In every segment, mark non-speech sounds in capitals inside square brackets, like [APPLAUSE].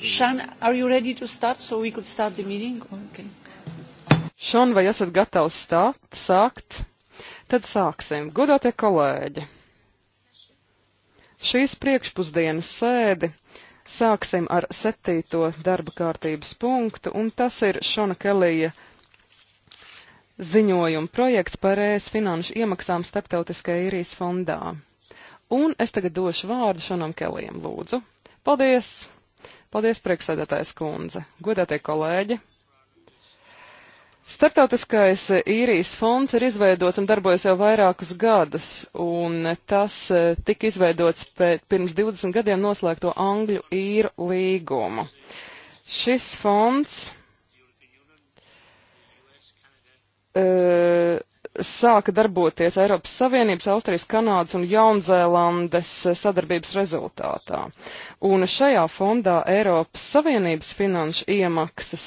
Sean, are you ready to start so we could start the meeting? Okay. Šon, vai esat gatavs stāt, sākt? Tad sāksim. Godotie kolēģi! Šīs priekšpusdienas sēdi sāksim ar septīto darba kārtības punktu, un tas ir Šona Kelija ziņojuma projekts par ēs finanšu iemaksām starptautiskajā īrijas fondā. Un es tagad došu vārdu Šonam Kelijam, lūdzu. Paldies! Paldies, priekšsēdētājs kundze. Godātie kolēģi! Startautiskais īrijas fonds ir izveidots un darbojas jau vairākus gadus, un tas e, tika izveidots pēc, pirms 20 gadiem noslēgto Angļu īru līgumu. Šis fonds uh, sāka darboties Eiropas Savienības, Austrijas, Kanādas un Jaunzēlandes sadarbības rezultātā. Un šajā fondā Eiropas Savienības finanšu iemaksas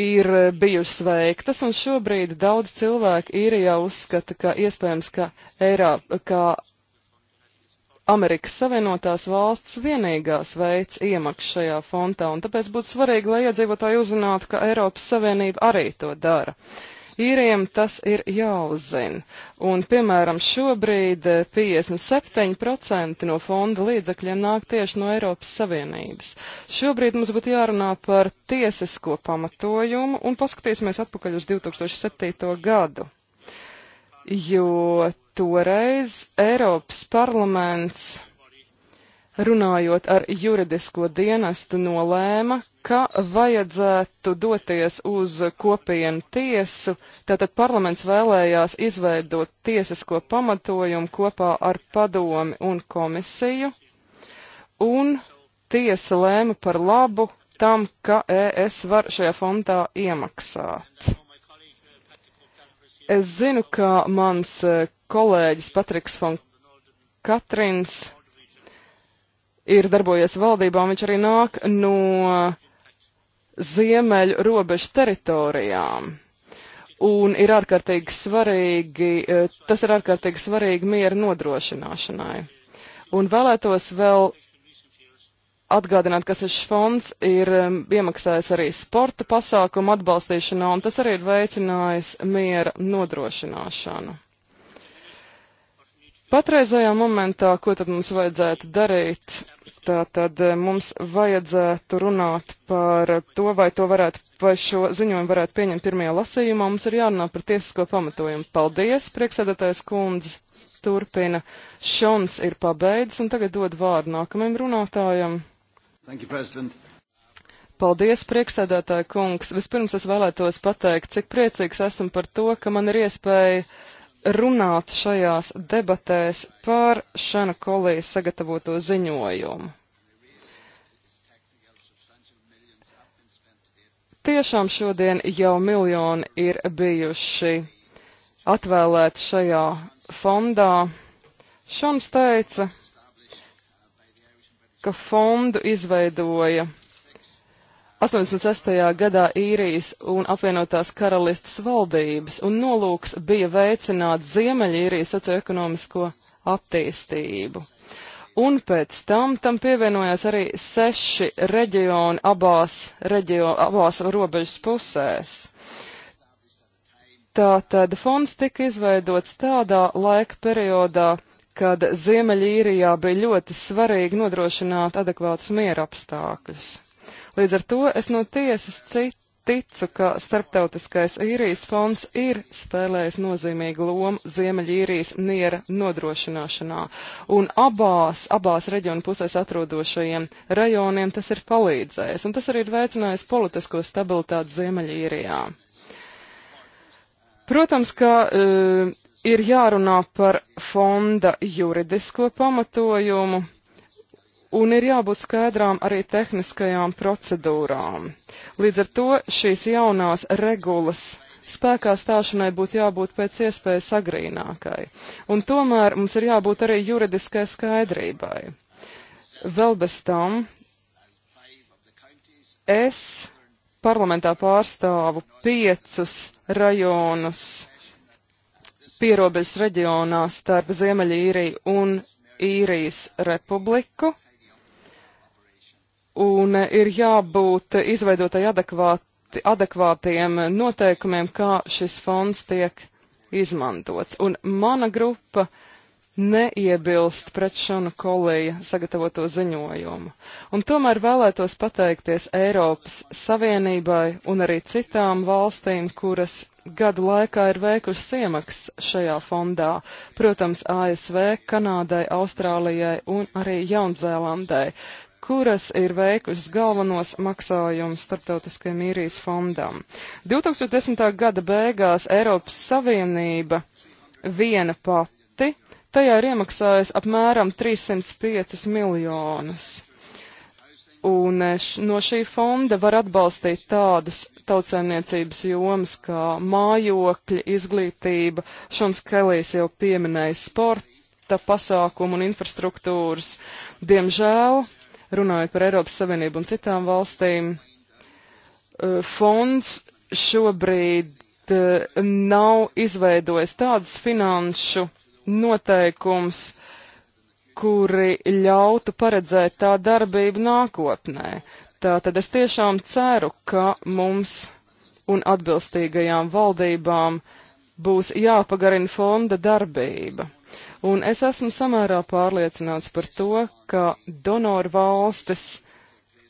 ir bijušas veiktas, un šobrīd daudz cilvēku īrijā uzskata, ka iespējams, ka, Eirā, ka Amerikas Savienotās valsts vienīgās veids iemaksas šajā fondā, un tāpēc būtu svarīgi, lai iedzīvotāji uzzinātu, ka Eiropas Savienība arī to dara. Uh, Īriem tas ir jāuzzina. Un, piemēram, šobrīd 57% eh, no fonda līdzekļiem nāk tieši no Eiropas Savienības. Šobrīd mums būtu jārunā par tiesisko pamatojumu un paskatīsimies atpakaļ uz 2007. gadu. Jo toreiz Eiropas parlaments runājot ar juridisko dienestu, nolēma, ka vajadzētu doties uz kopienu tiesu, tātad parlaments vēlējās izveidot tiesisko pamatojumu kopā ar padomi un komisiju, un tiesa lēma par labu tam, ka ES var šajā fondā iemaksāt. Es zinu, ka mans eh, kolēģis Patriks Fonkatrins ir darbojies valdībā, un viņš arī nāk no ziemeļu robežu teritorijām. Un ir ārkārtīgi svarīgi, e, tas ir ārkārtīgi svarīgi miera nodrošināšanai. Un vēlētos vēl atgādināt, ka šis fonds ir e, iemaksājis arī sporta pasākumu atbalstīšanā, un tas arī ir veicinājis miera nodrošināšanu. Patreizajā momentā, ko tad mums vajadzētu darīt? Tā tad eh, mums vajadzētu runāt par to, vai, to varētu, vai šo ziņojumu varētu pieņemt pirmajā lasījumā. Mums ir jārunā par tiesisko pamatojumu. Paldies, prieksēdētājs kundze turpina. Šons ir pabeidzis un tagad dod vārdu nākamajam runātājam. Thank you, President. Paldies, priekšsēdētāja kungs. Vispirms es vēlētos pateikt, cik priecīgs esmu par to, ka man ir iespēja runāt šajās debatēs par Šana Kolijas sagatavoto ziņojumu. Tiešām šodien jau miljoni ir bijuši atvēlēti šajā fondā. Šons teica, ka fondu izveidoja 86. gadā īrijas un apvienotās karalistas valdības un nolūks bija veicināt Ziemeļīrijas socioekonomisko attīstību. Un pēc tam tam pievienojās arī seši reģioni abās, reģio, abās robežas pusēs. Tātad fonds tika izveidots tādā laika periodā, kad Ziemeļīrijā bija ļoti svarīgi nodrošināt adekvātus miera apstākļus. Līdz ar to es no tiesas citu ticu, ka starptautiskais īrijas fonds ir spēlējis nozīmīgu lomu Ziemeļīrijas miera nodrošināšanā, un abās, abās reģionu pusēs atrodošajiem rajoniem tas ir palīdzējis, un tas arī ir veicinājis politisko stabilitāti Ziemeļīrijā. Protams, ka uh, e, ir jārunā par fonda juridisko pamatojumu un ir jābūt skaidrām arī tehniskajām procedūrām. Līdz ar to šīs jaunās regulas spēkā stāšanai būtu jābūt pēc iespējas agrīnākai, un tomēr mums ir jābūt arī juridiskai skaidrībai. Vēl bez tam es parlamentā pārstāvu piecus rajonus pierobežas reģionā starp Ziemeļīriju un Īrijas republiku, un ir jābūt izveidotai adekvāti, adekvātiem noteikumiem, kā šis fonds tiek izmantots. Un mana grupa neiebilst pret Šona Kolija sagatavoto ziņojumu. Un tomēr vēlētos pateikties Eiropas Savienībai un arī citām valstīm, kuras gadu laikā ir veikušas iemaksas šajā fondā. Protams, ASV, Kanādai, Austrālijai un arī Jaunzēlandai kuras ir veikušas galvenos maksājumus starptautiskajam īrijas fondam. 2010. gada beigās Eiropas Savienība viena pati tajā ir iemaksājusi apmēram 305 miljonus. Un no šī fonda var atbalstīt tādas tautsēmniecības jomas kā mājokļi, izglītība, Šons Kelijs jau pieminēja sporta pasākumu un infrastruktūras. Diemžēl runājot par Eiropas Savienību un citām valstīm, eh, fonds šobrīd eh, nav izveidojis tādas finanšu noteikums, kuri ļautu paredzēt tā darbību nākotnē. Tātad es tiešām ceru, ka mums un atbilstīgajām valdībām būs jāpagarina fonda darbība. Un es esmu samērā pārliecināts par to, ka donoru valstis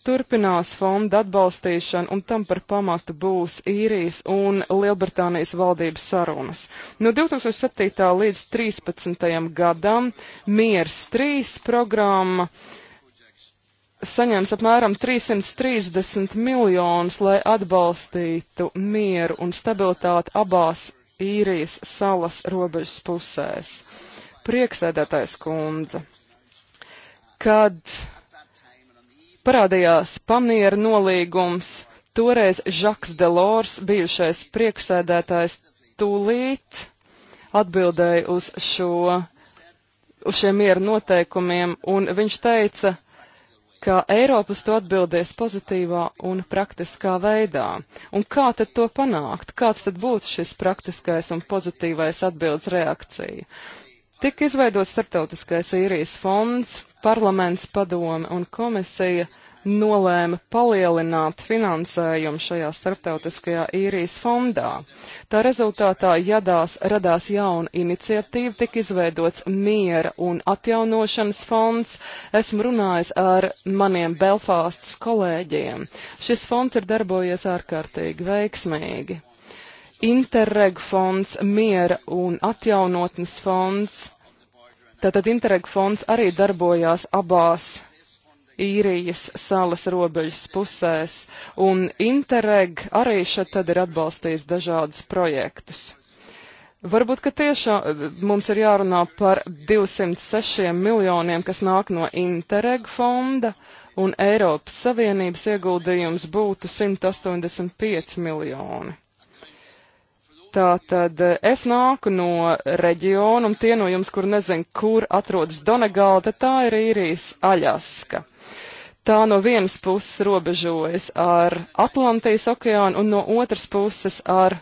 turpinās fonda atbalstīšanu, un tam par pamatu būs īrijas un Lielbritānijas valdības sarunas. No 2007. līdz 2013. gadam Miers 3 programma saņems apmēram 330 miljonus, lai atbalstītu mieru un stabilitāti abās īrijas salas robežas pusēs prieksēdētājs kundze, kad parādījās pamiera nolīgums, toreiz Žaks Delors, bijušais prieksēdētājs, tūlīt atbildēja uz šo, uz šiem miera noteikumiem, un viņš teica, ka Eiropas to atbildēs pozitīvā un praktiskā veidā. Un kā tad to panākt? Kāds tad būtu šis praktiskais un pozitīvais atbildes reakcija? Tik izveidots starptautiskais īrijas fonds, parlaments padome un komisija nolēma palielināt finansējumu šajā starptautiskajā īrijas fondā. Tā rezultātā jadās, radās jauna iniciatīva, tika izveidots miera un atjaunošanas fonds. Esmu runājis ar maniem Belfāstas kolēģiem. Šis fonds ir darbojies ārkārtīgi veiksmīgi. Interreg fonds, miera un atjaunotnes fonds. Tātad Interreg fonds arī darbojās abās īrijas salas robežas pusēs, un Interreg arī šeit tad ir atbalstījis dažādus projektus. Varbūt, ka tiešām mums ir jārunā par 206 miljoniem, kas nāk no Interreg fonda, un Eiropas Savienības ieguldījums būtu 185 miljoni. Tā tad eh, es nāku no reģiona, un tie no jums, kur nezinu, kur atrodas Donegala, tad tā ir īrijas Aļaska. Tā no vienas puses robežojas ar Atlantijas okeānu, un no otras puses ar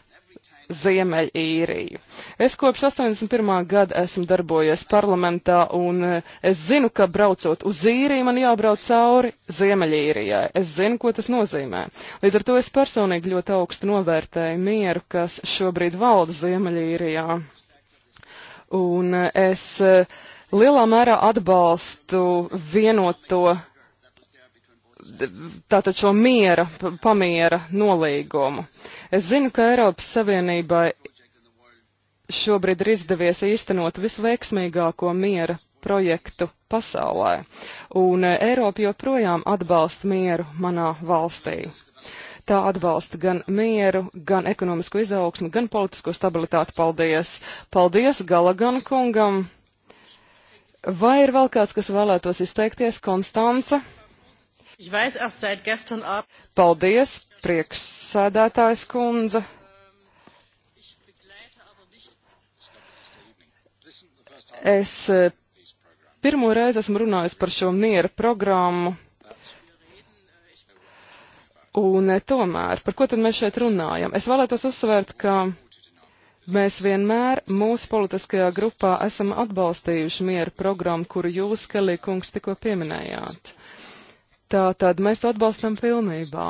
Ziemeļīriju. Es kopš 81. gada esmu darbojies parlamentā un eh, es zinu, ka braucot uz īriju, man jābrauc cauri Ziemeļīrijai. Es zinu, ko tas nozīmē. Līdz ar to es personīgi ļoti augstu novērtēju mieru, kas šobrīd valda Ziemeļīrijā. Un eh, es eh, lielā mērā atbalstu vienoto tātad šo miera, pamiera nolīgumu. Es zinu, ka Eiropas Savienībai šobrīd ir izdevies īstenot visveiksmīgāko miera projektu pasaulē, un Eiropa joprojām atbalsta mieru manā valstī. Tā atbalsta gan mieru, gan ekonomisko izaugsmu, gan politisko stabilitāti. Paldies! Paldies Galagan kungam! Vai ir vēl kāds, kas vēlētos izteikties? Konstance! Paldies, priekšsēdētājs kundze. Es eh, pirmo reizi esmu runājis par šo miera programmu. Un eh, tomēr, par ko tad mēs šeit runājam? Es vēlētos uzsvērt, ka mēs vienmēr mūsu politiskajā grupā esam atbalstījuši miera programmu, kuru jūs, Kelī kungs, tikko pieminējāt. Uh, Tā tad mēs to atbalstam pilnībā.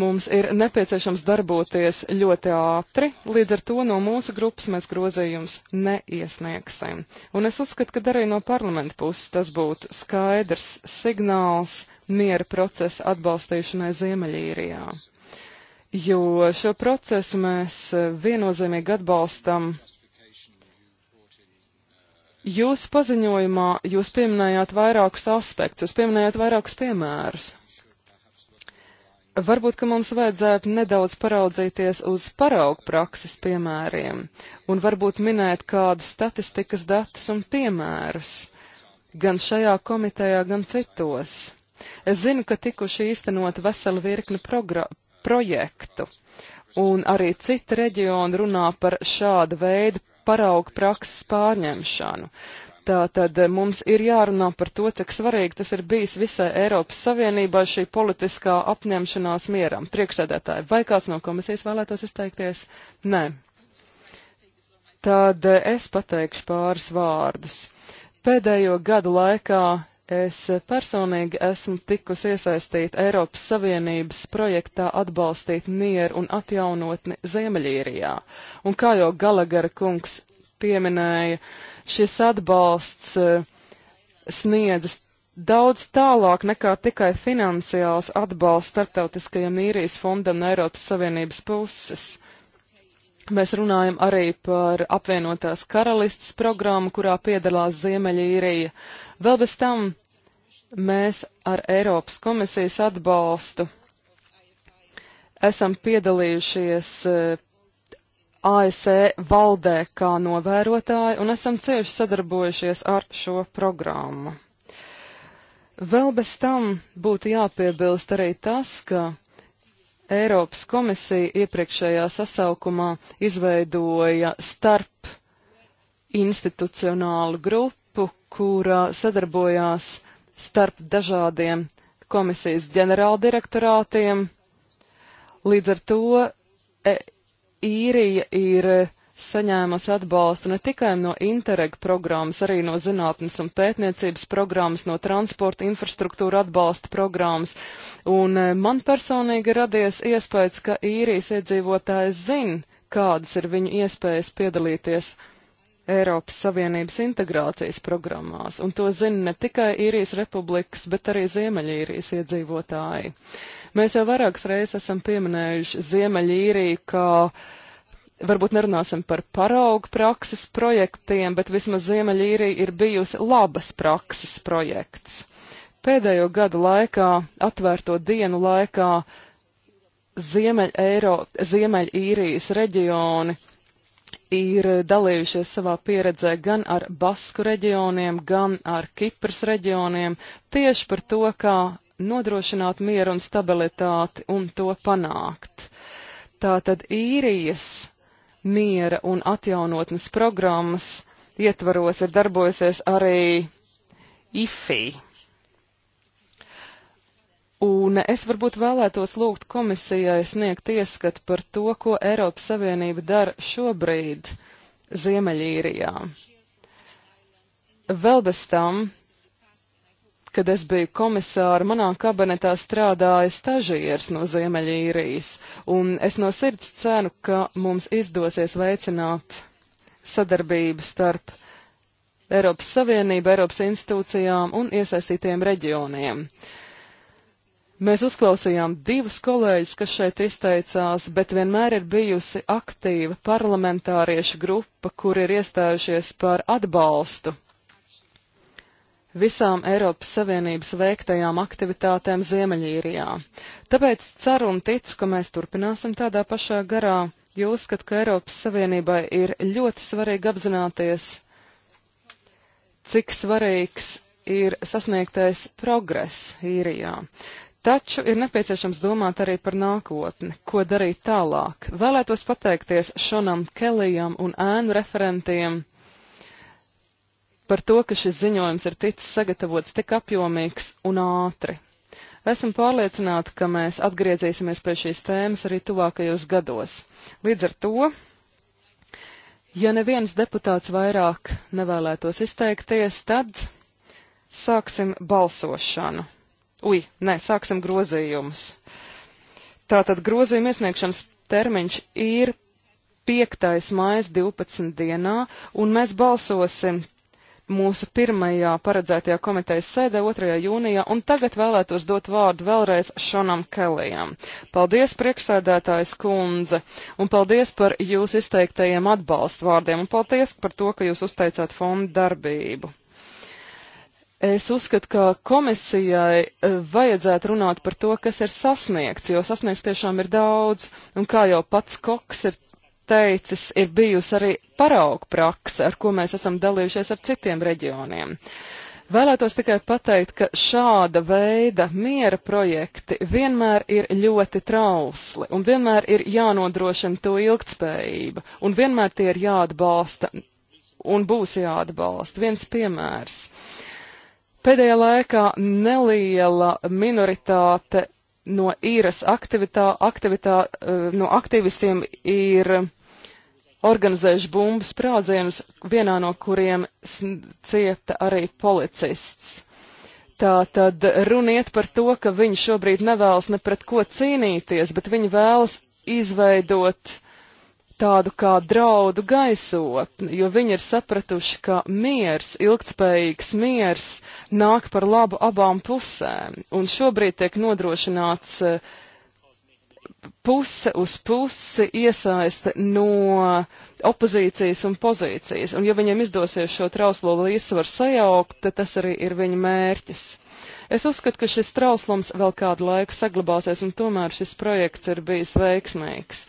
Mums ir nepieciešams darboties ļoti ātri, līdz ar to no mūsu grupas mēs grozījums neiesniegsim. Un es uzskatu, ka arī no parlamenta puses tas būtu skaidrs signāls miera procesa atbalstīšanai Ziemeļīrijā. Jo šo procesu mēs viennozīmīgi atbalstam Jūs paziņojumā jūs pieminējāt vairākus aspektus, jūs pieminējāt vairākus piemērus. Varbūt, ka mums vajadzētu nedaudz paraudzīties uz paraugu prakses piemēriem un varbūt minēt kādu statistikas datus un piemērus gan šajā komitejā, gan citos. Es zinu, ka tikuši īstenot veseli virkni projektu, un arī citi reģioni runā par šādu veidu paraugu prakses pārņemšanu. Tātad eh, mums ir jārunā par to, cik svarīgi tas ir bijis visai Eiropas Savienībā šī politiskā apņemšanās mieram. Priekšsēdētāji, vai kāds no komisijas vēlētos izteikties? Nē. Tad eh, es pateikšu pāris vārdus. Pēdējo gadu laikā Es personīgi esmu tikusi iesaistīta Eiropas Savienības projektā atbalstīt mieru un atjaunotni Ziemeļīrijā. Un kā jau Galagara kungs pieminēja, šis atbalsts eh, sniedzas daudz tālāk nekā tikai finansiāls atbalsts starptautiskajam īrijas fondam no Eiropas Savienības puses. Mēs runājam arī par apvienotās karalists programmu, kurā piedalās Ziemeļīrija. Vēl bez tam mēs ar Eiropas komisijas atbalstu esam piedalījušies eh, ASE valdē kā novērotāji un esam cieši sadarbojušies ar šo programmu. Vēl bez tam būtu jāpiebilst arī tas, ka Eiropas komisija iepriekšējā sasaukumā izveidoja starp institucionālu grupu, kura sadarbojās starp dažādiem komisijas ģenerāldirektorātiem. Līdz ar to e, īrija ir saņēmusi atbalstu ne tikai no Interreg programmas, arī no zinātnes un pētniecības programmas, no transporta infrastruktūra atbalsta programmas. Un eh, man personīgi radies iespējas, ka īrijas iedzīvotājs zin, kādas ir viņu iespējas piedalīties Eiropas Savienības integrācijas programmās, un to zina ne tikai īrijas republikas, bet arī Ziemeļīrijas iedzīvotāji. Mēs jau vairākas reizes esam pieminējuši Ziemeļīriju kā uh, varbūt nerunāsim par paraugu prakses projektiem, bet vismaz Ziemeļīrija ir bijusi labas prakses projekts. Pēdējo gadu laikā, atvērto dienu laikā, Ziemeļīrijas Ziemeļ reģioni ir dalījušies savā pieredzē gan ar Basku reģioniem, gan ar Kipras reģioniem tieši par to, kā nodrošināt mieru un stabilitāti un to panākt. Tātad īrijas miera un atjaunotnes programmas ietvaros ir darbojusies arī IFI. Un es varbūt vēlētos lūgt komisijai sniegt ieskatu par to, ko Eiropas Savienība dara šobrīd Ziemeļīrijā. Vēl bez tam kad es biju komisāra, manā kabinetā strādāja stažieris no Ziemeļīrijas, un es no sirds cenu, ka mums izdosies veicināt sadarbību starp Eiropas Savienību, Eiropas institūcijām un iesaistītiem reģioniem. Mēs uzklausījām divus kolēģus, kas šeit izteicās, bet vienmēr ir bijusi aktīva parlamentārieša grupa, kur ir iestājušies par atbalstu visām Eiropas Savienības veiktajām aktivitātēm Ziemeļīrijā. Tāpēc ceru un ticu, ka mēs turpināsim tādā pašā garā, jo uzskatu, ka Eiropas Savienībai ir ļoti svarīgi apzināties, cik svarīgs ir sasniegtais progress īrijā. Taču ir nepieciešams domāt arī par nākotni, ko darīt tālāk. Vēlētos pateikties Šonam Kelijam un ēnu referentiem par to, ka šis ziņojums ir ticis sagatavots tik apjomīgs un ātri. Esmu pārliecināta, ka mēs atgriezīsimies pie šīs tēmas arī tuvākajos gados. Līdz ar to, ja neviens deputāts vairāk nevēlētos izteikties, tad sāksim balsošanu. Ui, nē, sāksim grozījumus. Tātad grozījuma iesniegšanas termiņš ir 5. maijas 12. dienā, un mēs balsosim mūsu pirmajā paredzētajā komitejas sēdē 2. jūnijā, un tagad vēlētos dot vārdu vēlreiz Šonam Kelijam. Paldies, priekšsēdētājs kundze, un paldies par jūsu izteiktajiem atbalstu vārdiem, un paldies par to, ka jūs uzteicāt fondu darbību. Es uzskatu, ka komisijai eh, vajadzētu runāt par to, kas ir sasniegts, jo sasniegts tiešām ir daudz, un kā jau pats Koks ir teicis, ir bijusi arī paraugu praksa, ar ko mēs esam dalījušies ar citiem reģioniem. Vēlētos tikai pateikt, ka šāda veida miera projekti vienmēr ir ļoti trausli un vienmēr ir jānodrošina to ilgtspējība un vienmēr tie ir jāatbalsta un būs jāatbalsta. Viens piemērs. Pēdējā laikā neliela minoritāte no īras aktivitā, aktivitā, eh, no aktivistiem ir organizējuši bumbu sprādzienus, vienā no kuriem cieta arī policists. Tā tad runiet par to, ka viņi šobrīd nevēlas ne pret ko cīnīties, bet viņi vēlas izveidot tādu kā draudu gaisotni, jo viņi ir sapratuši, ka miers, ilgtspējīgs miers nāk par labu abām pusēm, un šobrīd tiek nodrošināts uh, puse uz pusi iesaista no opozīcijas un pozīcijas, un ja viņiem izdosies šo trauslo līdzsvaru sajaukt, tad tas arī ir viņa mērķis. Es uzskatu, ka šis trauslums vēl kādu laiku saglabāsies, un tomēr šis projekts ir bijis veiksmīgs.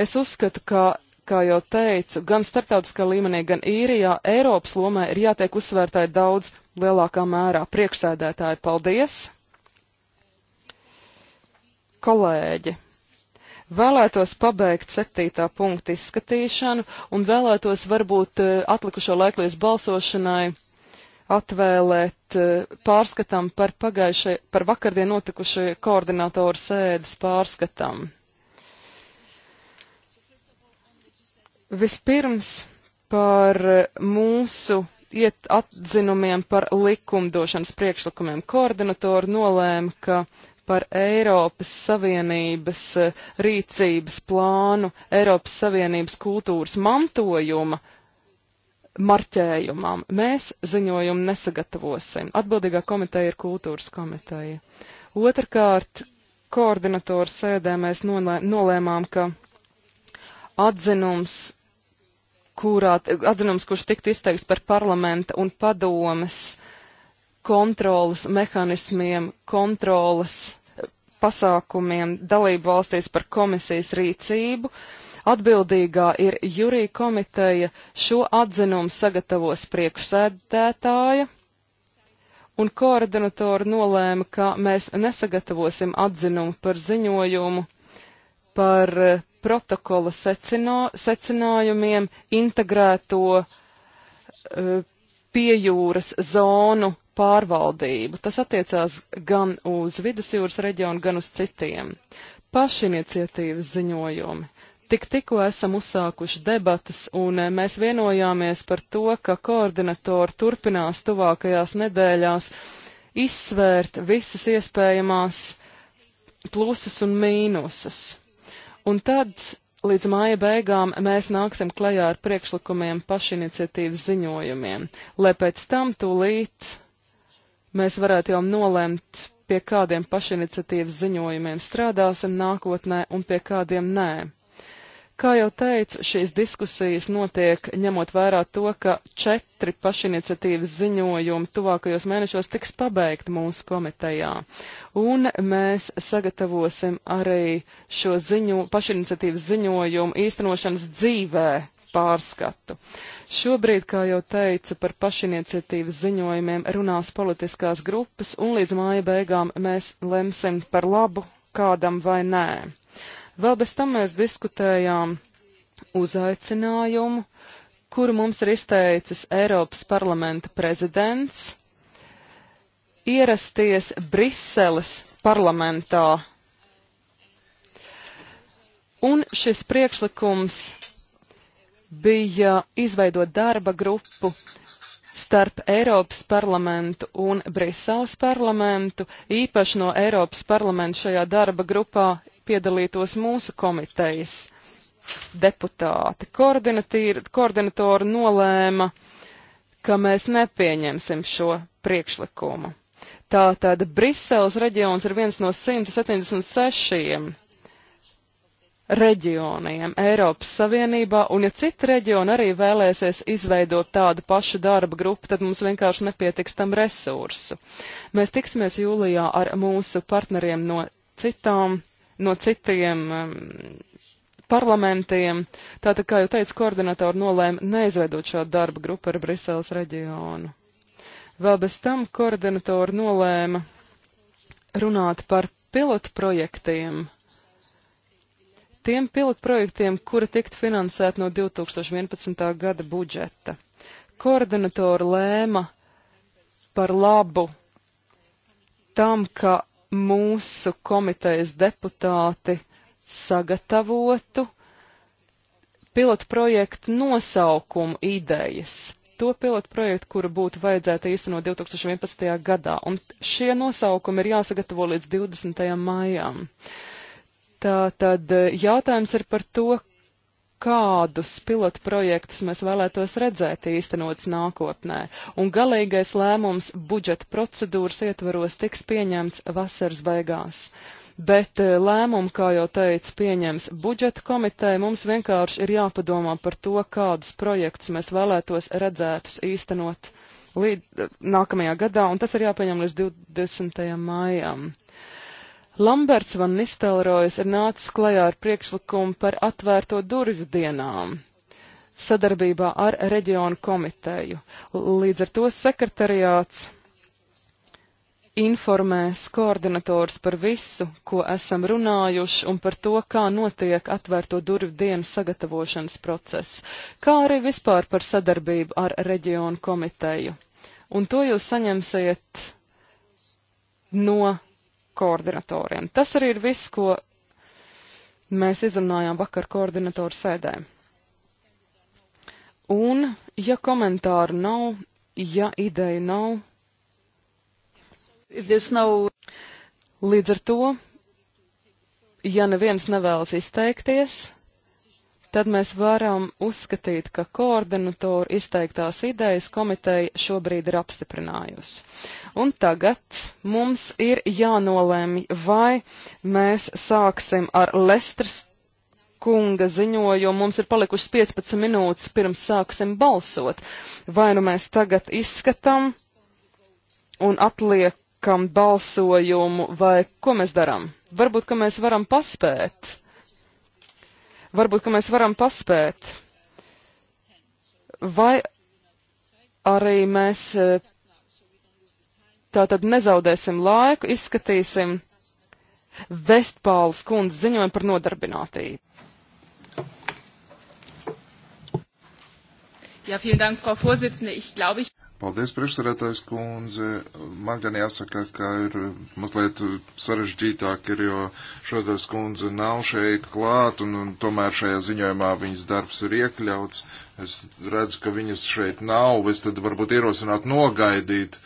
Es uzskatu, ka, kā jau teicu, gan starptautiskā līmenī, gan īrijā Eiropas lomai ir jātiek uzsvērtai daudz lielākā mērā. Priekšsēdētāji, paldies! Kolēģi! Vēlētos pabeigt septītā punkta izskatīšanu un vēlētos varbūt eh, atlikušo laiku līdz balsošanai atvēlēt eh, pārskatam par pagājušai, par vakardien notikušai koordinatoru sēdes pārskatam. Vispirms par eh, mūsu iet atzinumiem par likumdošanas priekšlikumiem koordinatoru nolēma, ka par Eiropas Savienības eh, rīcības plānu, Eiropas Savienības kultūras mantojuma marķējumam. Mēs ziņojumu nesagatavosim. Atbildīgā komiteja ir kultūras komiteja. Otrakārt, koordinatoru sēdē mēs nolē, nolēmām, ka atzinums, kurā, atzinums, kurš tiktu izteikts par parlamenta un padomes uh, kontrolas mehanismiem, kontrolas eh, pasākumiem dalību valstīs par komisijas rīcību. Atbildīgā ir jurija komiteja, šo atzinumu sagatavos priekšsēdētāja, un koordinatori nolēma, ka mēs nesagatavosim atzinumu par ziņojumu par eh, protokola secino, secinājumiem integrēto uh, piejūras zonu pārvaldību. Tas attiecās gan uz vidusjūras reģionu, gan uz citiem. Pašiniciatīvas ziņojumi. Tik tikko esam uzsākuši debatas, un e, mēs vienojāmies par to, ka koordinatori turpinās tuvākajās nedēļās izsvērt visas iespējamās plusus un mīnusus. Un tad līdz māja beigām mēs nāksim klajā ar priekšlikumiem pašiniciatīvas ziņojumiem, lai pēc tam tūlīt mēs varētu jau nolemt, pie kādiem pašiniciatīvas ziņojumiem strādāsim nākotnē un pie kādiem nē. Kā jau teicu, šīs diskusijas notiek ņemot vērā to, ka četri pašiniciatīvas ziņojumi tuvākajos mēnešos tiks pabeigti mūsu komitejā. Un mēs sagatavosim arī šo ziņu, pašiniciatīvas ziņojumu īstenošanas dzīvē pārskatu. Šobrīd, kā jau teicu, par pašiniciatīvas ziņojumiem runās politiskās grupas, un līdz māja beigām mēs lemsim par labu kādam vai nē. Vēl bez tam mēs diskutējām uzaicinājumu, kuru mums ir izteicis Eiropas parlamenta prezidents, ierasties Briseles parlamentā. Un šis priekšlikums bija izveidot darba grupu starp Eiropas parlamentu un Briseles parlamentu. Īpaši no Eiropas parlamenta šajā darba grupā piedalītos mūsu komitejas deputāti. Koordinatori nolēma, ka mēs nepieņemsim šo priekšlikumu. Tātad Briseles reģions ir viens no 176 reģioniem Eiropas Savienībā, un ja citi reģioni arī vēlēsies izveidot tādu pašu darba grupu, tad mums vienkārši nepietiks tam resursu. Mēs tiksimies jūlijā ar mūsu partneriem no citām, no citiem um, parlamentiem. Tātad, kā jau teicu, koordinatori nolēma neizveidot šādu darba grupu ar Briseles reģionu. Vēl bez tam koordinatori nolēma runāt par pilotu projektiem tiem pilotprojektiem, kura tikt finansēt no 2011. gada budžeta. Koordinatori lēma par labu tam, ka mūsu komitejas deputāti sagatavotu pilotprojektu nosaukumu idejas. To pilotprojektu, kuru būtu vajadzētu īstenot 2011. gadā, un šie nosaukumi ir jāsagatavo līdz 20. maijām. Uh, Tā tad eh, jautājums ir par to, kādus pilotu projektus mēs vēlētos redzēt īstenots nākotnē, un galīgais lēmums budžeta procedūras ietvaros tiks pieņemts vasaras beigās. Bet eh, lēmumu, kā jau teicu, pieņems budžeta komiteja. Mums vienkārši ir jāpadomā par to, kādus projektus mēs vēlētos redzētus īstenot līdz nākamajā gadā, un tas ir jāpieņem līdz 20. maijam. Lamberts van Nistelrojas ir nācis klajā ar priekšlikumu par atvērto durvju dienām sadarbībā ar reģionu komiteju. Līdz ar to sekretariāts informēs koordinators par visu, ko esam runājuši un par to, kā notiek atvērto durvju dienu sagatavošanas process, kā arī vispār par sadarbību ar reģionu komiteju. Un to jūs saņemsiet no koordinatoriem. Tas arī ir viss, ko mēs izrunājām vakar koordinatoru sēdē. Un, ja komentāru nav, ja ideju nav, nav... līdz ar to, ja neviens nevēlas izteikties, tad mēs varam uzskatīt, ka koordinatoru izteiktās idejas komiteja šobrīd ir apstiprinājusi. Un tagad mums ir jānolēmi, vai mēs sāksim ar Lestras kunga ziņojumu. Mums ir palikušas 15 minūtes pirms sāksim balsot. Vai nu mēs tagad izskatam un atliekam balsojumu, vai ko mēs darām? Varbūt, ka mēs varam paspēt. Varbūt, ka mēs varam paspēt. Vai arī mēs e, tātad nezaudēsim laiku, izskatīsim Vestpāles kundzes ziņojumu par nodarbinātību. Ja, vielen Dank, Frau Vorsitzende. Ich glaube, ich Paldies, priekšsarētājs kundze. Man gan jāsaka, ka ir mazliet sarežģītāk ir, jo šodienas kundze nav šeit klāt, un, un tomēr šajā ziņojumā viņas darbs ir iekļauts. Es redzu, ka viņas šeit nav, es tad varbūt ierosinātu nogaidīt,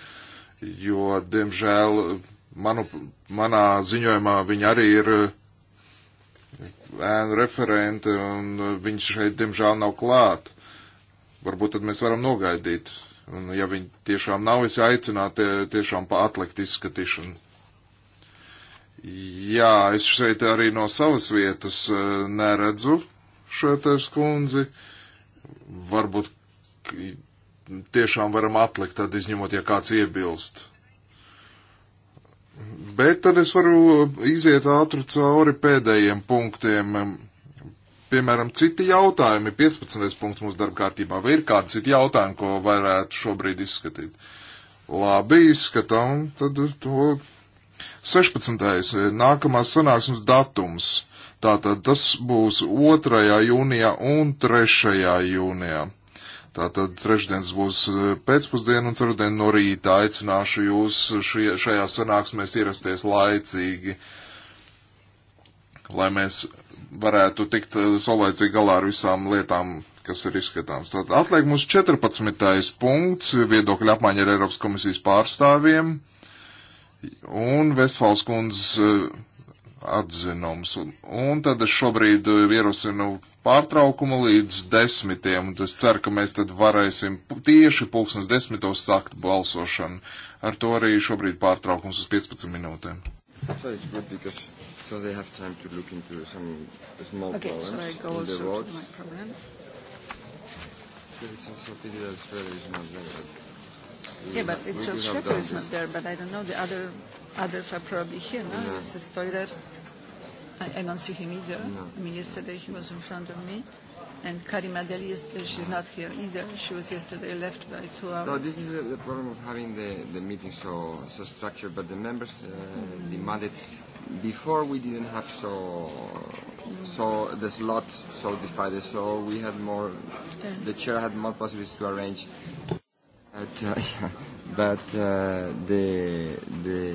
jo, diemžēl, manu, manā ziņojumā viņa arī ir ēnu referente, un uh, viņš šeit, diemžēl, nav klāt. Varbūt tad mēs varam nogaidīt Un, ja viņi tiešām nav, es aicinātu eh, tiešām atlikt izskatīšanu. Jā, es šeit arī no savas vietas eh, neredzu šetēs kundzi. Varbūt tiešām varam atlikt, tad izņemot, ja kāds iebilst. Bet tad es varu iziet ātri cauri pēdējiem punktiem piemēram, citi jautājumi, 15. punkts mūsu darba kārtībā, vai ir kādi citi jautājumi, ko varētu šobrīd izskatīt? Labi, izskatām, tad to 16. Eh, nākamās sanāksmes datums. Tātad tas būs 2. jūnijā un 3. jūnijā. Tātad trešdienas būs eh, pēcpusdiena un ceturtdiena no rīta. Aicināšu jūs šie, šajā sanāksmēs ierasties laicīgi, lai mēs varētu tikt eh, saulēcīgi galā ar visām lietām, kas ir izskatāms. Tad atliek mums 14. punkts - viedokļa apmaiņa ar Eiropas komisijas pārstāvjiem un Vestfāls kundzes eh, atzinums. Un, un tad es šobrīd eh, ierosinu pārtraukumu līdz desmitiem, un es ceru, ka mēs tad varēsim tieši pulksnes desmitos sākt balsošanu. Ar to arī šobrīd pārtraukums uz 15 minūtēm. Tas ir grūti, kas. So they have time to look into some small okay, problems so I go in the roads. My problems. So it's also a pity that Australia is not there. But yeah, but it's Australia is not there, but I don't know. The other others are probably here, no? Yeah. This is Toiler. I, I don't see him either. No. I mean, yesterday he was in front of me. And Karima Deli, uh, she's not here either. She was yesterday left by two hours. No, this is uh, the problem of having the, the meeting so, so structured, but the members uh, mm. demanded Before we didn't have so so the slots so divided, so we had more, yeah. the chair had more possibilities to arrange. But, uh, [LAUGHS] but uh, the the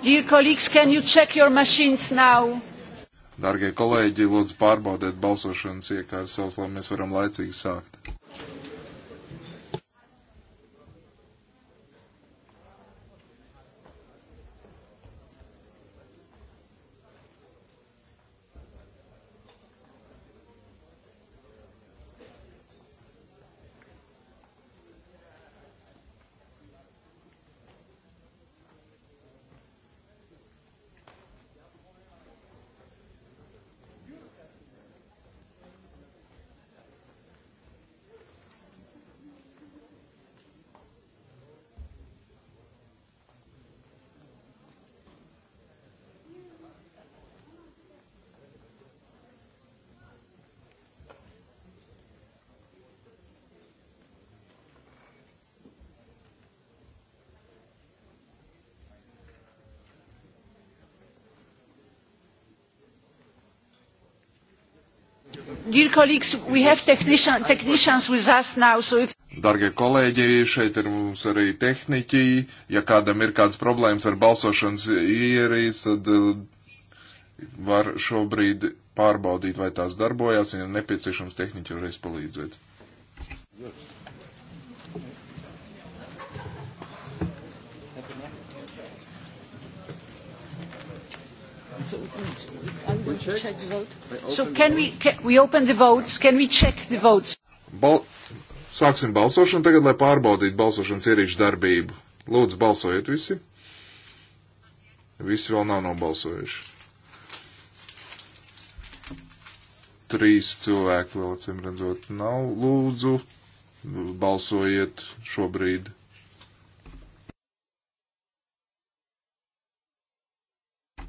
Dear colleagues, can you check your machines now? Dargie kolēģi, lūdzu pārbaudiet balsošanas iekārtas savas, lai mēs varam laicīgi sākt. Dear colleagues, we have technician, technicians with us now, so if... Dargie kolēģi, šeit ir mums arī tehniķi. Ja kādam ir kādas problēmas ar balsošanas ierīs, tad eh, var šobrīd pārbaudīt, vai tās darbojās, un ja nepieciešams tehniķi varēs palīdzēt. check? check the vote. So can we, can we open the votes? Can we check the votes? Bal Sāksim balsošanu tagad, lai pārbaudītu balsošanas ierīču darbību. Lūdzu, balsojiet visi. Visi vēl nav nobalsojuši. Trīs cilvēki vēl, acīm redzot, nav. Lūdzu, balsojiet šobrīd.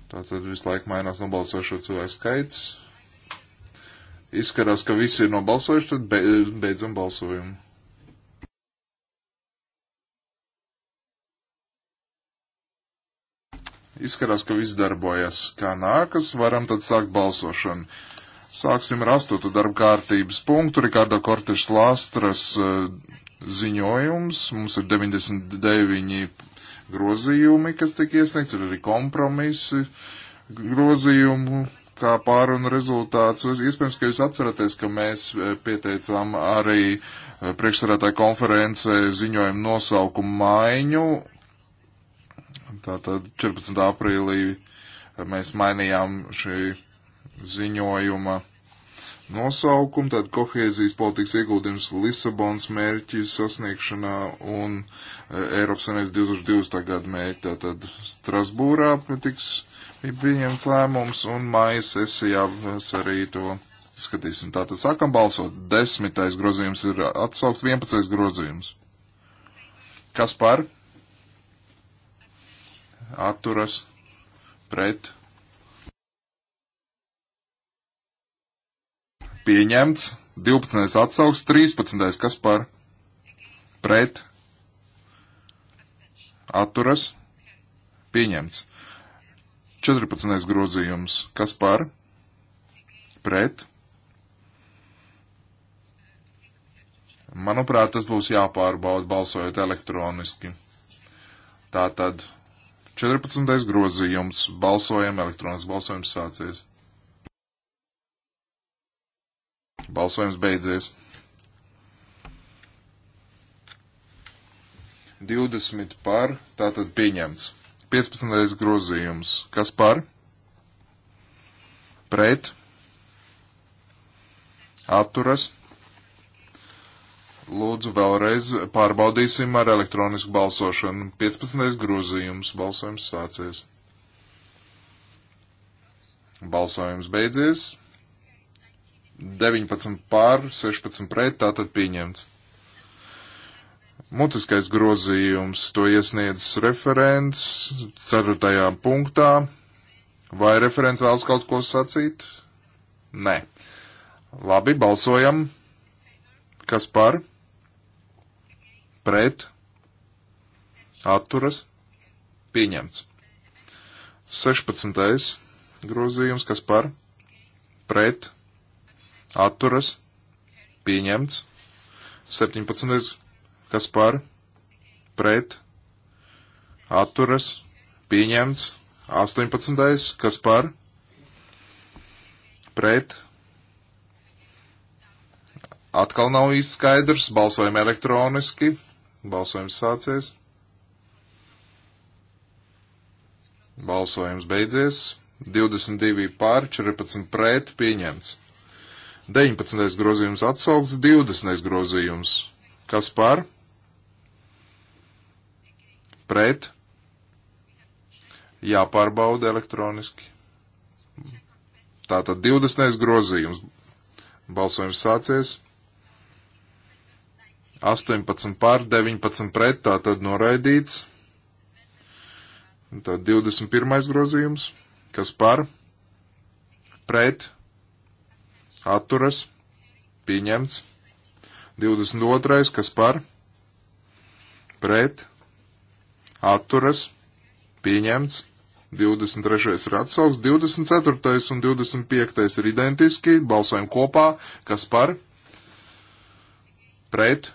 Tātad visu laiku mainās nobalsošo cilvēku skaits. Izskatās, ka visi ir nobalsojuši, tad be, beidzam balsojumu. Izskatās, ka viss darbojas kā nākas, varam tad sākt balsošanu. Sāksim ar astotu darba kārtības punktu. Rikārdo Kortešs Lāstras eh, ziņojums. Mums ir 99 grozījumi, kas tiek iesniegts, ir arī kompromisi grozījumu, kā pārunu rezultāts. Iespējams, ka jūs atceraties, ka mēs e, pieteicām arī e, priekšsarētāju konferencē ziņojumu nosaukumu maiņu. Tātad 14. aprīlī e, mēs mainījām šī ziņojuma nosaukumu, tad kohēzijas politikas ieguldījums Lisabons mērķi sasniegšanā un e, Eiropas Savienības 2020. gada mērķi. Tātad Strasbūrā tiks pieņemts lēmums un māja sesijā mēs arī to skatīsim. Tātad sākam balsot. Desmitais grozījums ir atsaukts, vienpadsmitais grozījums. Kas par? Atturas pret pieņemts, 12. atsaugs, 13. kas par pret atturas pieņemts. 14. grozījums, kas par pret. Manuprāt, tas būs jāpārbauda balsojot elektroniski. Tātad 14. grozījums, balsojam, elektronisks balsojums sācies. Balsojums beidzies. 20 par, tātad pieņemts. 15. grozījums. Kas par? Pret. Atturas. Lūdzu, vēlreiz pārbaudīsim ar elektronisku balsošanu. 15. grozījums. Balsojums sācies. Balsojums beidzies. 19 pār, 16 pret, tātad pieņemts. Mutiskais grozījums to iesniedz referents 4. punktā. Vai referents vēlas kaut ko sacīt? Nē. Labi, balsojam. Kas par? Pret? Atturas? Pieņemts. 16. grozījums, kas par? Pret? atturas, pieņemts. 17. kas par, pret, atturas, pieņemts. 18. kas par, pret, atkal nav īsti skaidrs, balsojam elektroniski, balsojums sācies. Balsojums beidzies. 22 pār 14 pret pieņemts. 19. grozījums atsaukts, 20. grozījums. Kas par? Pret? Jāpārbauda elektroniski. Tātad 20. grozījums. Balsojums sācies. 18 pār 19 pret, tātad noraidīts. Tad 21. grozījums. Kas par? Pret? atturas, pieņemts. 22. kas par, pret, atturas, pieņemts. 23. ir atsaugs, 24. un 25. ir identiski, balsojam kopā, kas par, pret,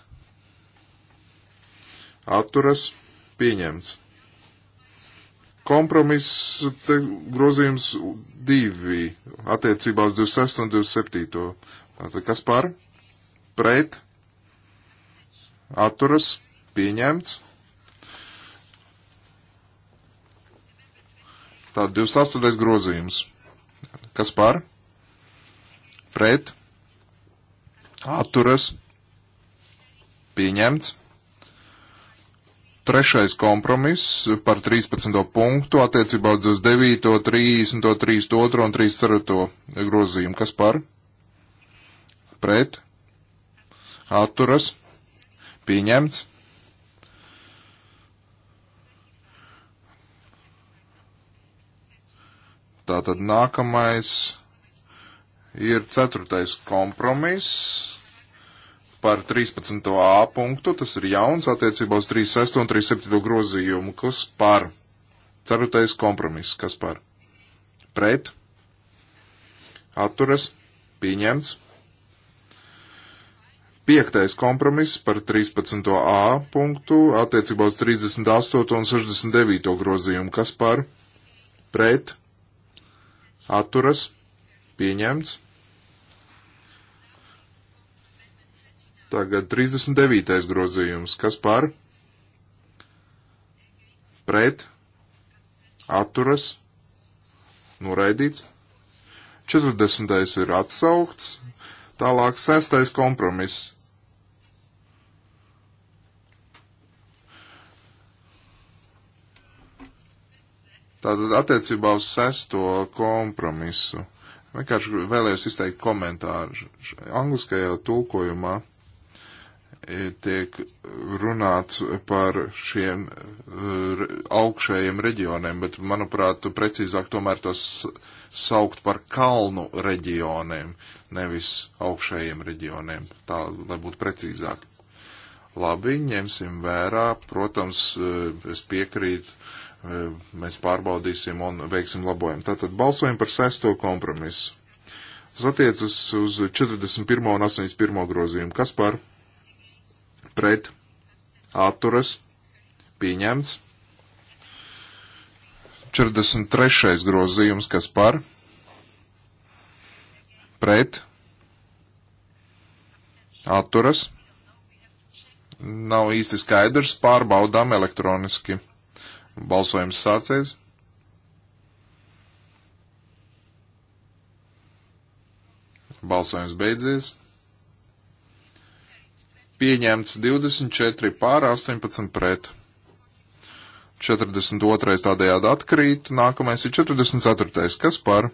atturas, pieņemts. Kompromiss grozījums divi attiecībā uz 26 un 27. Tātad kas par? Pret? Atturas? Pieņemts? Tātad 28. grozījums. Kas par? Pret? Atturas? Pieņemts? Trešais kompromiss par 13. punktu attiecībā uz 9, 30, 32 un 34 grozījumu. Kas par? Pret? Atturas? Pieņemts? Tātad nākamais ir ceturtais kompromiss par 13a punktu, tas ir jauns attiecībā uz 36 un 37 grozījumu, kas par cerutais kompromiss, kas par pret, atturas, pieņemts. Piektais kompromiss par 13a punktu attiecībā uz 38 un 69 grozījumu, kas par pret, atturas, pieņemts. Tagad 39. grozījums. Kas par? Pret? Atturas? Noraidīts? 40. ir atsaukts. Tālāk 6. kompromiss. Tātad attiecībā uz sesto kompromisu. Vienkārši vēlējos izteikt komentāru. Angliskajā tulkojumā tiek runāts par šiem augšējiem reģioniem, bet, manuprāt, precīzāk tomēr tos saukt par kalnu reģioniem, nevis augšējiem reģioniem, tā, lai būtu precīzāk. Labi, ņemsim vērā, protams, eh, es piekrītu, eh, mēs pārbaudīsim un veiksim labojumu. Tātad balsojam par sesto kompromisu. Tas attiecas uz 41. un 81. grozījumu. Kas par? pret atturas pieņemts. 43. grozījums, kas par pret atturas nav īsti skaidrs, pārbaudām elektroniski. Balsojums sācies. Balsojums beidzies pieņemts 24 pār 18 pret. 42. tādējādi atkrīt, nākamais ir 44. kas par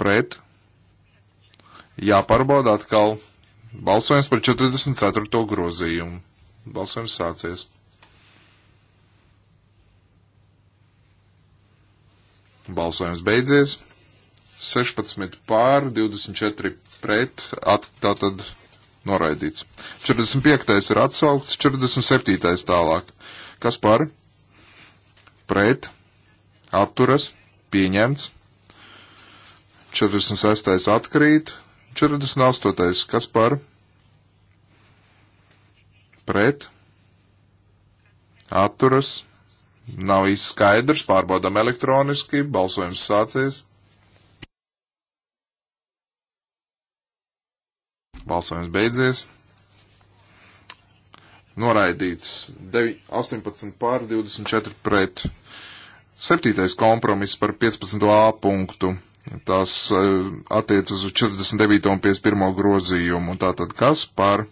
pret. Jāpārbauda atkal. Balsojums par 44. grozījumu. Balsojums sācies. Balsojums beidzies. 16 pār, 24 pret, at, tātad noraidīts. 45. ir atsaukts, 47. tālāk. Kas par? Pret, atturas, pieņemts. 46. atkrīt, 48. kas par? Pret, atturas, nav īsti skaidrs, pārbaudam elektroniski, balsojums sācies. Balsojums beidzies. Noraidīts 18 pār 24 pret. Septītais kompromiss par 15a punktu. Tas eh, attiecas uz 49 un 51 grozījumu. Tātad kas par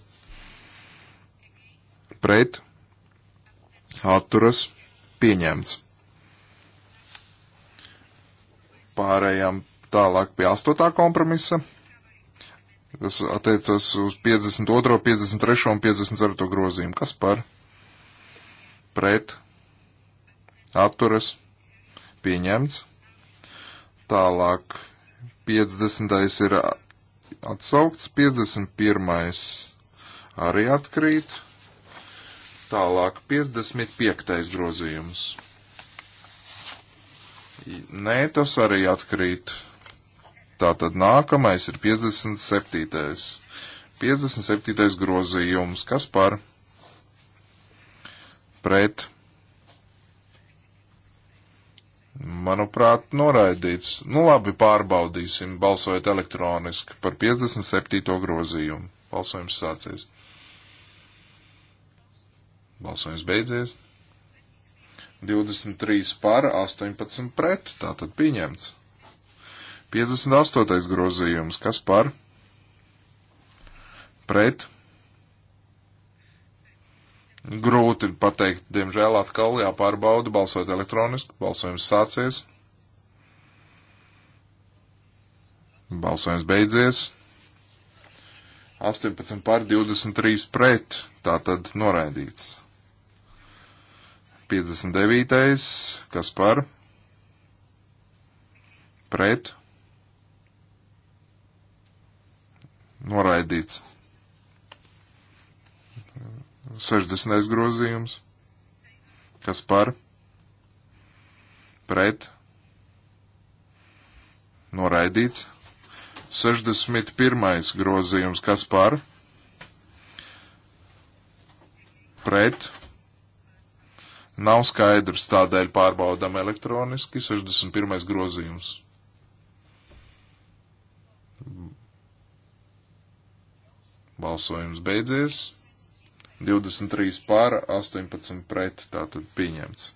pret atturas pieņemts. Pārējām tālāk pie astotā kompromisa kas attiecas uz 52, 53 un 54 grozījumu. Kas par? Pret. Atturas. Pieņemts. Tālāk. 50. ir atsaukts. 51. arī atkrīt. Tālāk. 55. grozījums. Nē, tas arī atkrīt. Tātad nākamais ir 57. 57. grozījums, kas par pret, manuprāt, noraidīts. Nu labi, pārbaudīsim, balsojot elektroniski par 57. grozījumu. Balsojums sācies. Balsojums beidzies. 23 par 18 pret, tātad pieņemts. 58. grozījums, kas par pret. Grūti pateikt, diemžēl atkal jāpārbauda balsot elektroniski, balsojums sācies, balsojums beidzies, 18 pār 23 pret, tā tad noraidīts. 59. kas par? Pret. Noraidīts. 60. grozījums. Kas par? Pret. Noraidīts. 61. grozījums. Kas par? Pret. Nav skaidrs, tādēļ pārbaudām elektroniski 61. grozījums. Balsojums beidzies. 23 pār 18 pret, tātad pieņemts.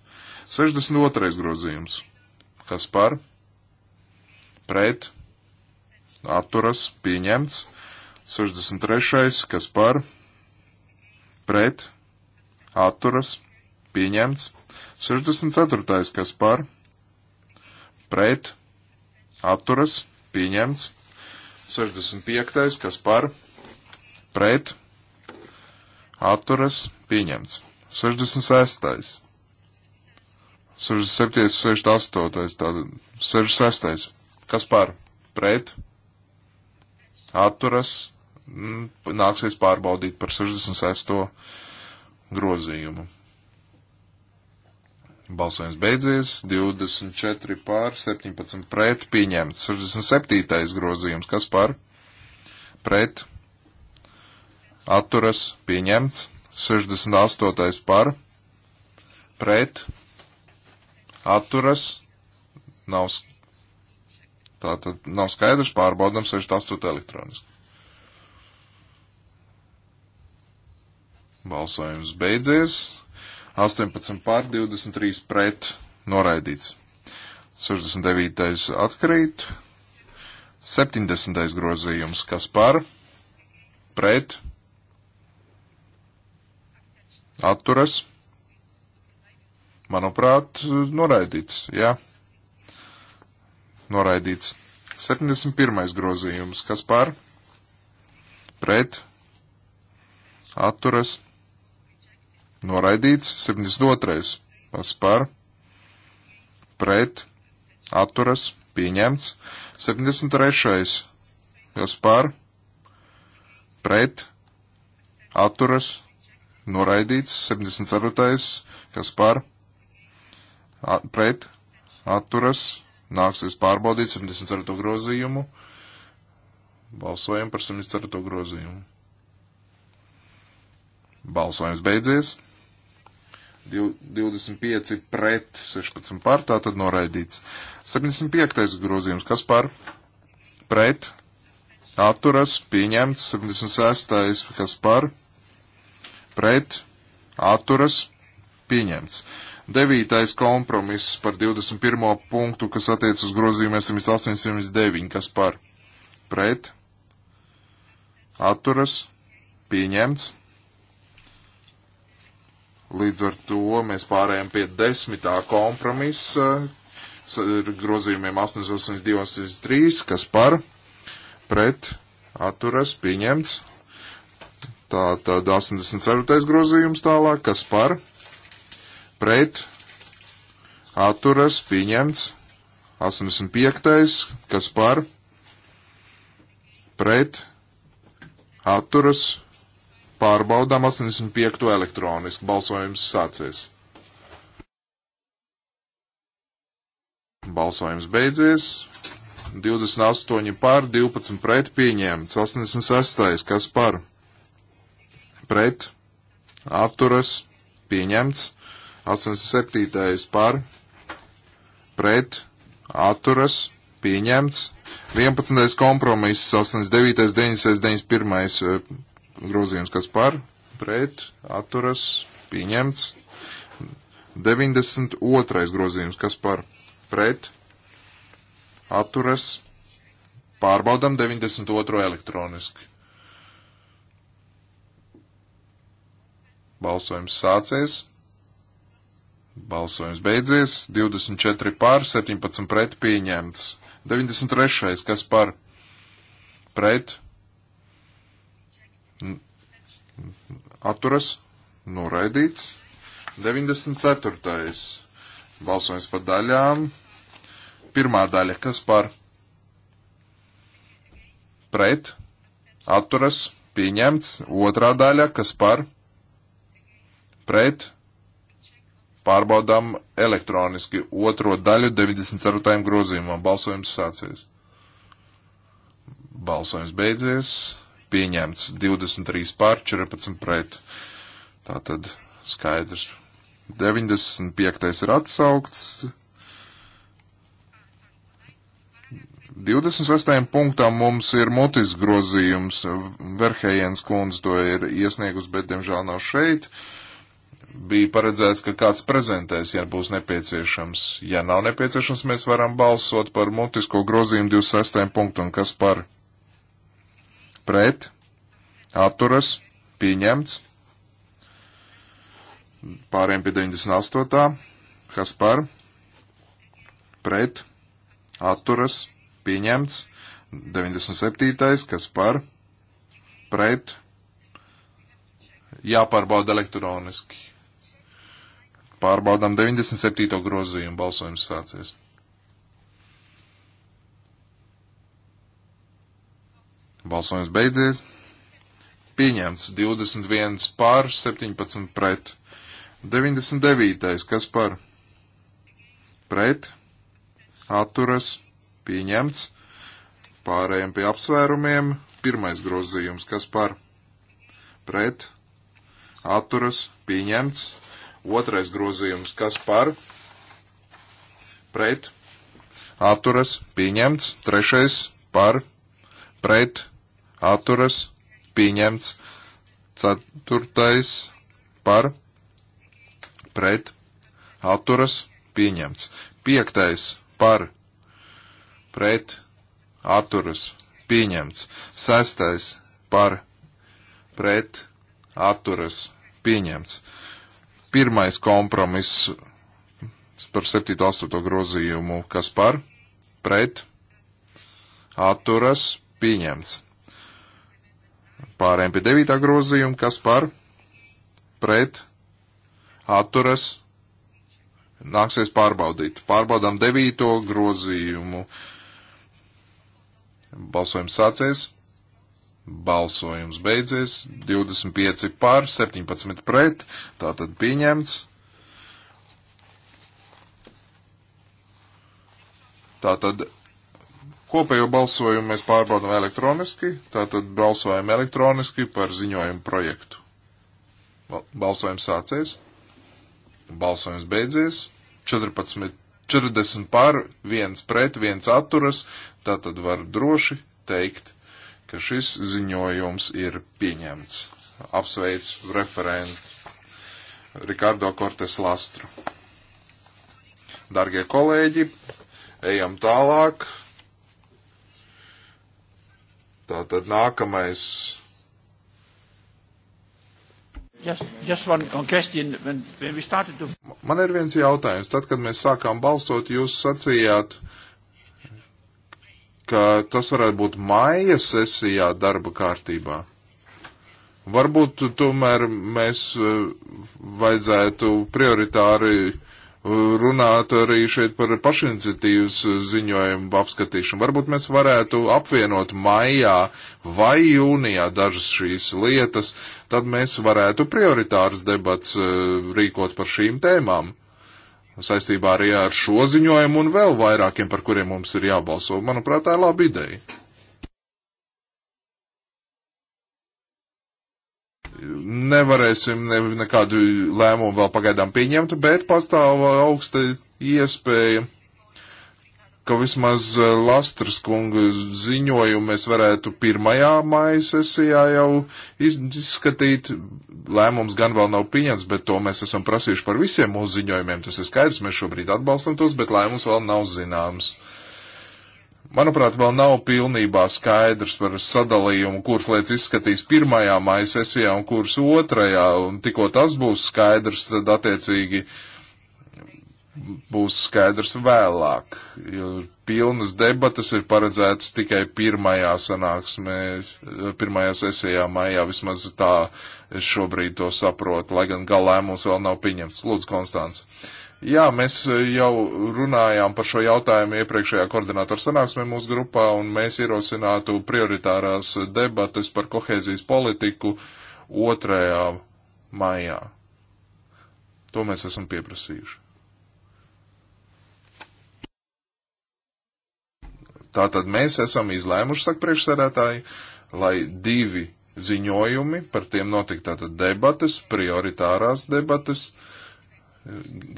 62. grozījums. Kas par? Pret. Atturas. Pieņemts. 63. Kas par? Pret. Atturas. Pieņemts. 64. Kas par? Pret. Atturas. Pieņemts. 65. Kas par? pret, atturas, pieņemts. 66. 67, 68, tātad 66. Kas par? Pret, atturas, mm, nāksies pārbaudīt par 66. grozījumu. Balsojums beidzies, 24 pār, 17 pret, pieņemts 67. grozījums, kas par pret, atturas pieņemts, 68. par, pret, atturas, nav, tātad nav skaidrs, pārbaudam 68 elektroniski. Balsojums beidzies, 18 pār 23 pret noraidīts. 69. atkrīt, 70. grozījums, kas par, pret, atturas, manuprāt, noraidīts, jā. Noraidīts. 71. grozījums, kas par, pret, atturas, noraidīts. 72. kas par, pret, atturas, pieņemts. 73. kas par, pret, atturas, noraidīts, 74. kas par, at, pret, atturas, nāksies pārbaudīt 74. grozījumu. Balsojam par 74. grozījumu. Balsojums beidzies. 25 pret 16 pār, tā tad noraidīts. 75. grozījums, kas par pret, atturas, pieņemts, 76. kas par pret pret, atturas, pieņemts. Devītais kompromiss par 21. punktu, kas attiec uz grozījumu 809, kas par pret, atturas, pieņemts. Līdz ar to mēs pārējām pie desmitā kompromisa grozījumiem 882, 83, kas par pret, atturas, pieņemts. Tā tad 84. grozījums tālāk, kas par pret atturas pieņemts. 85. kas par pret atturas pārbaudām 85. elektroniski balsojums sācies. Balsojums beidzies. 28 pār, 12 pret pieņemts. 86. kas par pret pret, atturas, pieņemts. 87. par, pret, atturas, pieņemts. 11. kompromiss, 89. 90. 91. grozījums, kas par, pret, atturas, pieņemts. 92. grozījums, kas par, pret, atturas, pārbaudam 92. elektroniski. Balsojums sācies. Balsojums beidzies. 24 pār, 17 pret pieņemts. 93. kas par pret atturas noraidīts. 94. Balsojums par daļām. Pirmā daļa, kas par pret atturas pieņemts. Otrā daļa, kas par pret pārbaudām elektroniski otro daļu 94. grozījumam. Balsojums sācies. Balsojums beidzies. Pieņemts 23 pār 14 pret. Tātad skaidrs. 95. ir atsaukts. 26. punktam mums ir mutis grozījums. Verhējens kundze to ir iesniegus, bet diemžēl nav šeit. Uh, bija paredzēts, ka kāds prezentēs, ja būs nepieciešams. Ja nav nepieciešams, mēs varam balsot par mutisko grozījumu 26. punktu un kas par pret, atturas, pieņemts. Pāriem pie 98. kas par pret, atturas, pieņemts. 97. kas par pret, jāpārbauda elektroniski. Pārbaudām 97. grozījumu balsojums sācies. Balsojums beidzies. Pieņemts 21 pār 17 pret. 99. kas par? Pret. Atturas. Pieņemts. Pārējiem pie apsvērumiem. Pirmais grozījums kas par? Pret. Atturas. Pieņemts Otrais grozījums, kas par, pret, atturas, pieņemts. Trešais par, pret, atturas, pieņemts. Ceturtais par, pret, atturas, pieņemts. Piektais par, pret, atturas, pieņemts. Sestais par, pret, atturas, pieņemts. Pirmais kompromiss par 7. 8. grozījumu, kas par, pret, atturas, pieņemts. Pārējiem pie 9. grozījuma, kas par, pret, atturas, nāksies pārbaudīt. Pārbaudām 9. grozījumu. Balsojums sācies. Balsojums beidzies 25 pār 17 pret, tātad pieņemts. Tātad kopējo balsojumu mēs pārbaudām elektroniski, tātad balsojam elektroniski par ziņojumu projektu. Balsojums sācies, balsojums beidzies, 14 40 par, 1 pret, 1 atturas, tā tad var droši teikt, ka šis ziņojums ir pieņemts. Apsveic referentu Rikardo Kortes Lastru. Dargie kolēģi, ejam tālāk. Tātad nākamais. Just, just one question. When, when we started to... Man ir viens jautājums. Tad, kad mēs sākām balsot, jūs sacījāt, uh, ka tas varētu būt maija sesijā darba kārtībā. Varbūt tomēr mēs e, vajadzētu prioritāri e, runāt arī šeit par pašiniciatīvas ziņojumu apskatīšanu. Varbūt mēs varētu apvienot maijā vai jūnijā dažas šīs lietas, tad mēs varētu prioritāras debats e, rīkot par šīm tēmām saistībā arī ar šo ziņojumu un vēl vairākiem, par kuriem mums ir jābalso. Manuprāt, tā ir laba ideja. Nevarēsim ne, nekādu lēmumu vēl pagaidām pieņemt, bet pastāv augsta iespēja ka vismaz eh, Lastras kunga ziņojumu mēs varētu pirmajā maija sesijā jau izskatīt. Lēmums gan vēl nav pieņemts, bet to mēs esam prasījuši par visiem mūsu ziņojumiem. Tas ir skaidrs, mēs šobrīd atbalstam tos, bet lēmums vēl nav zināms. Manuprāt, vēl nav pilnībā skaidrs par sadalījumu, kuras lietas izskatīs pirmajā maija sesijā un kuras otrajā, un tikko tas būs skaidrs, tad attiecīgi uh, būs skaidrs vēlāk, jo pilnas debatas ir paredzētas tikai pirmajā sanāksmē, pirmajā sesijā maijā, vismaz tā es šobrīd to saprotu, lai gan galā mums vēl nav pieņemts. Lūdzu, Konstants. Jā, mēs jau runājām par šo jautājumu iepriekšējā koordinātoru sanāksmē mūsu grupā, un mēs ierosinātu prioritārās debatas par kohēzijas politiku 2. maijā. To mēs esam pieprasījuši. Tātad mēs esam izlēmuši, saka priekšsēdētāji, lai divi ziņojumi, par tiem notika tātad debates, prioritārās debates,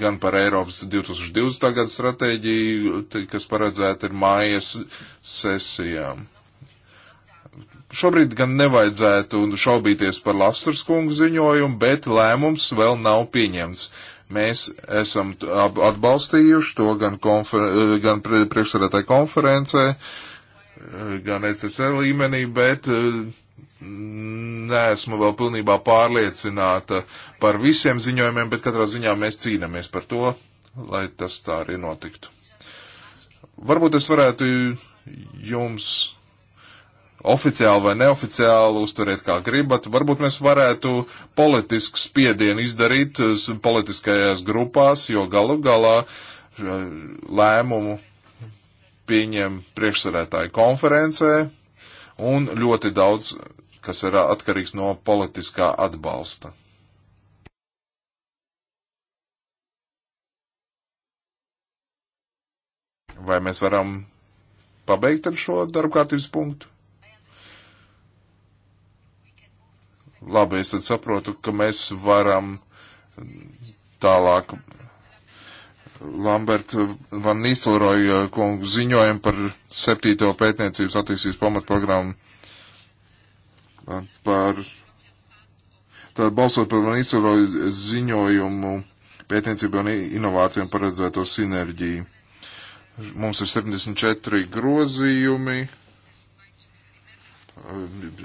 gan par Eiropas 2020. gada stratēģiju, kas paredzēta ir mājas sesijām. Šobrīd gan nevajadzētu šaubīties par Lastras kungu ziņojumu, bet lēmums vēl nav pieņemts. Mēs esam atbalstījuši to gan, konfer eh, gan priekšsarētai konferencē, eh, gan ECC līmenī, bet eh, neesmu vēl pilnībā pārliecināta par visiem ziņojumiem, bet katrā ziņā mēs cīnāmies par to, lai tas tā arī notiktu. Varbūt es varētu jums oficiāli vai neoficiāli, uztveriet kā gribat. Varbūt mēs varētu politisku spiedienu izdarīt eh, politiskajās grupās, jo galu galā eh, lēmumu pieņem priekšsarētāju konferencē un ļoti daudz, kas ir atkarīgs no politiskā atbalsta. Vai mēs varam pabeigt ar šo darba kārtības punktu? Labi, es tad saprotu, ka mēs varam tālāk Lambert Van Nīstelroja eh, kungu ziņojumu par septīto pētniecības attīstības pamatprogrammu par tad balsot par Van Nīstelroja ziņojumu pētniecību un inovācijām paredzēto sinerģiju. Mums ir 74 grozījumi.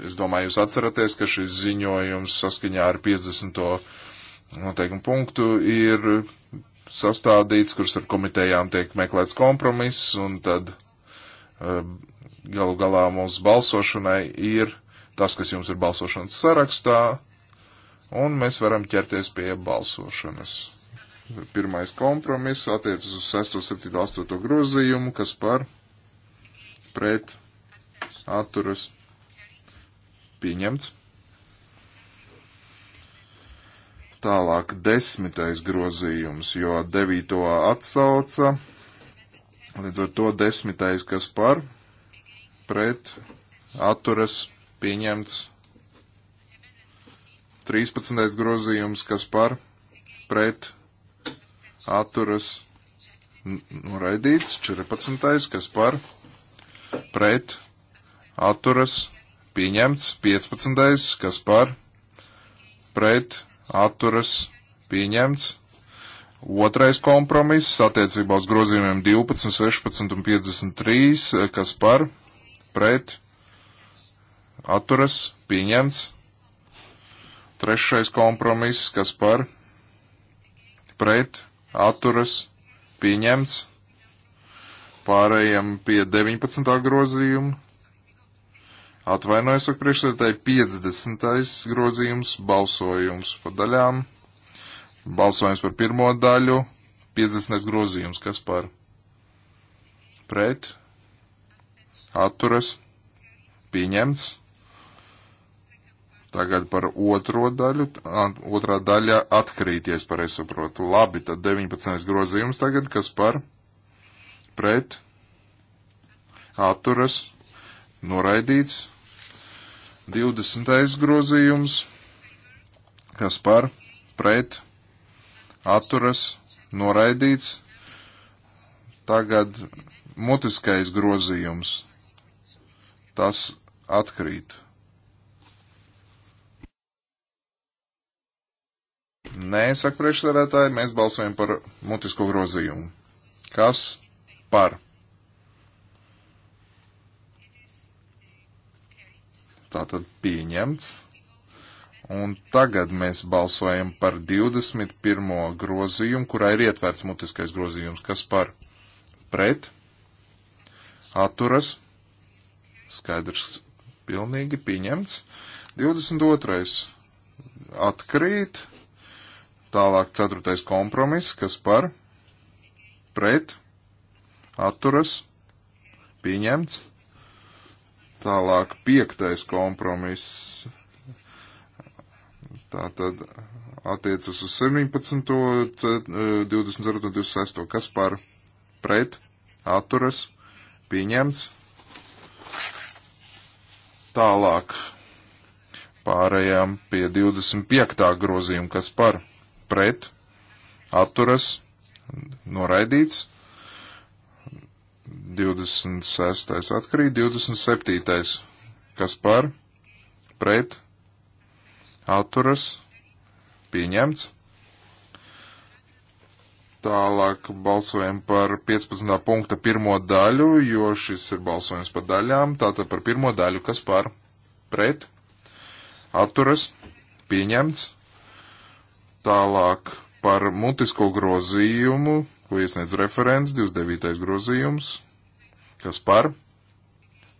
Es domāju, jūs atceraties, ka šis ziņojums saskaņā ar 50. noteikumu punktu ir sastādīts, kurš ar komitejām tiek meklēts kompromiss, un tad eh, galu galā mums balsošanai ir tas, kas jums ir balsošanas sarakstā, un mēs varam ķerties pie balsošanas. Pirmais kompromiss attiecas uz 6, 7, 8 grozījumu, kas par pret atturas Pieņemts. Tālāk desmitais grozījums, jo devīto atsauca. Līdz ar to desmitais, kas par, pret, atturas, pieņemts. 13. grozījums, kas par pret atturas noraidīts, 14. kas par pret atturas pieņemts, 15. kas par pret atturas pieņemts, otrais kompromiss attiecībā uz grozījumiem 12, 16 un 53, kas par pret atturas pieņemts, trešais kompromiss, kas par pret atturas pieņemts, pārējiem pie 19. grozījuma Atvainojos, saka priekšsēdētāji, 50. grozījums, balsojums pa daļām, balsojums par pirmo daļu, 50. grozījums, kas par pret, atturas, pieņemts. Tagad par otro daļu, otrā daļa atkrīties, pareizi saprotu. Labi, tad 19. grozījums tagad, kas par pret, atturas, noraidīts. 20. grozījums, kas par pret atturas noraidīts. Tagad mutiskais grozījums. Tas atkrīt. Nē, saka priekšsēdētāji, mēs balsojam par mutisko grozījumu. Kas par? Tātad pieņemts. Un tagad mēs balsojam par 21. grozījumu, kurā ir ietverts mutiskais grozījums, kas par pret, atturas, skaidrs, pilnīgi pieņemts. 22. atkrīt, tālāk 4. kompromiss, kas par pret, atturas, pieņemts. Tālāk piektais kompromiss. Tā tad attiecas uz 17, 24, 26, kas par pret, atturas, pieņemts. Tālāk pārējām pie 25. grozījuma, kas par pret, atturas, noraidīts. 26. atkrīt, 27. kas par, pret, atturas, pieņemts. Tālāk balsojam par 15. punkta pirmo daļu, jo šis ir balsojums par daļām. Tātad par pirmo daļu, kas par, pret, atturas, pieņemts. Tālāk par mutisko grozījumu, ko iesniedz referents, 29. grozījums, Kas par?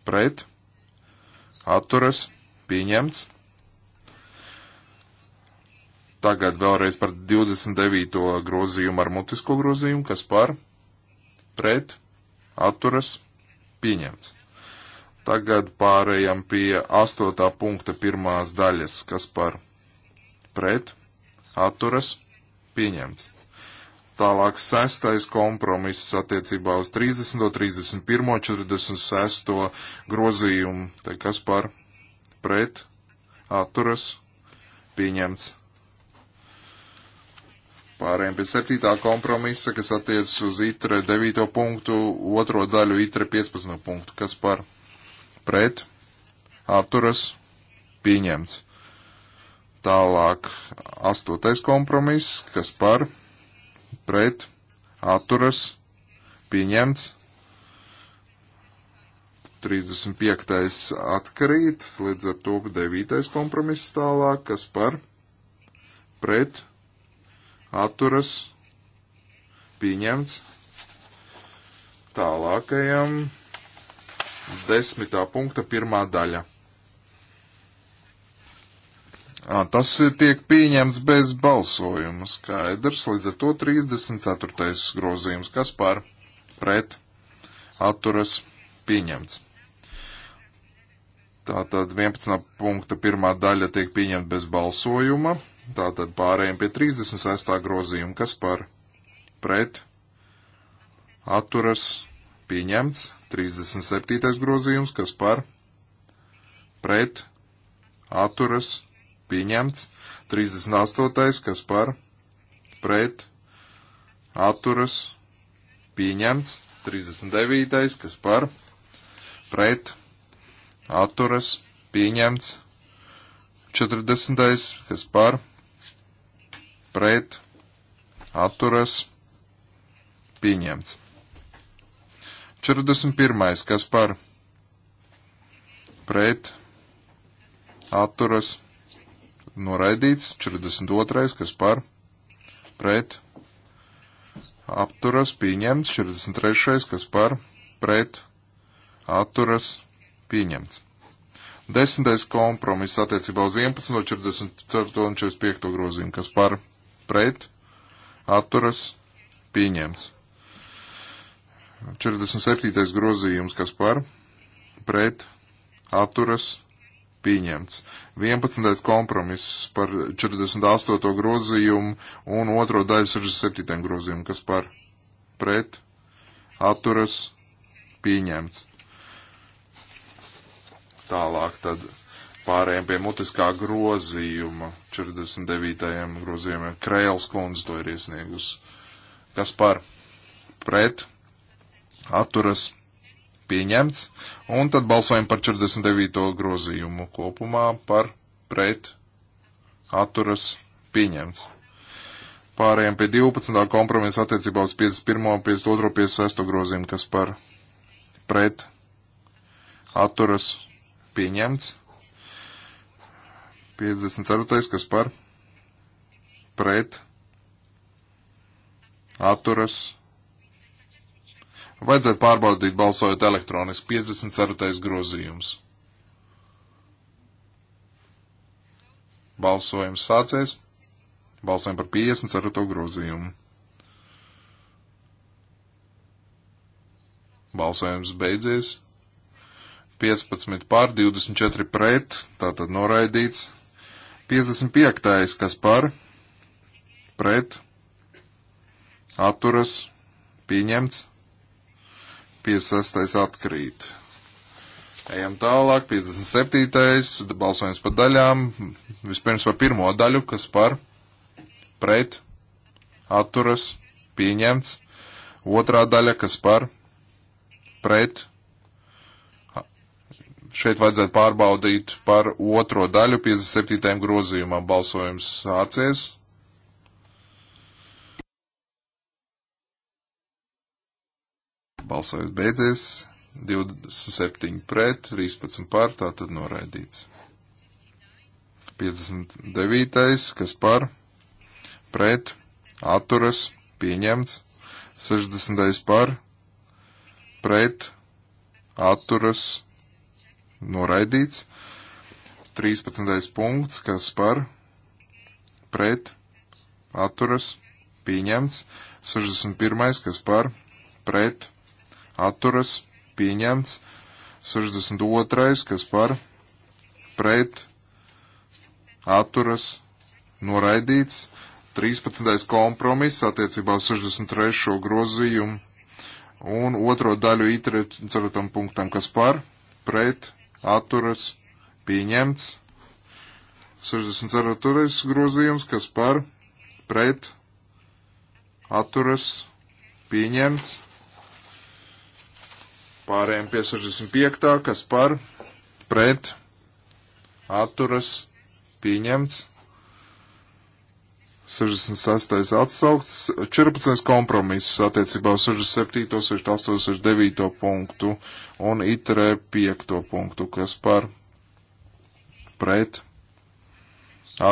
Pret? Atturas? Pieņemts. Tagad vēlreiz par 29. grozījumu ar mutisko grozījumu. Kas par? Pret? Atturas? Pieņemts. Tagad pārējām pie 8. punkta pirmās daļas, kas par pret, atturas, pieņemts. Tālāk sestais kompromiss attiecībā uz 30, 31, 46 grozījumu. Te kas par pret atturas pieņemts. Pārējiem pie 7. kompromisa, kas attiecas uz itre 9. punktu, otro daļu itre 15. punktu, kas par pret atturas pieņemts. Tālāk 8. kompromiss, kas par pret pret, atturas, pieņemts. 35. atkarīt, līdz ar to 9. kompromiss tālāk, kas par, pret, atturas, pieņemts. Tālākajam desmitā punkta pirmā daļa. À, tas tiek pieņemts bez balsojuma. Skaidrs, līdz ar to 34. grozījums, kas par pret atturas pieņemts. Tātad 11. punkta pirmā daļa tiek pieņemta bez balsojuma. Tātad pārējiem pie 36. grozījuma, kas par pret atturas pieņemts. 37. grozījums, kas par pret atturas pieņemts pieņemts. 38. kas par pret atturas pieņemts. 39. kas par pret atturas pieņemts. 40. kas par pret atturas pieņemts. 41. kas par pret atturas pieņemts noraidīts, 42. kas par, pret, apturas, pieņemts, 43. kas par, pret, atturas, pieņemts. Desmitais kompromiss attiecībā uz 11, 44 un 45 grozījumu, kas par, pret, atturas, pieņemts. 47. grozījums, kas par, pret, atturas, pieņemts. 11. kompromiss par 48. grozījumu un otro daļu 67. grozījumu, kas par pret atturas pieņemts. Tālāk tad pārējiem pie mutiskā grozījuma 49. grozījumiem. Krēls kundze to ir iesniegusi. Kas par pret atturas pieņemts pieņemts, un tad balsojam par 49. grozījumu kopumā par pret atturas pieņemts. Pārējiem pie 12. kompromisa attiecībā uz 51., 52., 56. grozījumu, kas par pret atturas pieņemts. 54. kas par pret atturas pieņemts Vajadzētu pārbaudīt balsojot elektroniski 54. grozījums. Balsojums sācies. Balsojam par 54. grozījumu. Balsojums beidzies. 15 pār 24 pret, tātad noraidīts. 55. kas par, pret, atturas, pieņemts. 56. atkrīt. Ejam tālāk, 57. balsojums par daļām. Vispirms par pirmo daļu, kas par, pret, atturas, pieņemts. Otrā daļa, kas par, pret. Šeit vajadzētu pārbaudīt par otro daļu 57. grozījumam. Balsojums sācies. Balsojums beidzies. 27 pret, 13 pār, tā tad noraidīts. 59. kas par, pret, atturas, pieņemts. 60. par, pret, atturas, noraidīts. 13. punkts, kas par, pret, atturas, pieņemts. 61. kas par, pret, atturas atturas pieņemts. 62. kas par pret atturas noraidīts. 13. kompromiss attiecībā uz 63. grozījumu un otro daļu itre ceturtam punktam, kas par pret atturas pieņemts. 64. grozījums, kas par pret atturas pieņemts. Pārējiem pie 65. kas par pret atturas pieņemts. 66. atsaukts, 14. kompromiss attiecībā uz 67., 68, 69. punktu un itrē 5. punktu, kas par pret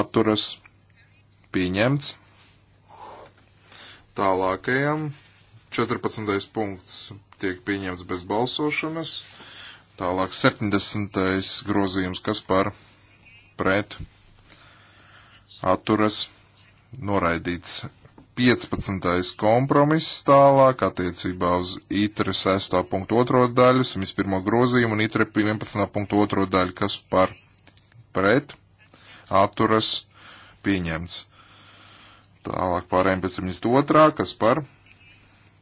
atturas pieņemts. Tālākajam 14. punkts tiek pieņemts bez balsošanas. Tālāk 70. grozījums, kas par pret atturas noraidīts. 15. kompromiss tālāk attiecībā uz ITRE 6.2 daļu, 101. grozījumu un ITRE 11.2 daļu, kas par pret atturas pieņemts. Tālāk pārējiem pēc 72. kas par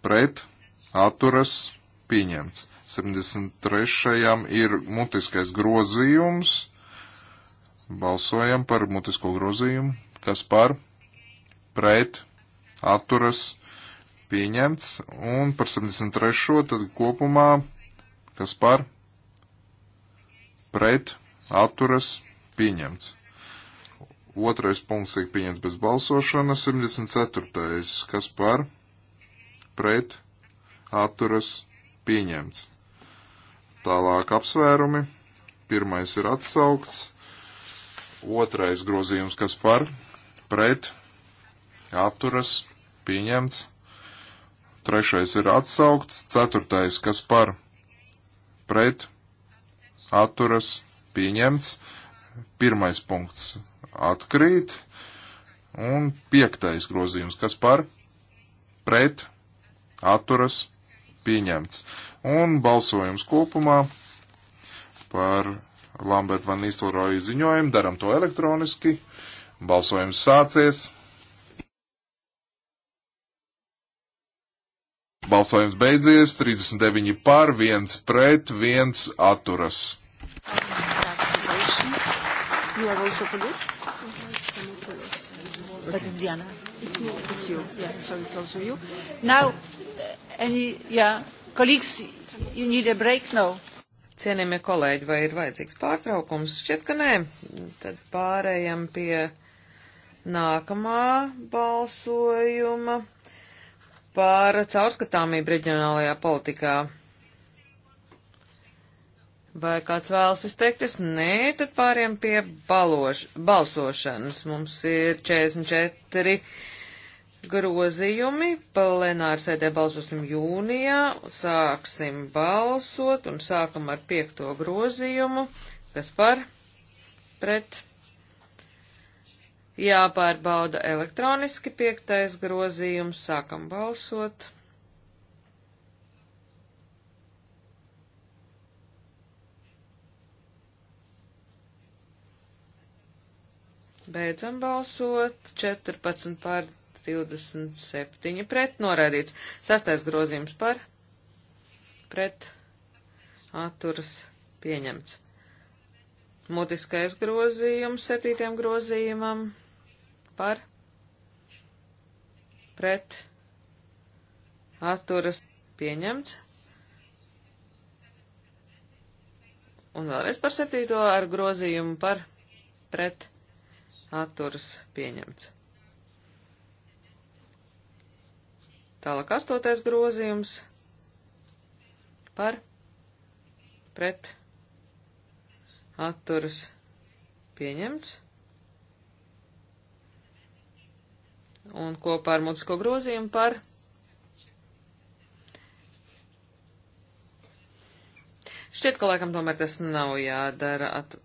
pret atturas atturas pieņemts. 73. ir mutiskais grozījums. Balsojam par mutisko grozījumu. Kas par? Pret. Atturas. Pieņemts. Un par 73. tad kopumā. Kas par? Pret. Atturas. Pieņemts. Otrais punkts tiek pieņemts bez balsošanas. 74. kas par? Pret atturas pieņemts. Tālāk apsvērumi. Pirmais ir atsaukts. Otrais grozījums, kas par, pret, atturas, pieņemts. Trešais ir atsaukts. Ceturtais, kas par, pret, atturas, pieņemts. Pirmais punkts atkrīt. Un piektais grozījums, kas par, pret, atturas, pieņemts pieņemts. Un balsojums kopumā par Lamberta van Nistelroju ziņojumu. Daram to elektroniski. Balsojums sācies. Balsojums beidzies, 39 pār, 1 pret, 1 atturas. You are also police? But it's Diana. It's me. It's you. Yeah. So it's also you. Now, uh, any, yeah, colleagues, you need a break? No. Cienījamie kolēģi, vai ir vajadzīgs pārtraukums? Šķiet, ka nē. Tad pārējam pie nākamā balsojuma par caurskatāmību reģionālajā politikā. Vai kāds vēlas izteikties? Nē, tad pāriem pie baloš, balsošanas. Mums ir 44 grozījumi. Plenāra sēdē balsosim jūnijā. Sāksim balsot un sākam ar piekto grozījumu. Kas par? Pret? Jāpārbauda elektroniski piektais grozījums. Sākam balsot. Beidzam balsot. 14 pār 27 pret noraidīts. Sastais grozījums par pret atturas pieņemts. Mutiskais grozījums septītiem grozījumam par pret atturas pieņemts. Un vēlreiz par septīto ar grozījumu par pret atturas atturas pieņemts. Tālāk astotais grozījums par pret atturas pieņemts. Un kopā ar mutisko grozījumu par Šķiet, ka laikam tomēr tas nav jādara. At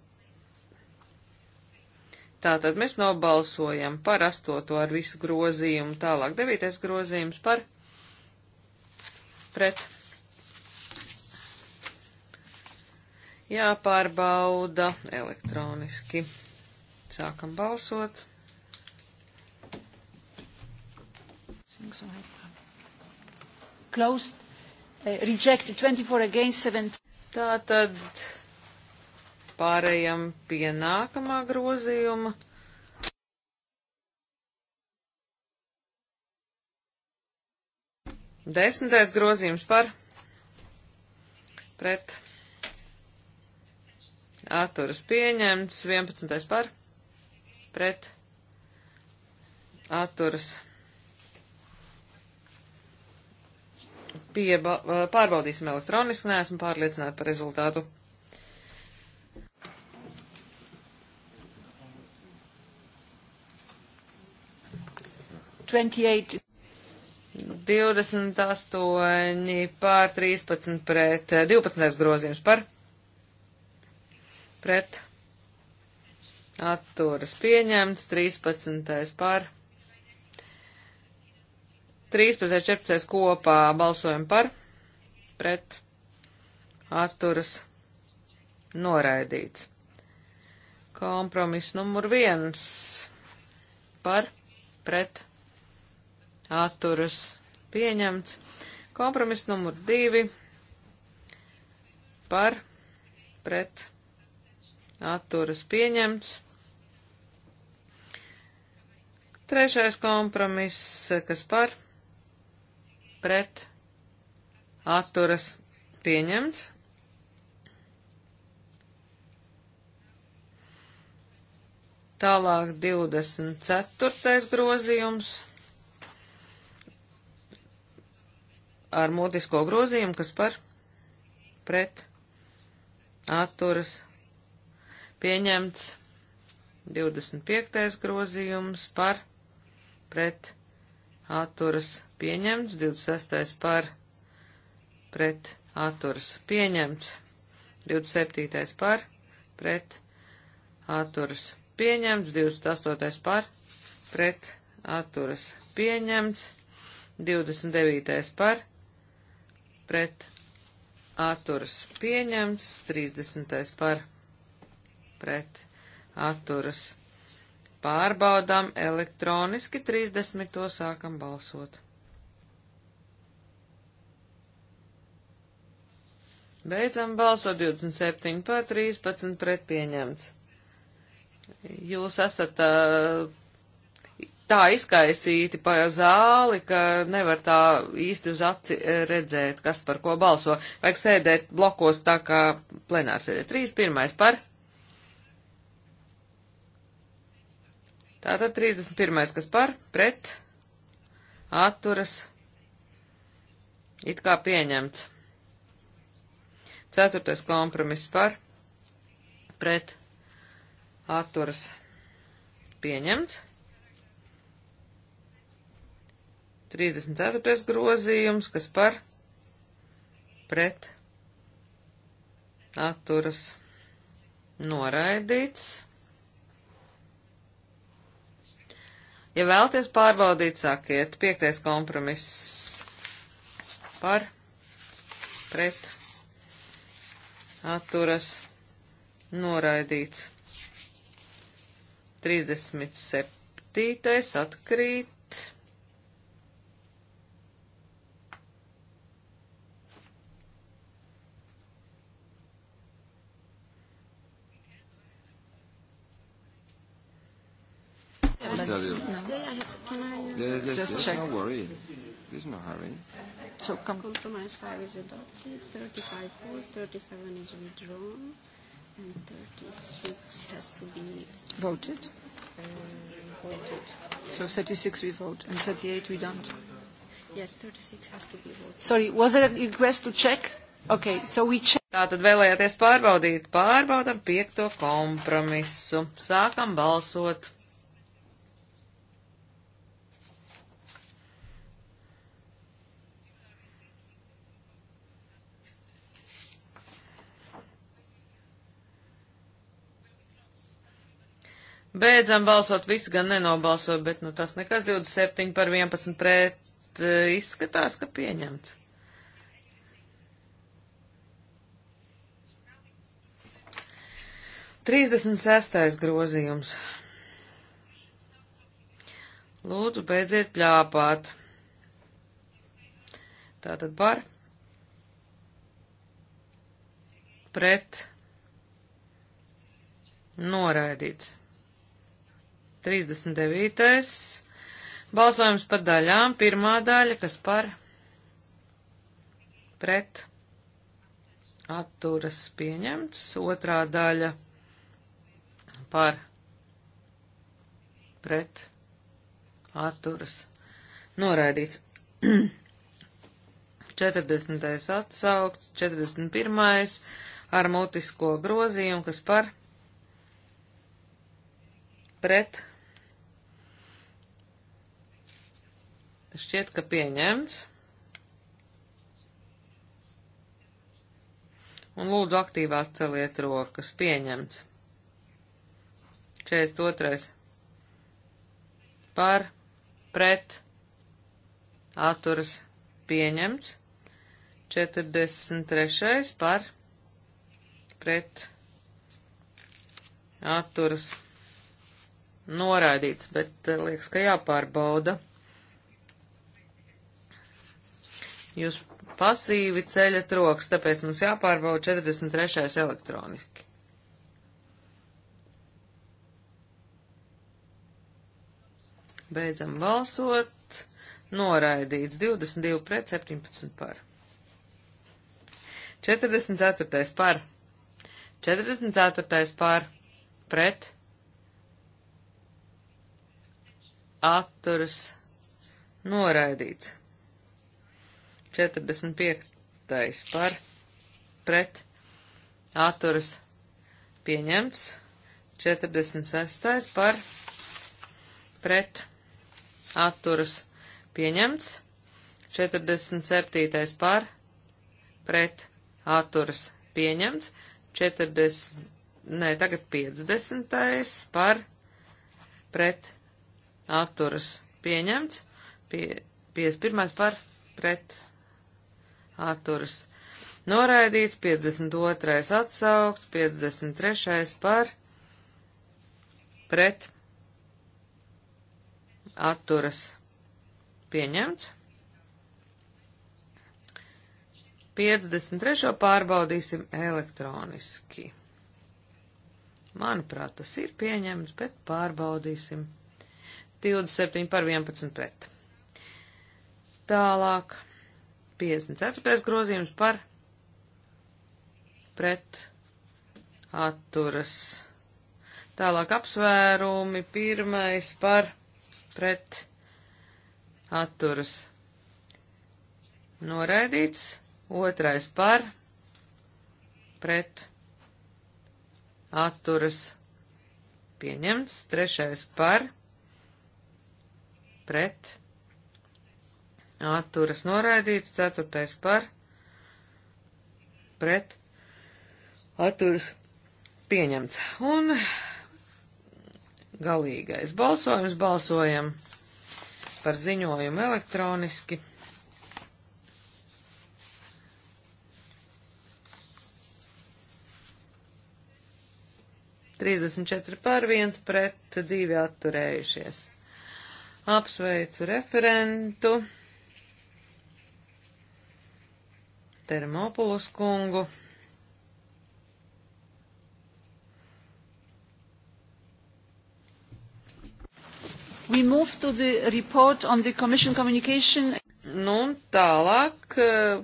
Tātad mēs nobalsojam par astoto ar visu grozījumu, tālāk devītais grozījums par pret. Jāpārbauda elektroniski. Sākam balsot. Closed. Uh, rejected 24 against 17. Tātad Pārējām pie nākamā grozījuma. Desmitais grozījums par pret atturas pieņemts, 11. par pret atturas Pieba, pārbaudīsim elektroniski, neesmu pārliecināta par rezultātu. 28. 28 pār 13 pret 12 grozījums par pret atturas pieņemts 13 pār 13 14 kopā balsojam par pret atturas noraidīts. Kompromiss numur viens par pret atturas atturas pieņemts. Kompromiss numur divi par pret atturas pieņemts. Trešais kompromiss, kas par pret atturas pieņemts. Tālāk 24. grozījums. ar mutisko grozījumu, kas par pret atturas pieņemts 25. grozījums par pret atturas pieņemts, 26. par pret atturas pieņemts, 27. par pret atturas pieņemts, 28. par pret atturas pieņemts, 29. par pret atturas pieņemts, 30. par pret atturas pārbaudām elektroniski, 30. sākam balsot. Beidzam balsot 27 par 13 pret pieņemts. Jūs esat uh, tā izkaisīti pa zāli, ka nevar tā īsti uz aci redzēt, kas par ko balso. Vajag sēdēt blokos tā kā plenārsēdē. Trīs pirmais par. Tātad 31. kas par, pret, atturas, it kā pieņemts. 4. kompromiss par, pret, atturas, pieņemts. 34. grozījums, kas par pret atturas noraidīts. Ja vēlties pārbaudīt, sakiet, piektais kompromiss par pret atturas noraidīts. 37. atkrīt. tell you. No. Yeah, yeah, can I? Yes, yes, Just yes. Check. No worry. There's no hurry. So com- compromise five is adopted. Thirty-five falls. Thirty-seven is withdrawn, and thirty-six has to be voted. Um, voted. So thirty-six we vote, and thirty-eight we don't. Yes, thirty-six has to be voted. Sorry, was there a request to check? Okay, so we check. Tātad vēlējāties pārbaudīt, pārbaudam piekto kompromisu. Sākam balsot. Beidzam balsot, visi gan nenobalso, bet nu tas nekas 27 par 11 pret e, izskatās, ka pieņemts. Trīsdesmit sestais grozījums. Lūdzu, beidziet pļāpāt. Tātad par. Pret. Noraidīts. 39. Balsojums par daļām. Pirmā daļa, kas par pret atturas pieņemts. Otrā daļa par pret atturas noraidīts. 40. [CLEARS THROAT] atsaukts, 41. ar mutisko grozījumu, kas par pret Šķiet, ka pieņemts. Un lūdzu aktīvāk celiet rokas. Pieņemts. 42. Par, pret, atturas, pieņemts. 43. par pret atturas noraidīts, bet eh, liekas, ka jāpārbauda. Jūs pasīvi ceļa troks, tāpēc mums jāpārbauda 43. elektroniski. Beidzam balsot. Noraidīts 22 pret 17 par. 44. par. 44. par. Pret. Atturas. Noraidīts. 45. par pret atturas pieņemts. 46. par pret atturas pieņemts. 47. par pret atturas pieņemts. 40. Nē, tagad 50. par pret atturas pieņemts. Pie, 51. par pret atturas atturas noraidīts, 52. atsaukts, 53. par pret atturas pieņemts. 53. pārbaudīsim elektroniski. Manuprāt, tas ir pieņemts, bet pārbaudīsim. 27 par 11 pret. Tālāk. 54. grozījums par pret atturas. Tālāk apsvērumi. Pirmais par pret atturas. Noraidīts. Otrais par pret atturas. Pieņemts. Trešais par pret atturas atturas noraidīts, ceturtais par, pret, atturas pieņemts. Un galīgais balsojums balsojam par ziņojumu elektroniski. Trīsdesmit četri pār viens pret divi atturējušies. Apsveicu referentu. Termopulus kungu. We move to the report on the Commission communication. Nu, tālāk eh,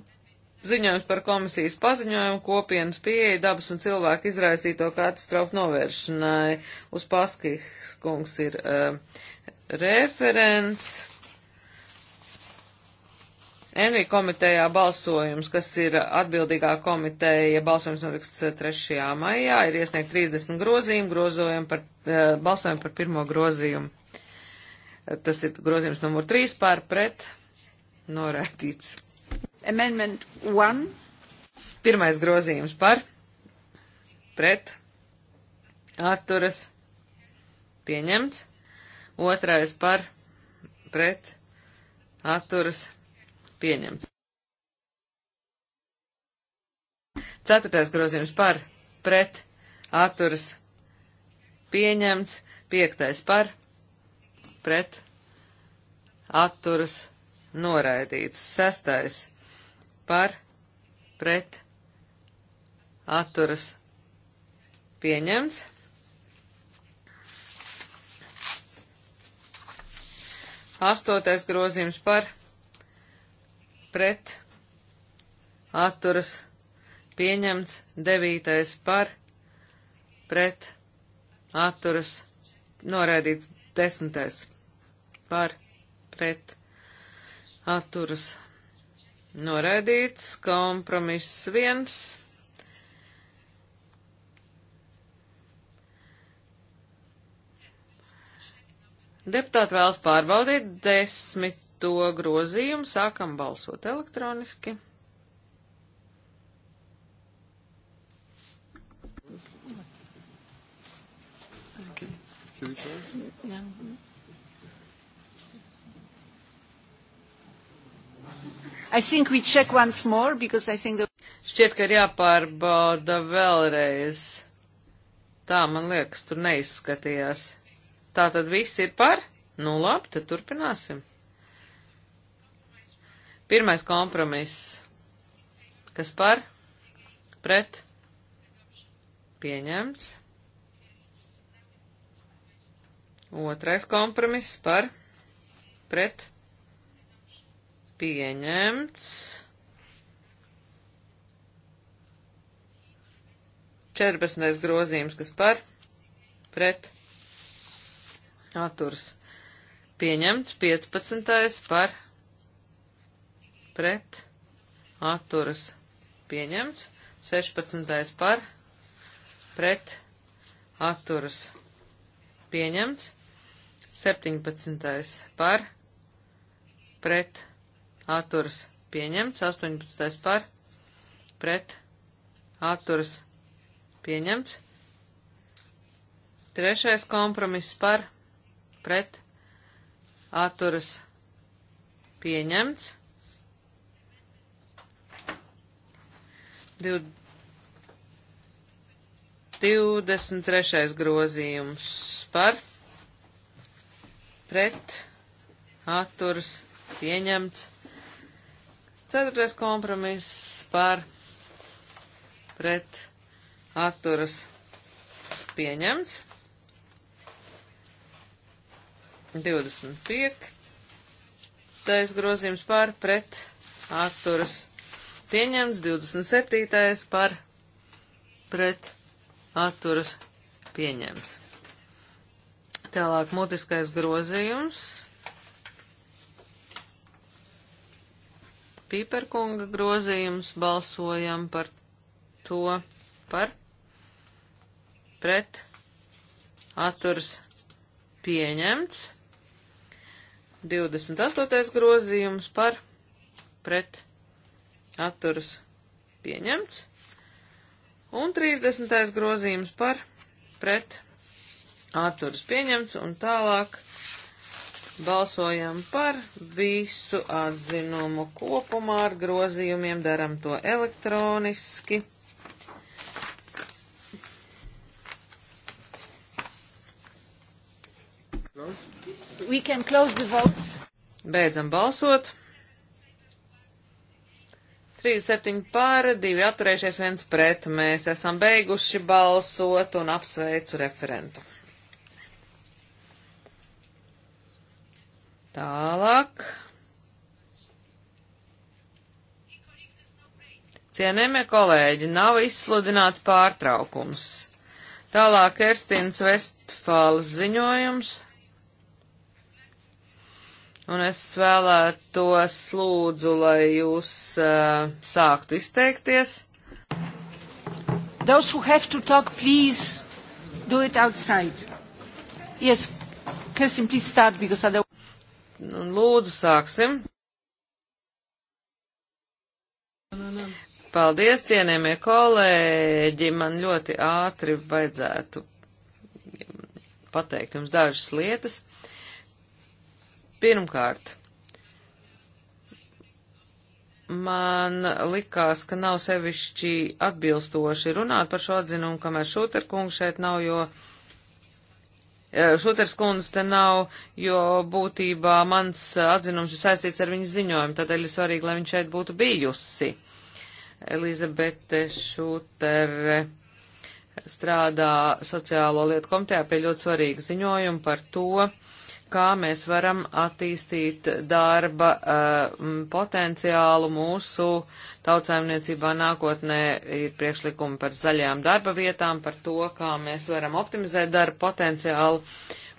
ziņojums par komisijas paziņojumu kopienas pieeja dabas un cilvēku izraisīto katastrofu novēršanai. Uz Paskihs kungs ir uh, referents. Envi komitejā balsojums, kas ir atbildīgā komiteja, balsojums notiks 3. Eh, maijā, ir iesniegt 30 grozījumu, grozojumu par, eh, balsojumu par pirmo grozījumu. Eh, tas ir grozījums numur 3 pār pret norādīts. Amendment 1. Pirmais grozījums par pret atturas pieņemts. Otrais par pret atturas pieņemts pieņemts. Ceturtais grozījums par, pret, atturas, pieņemts. Piektais par, pret, atturas, noraidīts. Sestais par, pret, atturas, pieņemts. Astotais grozījums par pret atturas pieņemts, devītais par pret atturas noraidīts, desmitais par pret atturas noraidīts, kompromiss viens. Deputāti vēlas pārbaudīt desmit to grozījumu, sākam balsot elektroniski. Okay. Yeah. More, the... Šķiet, ka ir jāpārbauda vēlreiz. Tā, man liekas, tur neizskatījās. Tā tad viss ir par? Nu labi, tad turpināsim. Pirmais kompromiss. Kas par? Pret? Pieņemts. Otrais kompromiss par? Pret? Pieņemts. 14. grozījums, kas par, pret, atturs. Pieņemts 15. par, pret, atturas pieņemts, 16. par, pret, atturas pieņemts, 17. par, pret, atturas pieņemts, 18. par, pret, atturas pieņemts, 3. kompromiss par, pret, atturas pieņemts, 23. grozījums par pret atturs pieņemts. 4. kompromiss par pret atturs pieņemts. 25. grozījums par pret atturs pieņemts pieņemts, 27. par pret atturas pieņemts. Tālāk mutiskais grozījums. Pīperkunga grozījums balsojam par to par pret atturs pieņemts. 28. grozījums par pret atturas pieņemts. Un 30. grozījums par pret atturas pieņemts. Un tālāk balsojam par visu atzinumu kopumā ar grozījumiem. Daram to elektroniski. Beidzam balsot. 37 pār, 2 atturējušies, 1 pret. Mēs esam beiguši balsot un apsveicu referentu. Tālāk. Cienējamie kolēģi, nav izsludināts pārtraukums. Tālāk Erstins Vestfāles ziņojums un es vēlētos lūdzu, lai jūs uh, sāktu izteikties. Those who have to talk, please do it outside. Yes, Kirsten, please start, because otherwise... Nu, lūdzu, sāksim. Paldies, cienējamie kolēģi. Man ļoti ātri vajadzētu pateikt jums dažas lietas. Pirmkārt, man likās, ka nav sevišķi atbilstoši runāt par šo atzinumu, kamēr Šūterkungs šeit nav, jo e, Šūters kundze te nav, jo būtībā mans atzinums ir saistīts ar viņas ziņojumu, tādēļ ir svarīgi, lai viņš šeit būtu bijusi. Elizabete Šūtere strādā sociālo lietu komitejā pie ļoti svarīga ziņojuma par to, kā mēs varam attīstīt darba uh, potenciālu mūsu tautsājumniecībā nākotnē ir priekšlikumi par zaļām darba vietām, par to, kā mēs varam optimizēt darba potenciālu.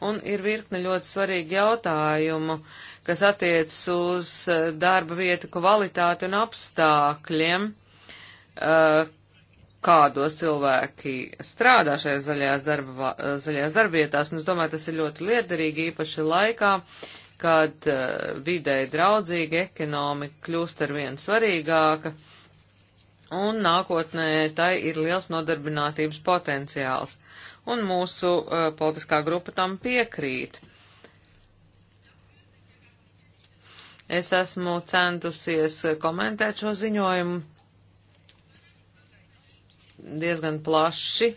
Un ir virkne ļoti svarīgi jautājumu, kas attiec uz eh, darba vietu kvalitāti un apstākļiem, uh, kādos cilvēki strādā šajās zaļajās, darba, zaļajās darbietās, un es domāju, tas ir ļoti liederīgi, īpaši laikā, kad uh, eh, videi draudzīga ekonomika kļūst ar vien svarīgāka, un nākotnē tai ir liels nodarbinātības potenciāls, un mūsu uh, politiskā grupa tam piekrīt. Es esmu centusies komentēt šo ziņojumu diezgan plaši.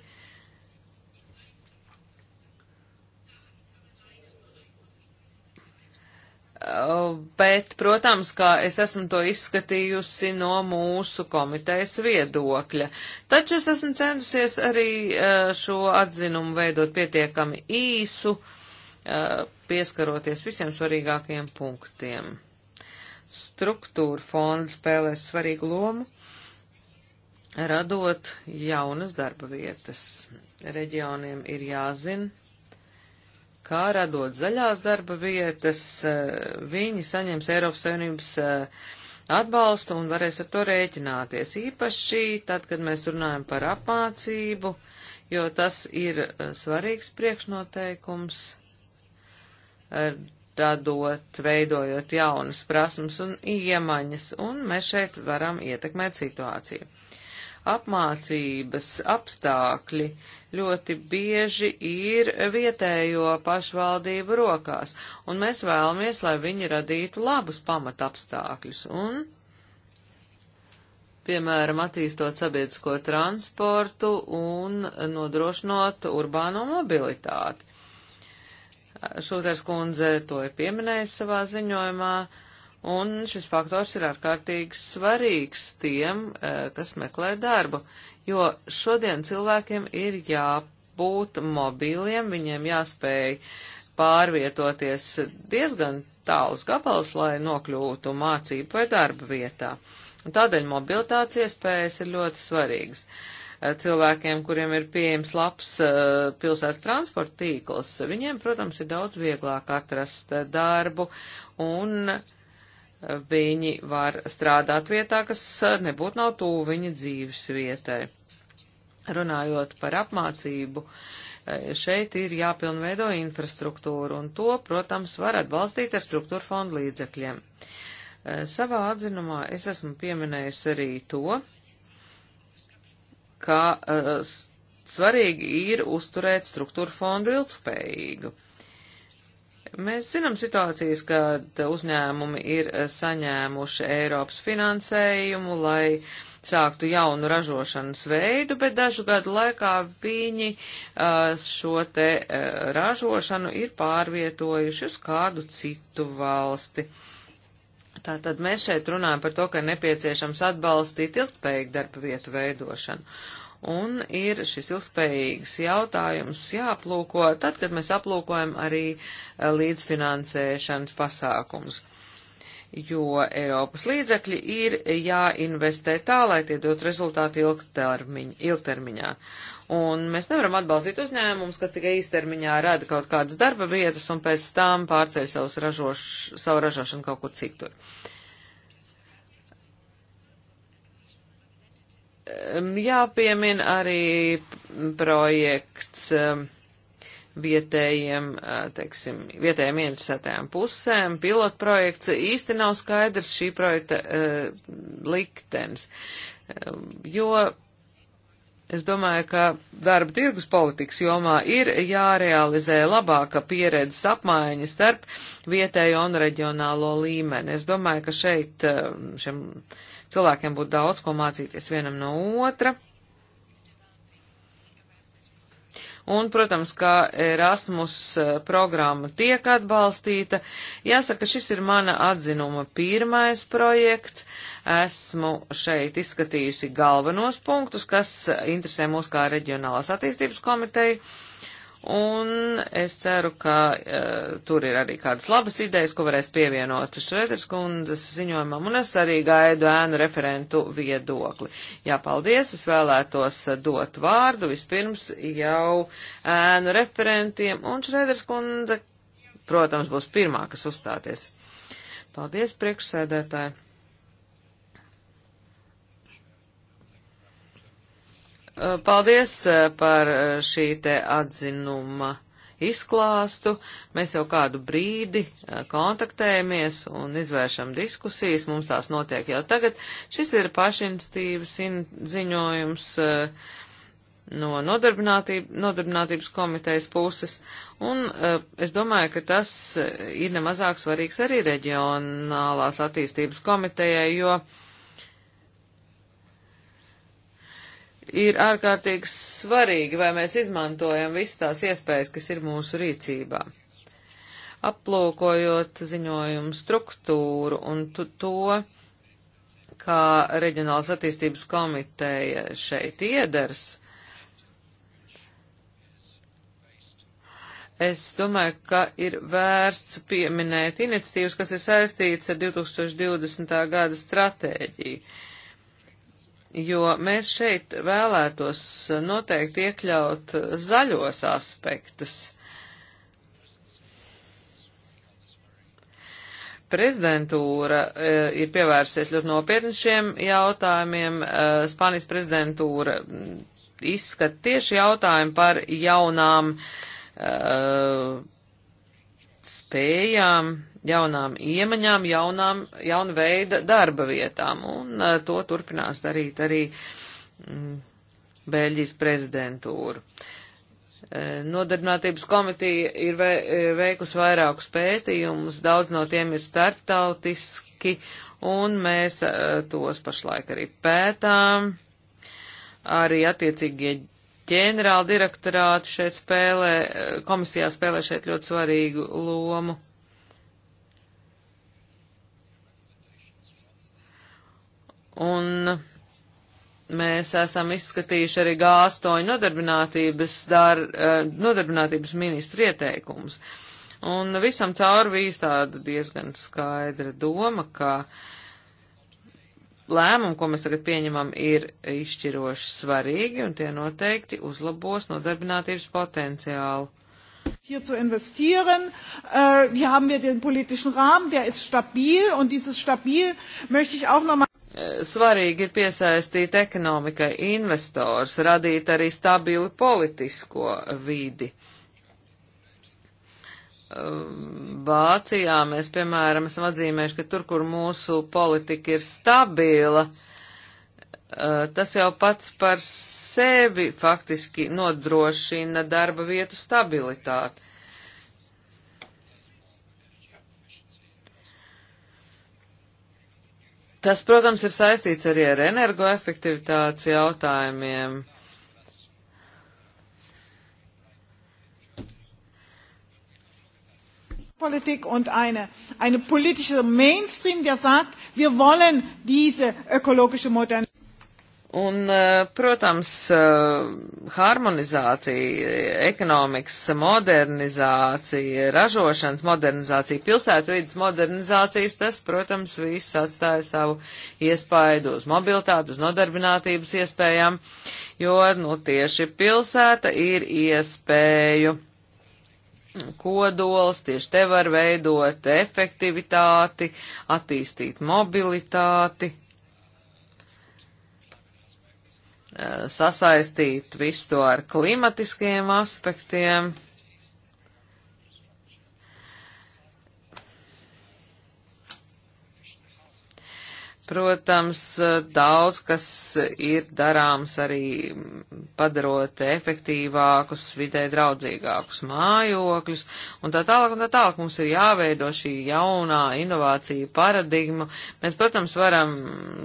Uh, bet, protams, kā es esmu to izskatījusi no mūsu komitejas viedokļa. Taču es esmu centusies arī uh, šo atzinumu veidot pietiekami īsu, uh, pieskaroties visiem svarīgākajiem punktiem. Struktūra fonda spēlēs svarīgu lomu radot jaunas darba vietas. Reģioniem ir jāzina, kā radot zaļās darba vietas, eh, viņi saņems Eiropas Savienības eh, atbalstu un varēs ar to rēķināties. Īpaši tad, kad mēs runājam par apmācību, jo tas ir eh, svarīgs priekšnoteikums, radot, veidojot jaunas prasmes un iemaņas, un mēs šeit varam ietekmēt situāciju. Uh, apmācības apstākļi ļoti bieži ir vietējo pašvaldību rokās, un mēs vēlamies, lai viņi radītu labus pamatapstākļus. Un, piemēram, attīstot sabiedrisko transportu un nodrošinot urbāno mobilitāti. Šūters kundze to ir pieminējis savā ziņojumā. Uh, Un šis faktors ir ārkārtīgi svarīgs tiem, eh, kas meklē darbu, jo šodien cilvēkiem ir jābūt mobīliem, viņiem jāspēj pārvietoties diezgan tāls gabals, lai nokļūtu mācību vai darba vietā. Un tādēļ mobilitātes iespējas ir ļoti svarīgas. Eh, cilvēkiem, kuriem ir pieejams labs eh, pilsētas transporta tīkls, viņiem, protams, ir daudz vieglāk atrast darbu un viņi var strādāt vietā, kas eh, nebūtu nav tuvu viņa dzīves vietai. Runājot par apmācību, eh, šeit ir jāpilnveido infrastruktūru, un to, protams, var atbalstīt ar struktūra fondu līdzekļiem. Eh, savā atzinumā es esmu pieminējis arī to, ka svarīgi ir uzturēt struktūra fondu ilgspējīgu. Mēs zinām situācijas, kad uzņēmumi ir eh, saņēmuši Eiropas finansējumu, lai sāktu jaunu ražošanas veidu, bet dažu gadu laikā viņi eh, šo te eh, ražošanu ir pārvietojuši uz kādu citu valsti. Tātad mēs šeit runājam par to, ka nepieciešams atbalstīt ilgspējīgu darba vietu veidošanu. Un ir šis ilgspējīgs jautājums jāaplūko tad, kad mēs aplūkojam arī eh, līdzfinansēšanas pasākums. Jo Eiropas līdzekļi ir jāinvestē tā, lai tie dot rezultāti ilgtermiņ, ilgtermiņā. Un mēs nevaram atbalstīt uzņēmumus, kas tikai īstermiņā rada kaut kādas darba vietas un pēc tam pārceļ savu ražošanu kaut kur citur. Uh, Jāpiemin arī projekts vietējiem, teiksim, vietējiem interesētajām pusēm. Pilotprojekts īsti nav skaidrs šī projekta uh, liktenis, uh, jo es domāju, ka darba tirgus politikas jomā ir jārealizē labāka pieredzes apmaiņa starp vietējo un reģionālo līmeni. Es domāju, ka šeit uh, šim Cilvēkiem būtu daudz ko mācīties vienam no otra. Un, protams, kā Erasmus eh, programma tiek atbalstīta. Jāsaka, šis ir mana atzinuma pirmais projekts. Esmu šeit izskatījusi galvenos punktus, kas interesē mūs kā reģionālās attīstības komiteju Un es ceru, ka uh, tur ir arī kādas labas idejas, ko varēs pievienot Šreders kundzes ziņojumam, un es arī gaidu ēnu referentu viedokli. Jā, paldies, es vēlētos dot vārdu vispirms jau ēnu referentiem, un Šreders kundze, protams, būs pirmā, kas uzstāties. Paldies, priekšsēdētāji! Paldies par šī te atzinuma izklāstu. Mēs jau kādu brīdi kontaktējamies un izvēršam diskusijas, mums tās notiek jau tagad. Šis ir pašinstīvas ziņojums no nodarbinātības komitejas puses, un es domāju, ka tas ir nemazāk svarīgs arī reģionālās attīstības komitejai, jo ir ārkārtīgi svarīgi, vai mēs izmantojam visas tās iespējas, kas ir mūsu rīcībā. Aplūkojot ziņojumu struktūru un to, kā Reģionāls attīstības komiteja šeit iedars, es domāju, ka ir vērts pieminēt iniciatīvas, kas ir saistītas ar 2020. gada stratēģiju jo mēs šeit vēlētos noteikti iekļaut zaļos aspektus. prezidentūra e, ir pievērsies ļoti nopietni šiem jautājumiem. E, Spānijas prezidentūra izskat tieši jautājumu par jaunām e, spējām jaunām iemaņām, jaunām, jaunu veidu darba vietām, un to turpinās darīt arī mm, Bēļģijas prezidentūra. Nodarbinātības komiteja ir veikusi vairākus pētījumus, daudz no tiem ir starptautiski, un mēs tos pašlaik arī pētām. Arī attiecīgie ģenerāla direktorāti šeit spēlē, komisijā spēlē šeit ļoti svarīgu lomu. Un mēs esam izskatījuši arī G8 nodarbinātības, dar, eh, nodarbinātības ministra ieteikumus. Un visam cauri bija tāda diezgan skaidra doma, ka lēmumi, ko mēs tagad pieņemam, ir izšķiroši svarīgi un tie noteikti uzlabos nodarbinātības potenciālu. Hier zu investieren. Äh, hier haben wir den politischen Rahmen, der ist stabil und dieses stabil möchte ich auch nochmal. Svarīgi ir piesaistīt ekonomikai investors, radīt arī stabilu politisko vidi. Vācijā mēs, piemēram, esam atzīmējuši, ka tur, kur mūsu politika ir stabila, eh, tas jau pats par sevi faktiski nodrošina darba vietu stabilitāti. Tas, protams, ir saistīts arī ar energoefektivitātes jautājumiem. Politik und eine, eine politische Mainstream, der sagt, wir wollen diese ökologische Modernität. Un, eh, protams, eh, harmonizācija, ekonomikas modernizācija, ražošanas modernizācija, pilsētvidas modernizācijas, tas, protams, viss atstāja savu iespaidu uz mobilitāti, uz nodarbinātības iespējām, jo, nu, tieši pilsēta ir iespēju kodols, tieši te var veidot efektivitāti, attīstīt mobilitāti sasaistīt visu to ar klimatiskiem aspektiem. Protams, daudz kas ir darāms arī padarot efektīvākus, vidē draudzīgākus mājokļus un tā tālāk un tā tālāk. Mums ir jāveido šī jaunā inovācija paradigma. Mēs, protams, varam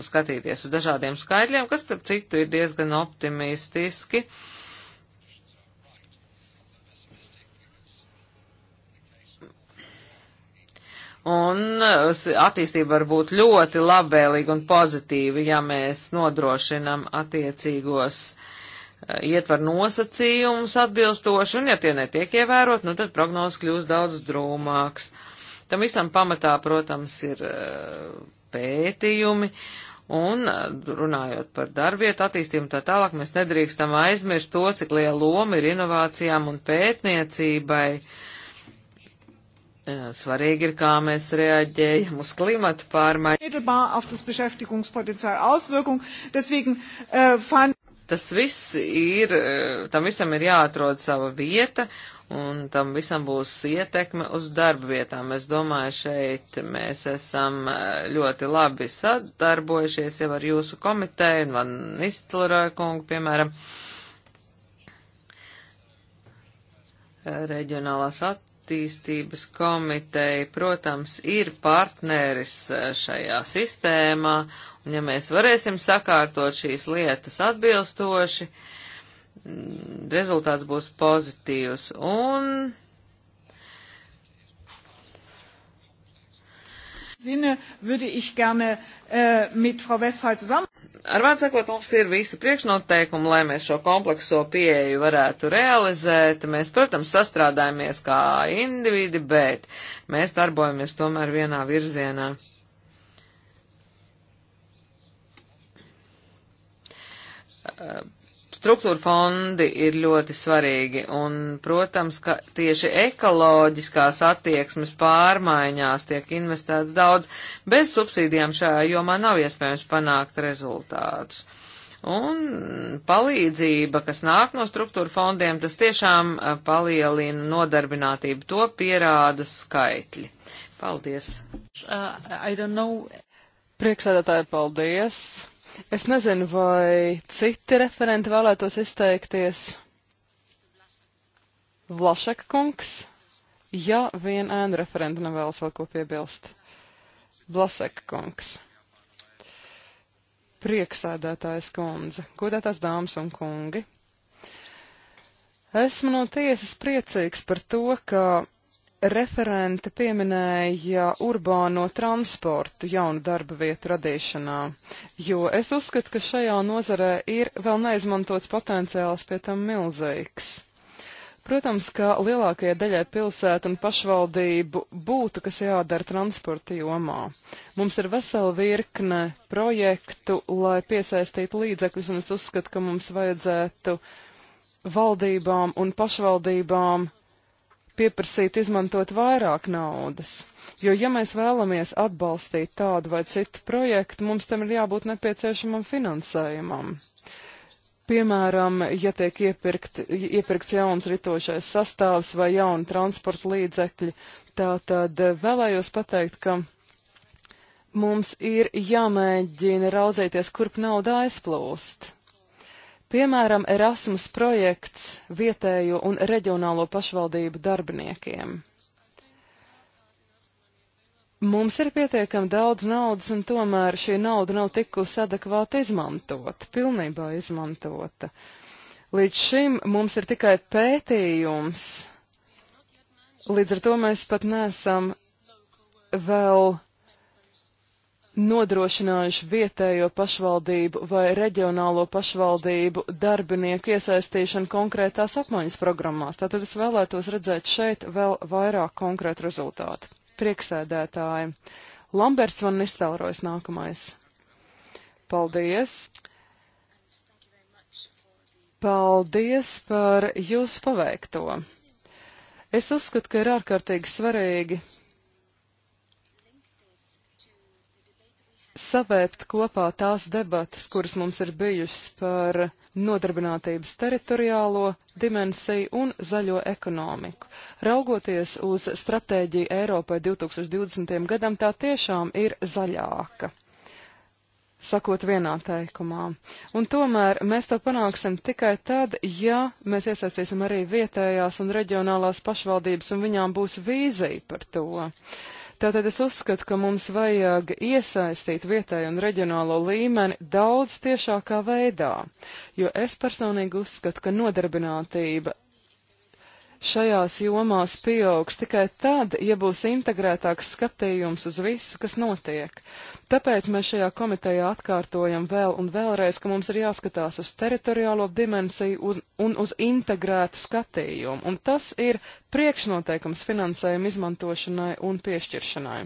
skatīties uz dažādiem skaitļiem, kas, starp citu, ir diezgan optimistiski. Uh, Un eh, attīstība var būt ļoti labvēlīga un pozitīva, ja mēs nodrošinam attiecīgos eh, ietver nosacījumus atbilstoši, un ja tie netiek ievērot, nu tad prognozes kļūst daudz drūmāks. Tam visam pamatā, protams, ir eh, pētījumi, un runājot par darbietu attīstību tā tālāk, mēs nedrīkstam aizmirst to, cik liela loma ir inovācijām un pētniecībai. Uh, Jā, svarīgi ir, kā mēs reaģējam uz klimatu pārmaiņām. Äh, Tas viss ir, tam visam ir jāatrod sava vieta, un tam visam būs ietekme uz darba vietām. Es domāju, šeit mēs esam ļoti labi sadarbojušies jau ar jūsu komiteju, un man iztilroja kungu, piemēram, reģionālās attīstības attīstības komiteja, protams, ir partneris eh, šajā sistēmā, un ja mēs varēsim sakārtot šīs lietas atbilstoši, mm, rezultāts būs pozitīvs. Un Sinne würde ich gerne äh, mit Frau Westhal zusammen. Ar vārdu sakot, mums ir visi priekšnoteikumi, lai mēs šo komplekso pieeju varētu realizēt. Mēs, protams, sastrādājamies kā individi, bet mēs darbojamies tomēr vienā virzienā. Uh, Struktūra fondi ir ļoti svarīgi, un, protams, ka tieši ekoloģiskās attieksmes pārmaiņās tiek investēts daudz. Bez subsīdijām šajā jomā nav iespējams panākt rezultātus. Un palīdzība, kas nāk no struktūra fondiem, tas tiešām eh, palielina nodarbinātību. To pierāda skaitļi. Paldies! Uh, Priekšsēdētāji, paldies! Es nezinu, vai citi referenti vēlētos izteikties. Vlašek kungs, ja vien ēna referenta nevēlas vēl ko piebilst. Vlašek kungs. Prieksēdētājs kundze, godētās dāmas un kungi. Esmu no tiesas priecīgs par to, ka Referente pieminēja urbāno transportu jaunu darba vietu radīšanā, jo es uzskatu, ka šajā nozarē ir vēl neizmantots potenciāls pie tam milzīgs. Protams, ka lielākajai daļai pilsētu un pašvaldību būtu, kas jādara transporta jomā. Mums ir vesela virkne projektu, lai piesaistītu līdzekļus, un es uzskatu, ka mums vajadzētu valdībām un pašvaldībām pieprasīt izmantot vairāk naudas. Jo, ja mēs vēlamies atbalstīt tādu vai citu projektu, mums tam ir jābūt nepieciešamam finansējumam. Piemēram, ja tiek iepirkt, iepirkts jauns ritošais sastāvs vai jauni transporta līdzekļi, tā tad eh, vēlējos pateikt, ka mums ir jāmēģina raudzīties, kurp nauda aizplūst. Piemēram, Erasmus projekts vietējo un reģionālo pašvaldību darbiniekiem. Mums ir pietiekami daudz naudas, un tomēr šī nauda nav tikusi adekvāti izmantota, pilnībā izmantota. Līdz šim mums ir tikai pētījums, līdz ar to mēs pat nesam vēl nodrošinājuši vietējo pašvaldību vai reģionālo pašvaldību darbinieku iesaistīšanu konkrētās apmaiņas programmās. Tātad es vēlētos redzēt šeit vēl vairāk konkrētu rezultātu. Prieksēdētāji. Lamberts van Nistelrojas nākamais. Paldies! Paldies par jūsu paveikto! Es uzskatu, ka ir ārkārtīgi svarīgi savērt kopā tās debatas, kuras mums ir bijušas par nodarbinātības teritoriālo dimensiju un zaļo ekonomiku. Raugoties uz stratēģiju Eiropai 2020. gadam, tā tiešām ir zaļāka. Sakot vienā teikumā. Un tomēr mēs to panāksim tikai tad, ja mēs iesaistīsim arī vietējās un reģionālās pašvaldības un viņām būs vīzija par to. Uh, Tātad es uzskatu, ka mums vajag iesaistīt vietēju un reģionālo līmeni daudz tiešākā veidā, jo es personīgi uzskatu, ka nodarbinātība šajās jomās pieaugs tikai tad, ja būs integrētāks skatījums uz visu, kas notiek. Tāpēc mēs šajā komitejā atkārtojam vēl un vēlreiz, ka mums ir jāskatās uz teritoriālo dimensiju uz, un uz integrētu skatījumu, un tas ir priekšnoteikums finansējuma izmantošanai un piešķiršanai.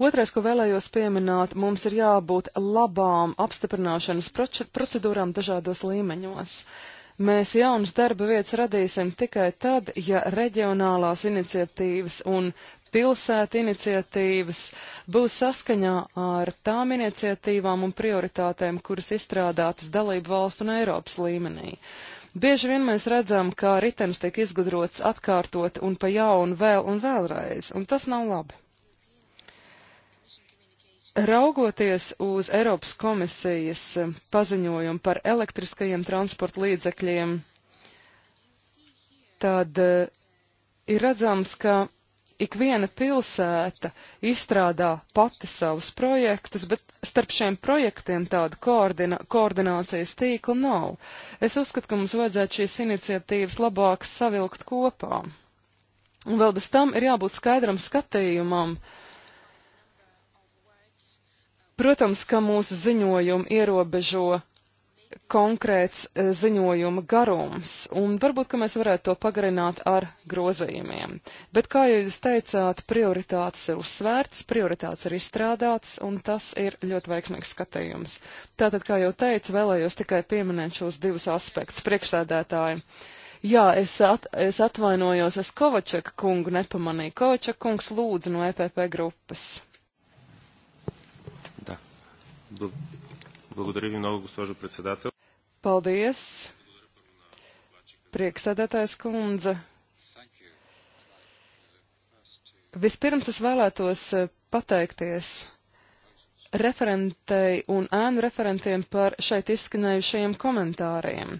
Otrais, ko vēlējos pieminēt, mums ir jābūt labām apstiprināšanas procedūrām dažādos līmeņos. Uh, Mēs jaunas darba vietas radīsim tikai tad, ja reģionālās iniciatīvas un pilsētu iniciatīvas būs saskaņā ar tām iniciatīvām un prioritātēm, kuras izstrādātas dalību valstu un Eiropas līmenī. Bieži vien mēs redzam, kā ritenis tiek izgudrots atkārtot un pa jaunu vēl un vēlreiz, un tas nav labi. Raugoties uz Eiropas komisijas eh, paziņojumu par elektriskajiem transporta līdzekļiem, tad eh, ir redzams, ka ik viena pilsēta izstrādā pati savus projektus, bet starp šiem projektiem tāda koordina koordinācijas tīkla nav. Es uzskatu, ka mums vajadzētu šīs iniciatīvas labāk savilkt kopā. Un vēl bez tam ir jābūt skaidram skatījumam, uh, Protams, ka mūsu ziņojumu ierobežo konkrēts eh, ziņojuma garums, un varbūt, ka mēs varētu to pagarināt ar grozījumiem. Bet, kā jūs teicāt, prioritātes ir uzsvērts, prioritātes ir izstrādāts, un tas ir ļoti veiksmīgs skatījums. Tātad, kā jau teicu, vēlējos tikai pieminēt šos divus aspektus priekšsēdētāju. Jā, es, at, es atvainojos, es Kovačeka kungu nepamanīju. Kovačeka kungs lūdzu no EPP grupas. Благодаря ви много, госпожо председател. Paldies, prieksēdētājs kundze. Vispirms es vēlētos pateikties referentei un ēnu referentiem par šeit izskanējušajiem komentāriem.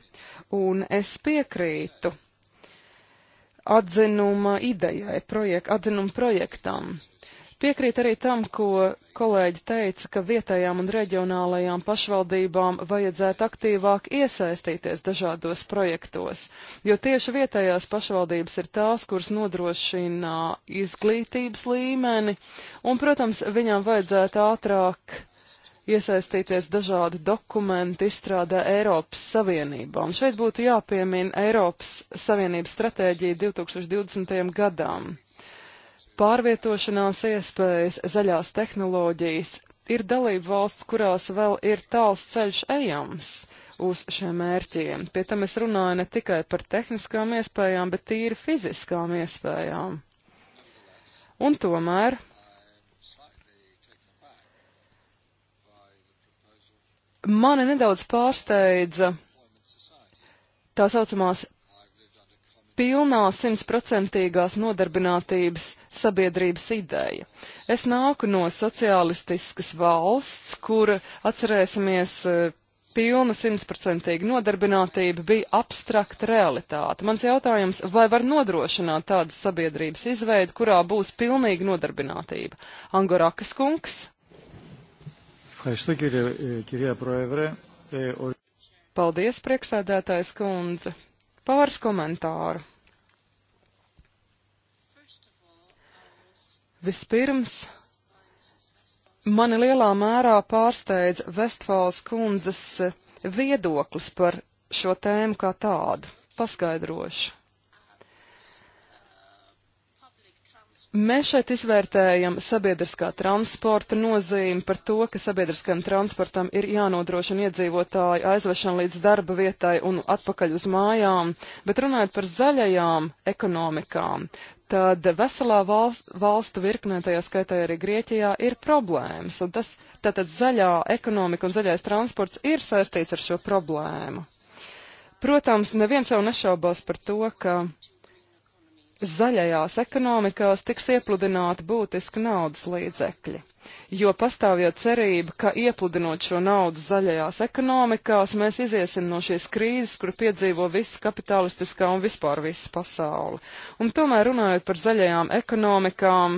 Un es piekrītu atzinuma idejai, projek, atzinuma projektam. Uh, Piekrīt arī tam, ko kolēģi teica, ka vietējām un reģionālajām pašvaldībām vajadzētu aktīvāk iesaistīties dažādos projektos, jo tieši vietējās pašvaldības ir tās, kuras nodrošina izglītības līmeni, un, protams, viņām vajadzētu ātrāk iesaistīties dažādu dokumentu izstrādē Eiropas Savienībā. Un šeit būtu jāpiemina Eiropas Savienības stratēģija 2020. gadam pārvietošanās iespējas, zaļās tehnoloģijas. Ir dalība valsts, kurās vēl ir tāls ceļš ejams uz šiem mērķiem. Pie tam es runāju ne tikai par tehniskām iespējām, bet tīri fiziskām iespējām. Un tomēr mani nedaudz pārsteidza tā saucamās pilnā simtprocentīgās nodarbinātības sabiedrības ideja. Es nāku no sociālistiskas valsts, kur, atcerēsimies, e, pilna simtprocentīga nodarbinātība bija abstrakta realitāte. Mans jautājums, vai var nodrošināt tādas sabiedrības izveidu, kurā būs pilnīga nodarbinātība? Angorakas kungs. Paldies, priekšsēdētājs kundze. Pāris komentāru. Vispirms, mani lielā mērā pārsteidz Vestfāls kundzes viedoklis par šo tēmu kā tādu. Paskaidrošu. Mēs šeit izvērtējam sabiedriskā transporta nozīmi par to, ka sabiedriskam transportam ir jānodrošina iedzīvotāju aizvešana līdz darba vietai un atpakaļ uz mājām, bet runājot par zaļajām ekonomikām, tad veselā valst, valstu virknē, tajā skaitā arī Grieķijā, ir problēmas. Un tas, tātad zaļā ekonomika un zaļais transports ir saistīts ar šo problēmu. Protams, neviens jau nešaubās par to, ka zaļajās ekonomikās tiks iepludināti būtiski naudas līdzekļi. Jo pastāvja cerība, ka iepludinot šo naudu zaļajās ekonomikās, mēs iziesim no šīs krīzes, kur piedzīvo viss kapitalistiskā un vispār visa pasaule. Un tomēr runājot par zaļajām ekonomikām,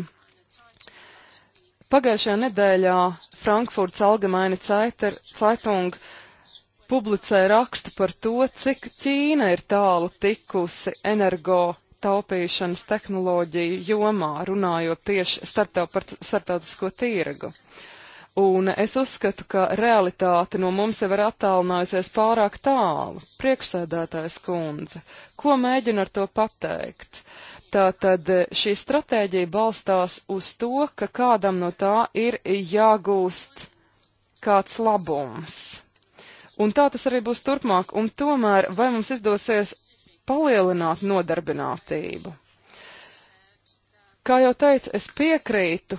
pagājušajā nedēļā Frankfurts Algemaini Zeitung publicēja rakstu par to, cik Ķīna ir tālu tikusi energo taupīšanas tehnoloģiju jomā, runājot tieši starptautisko tirgu. Un es uzskatu, ka realitāte no mums jau ir attālinājusies pārāk tālu. Priekšsēdētājs kundze, ko mēģinu ar to pateikt? Tātad eh, šī stratēģija balstās uz to, ka kādam no tā ir jāgūst kāds labums. Un tā tas arī būs turpmāk, un tomēr vai mums izdosies palielināt nodarbinātību. Kā jau teicu, es piekrītu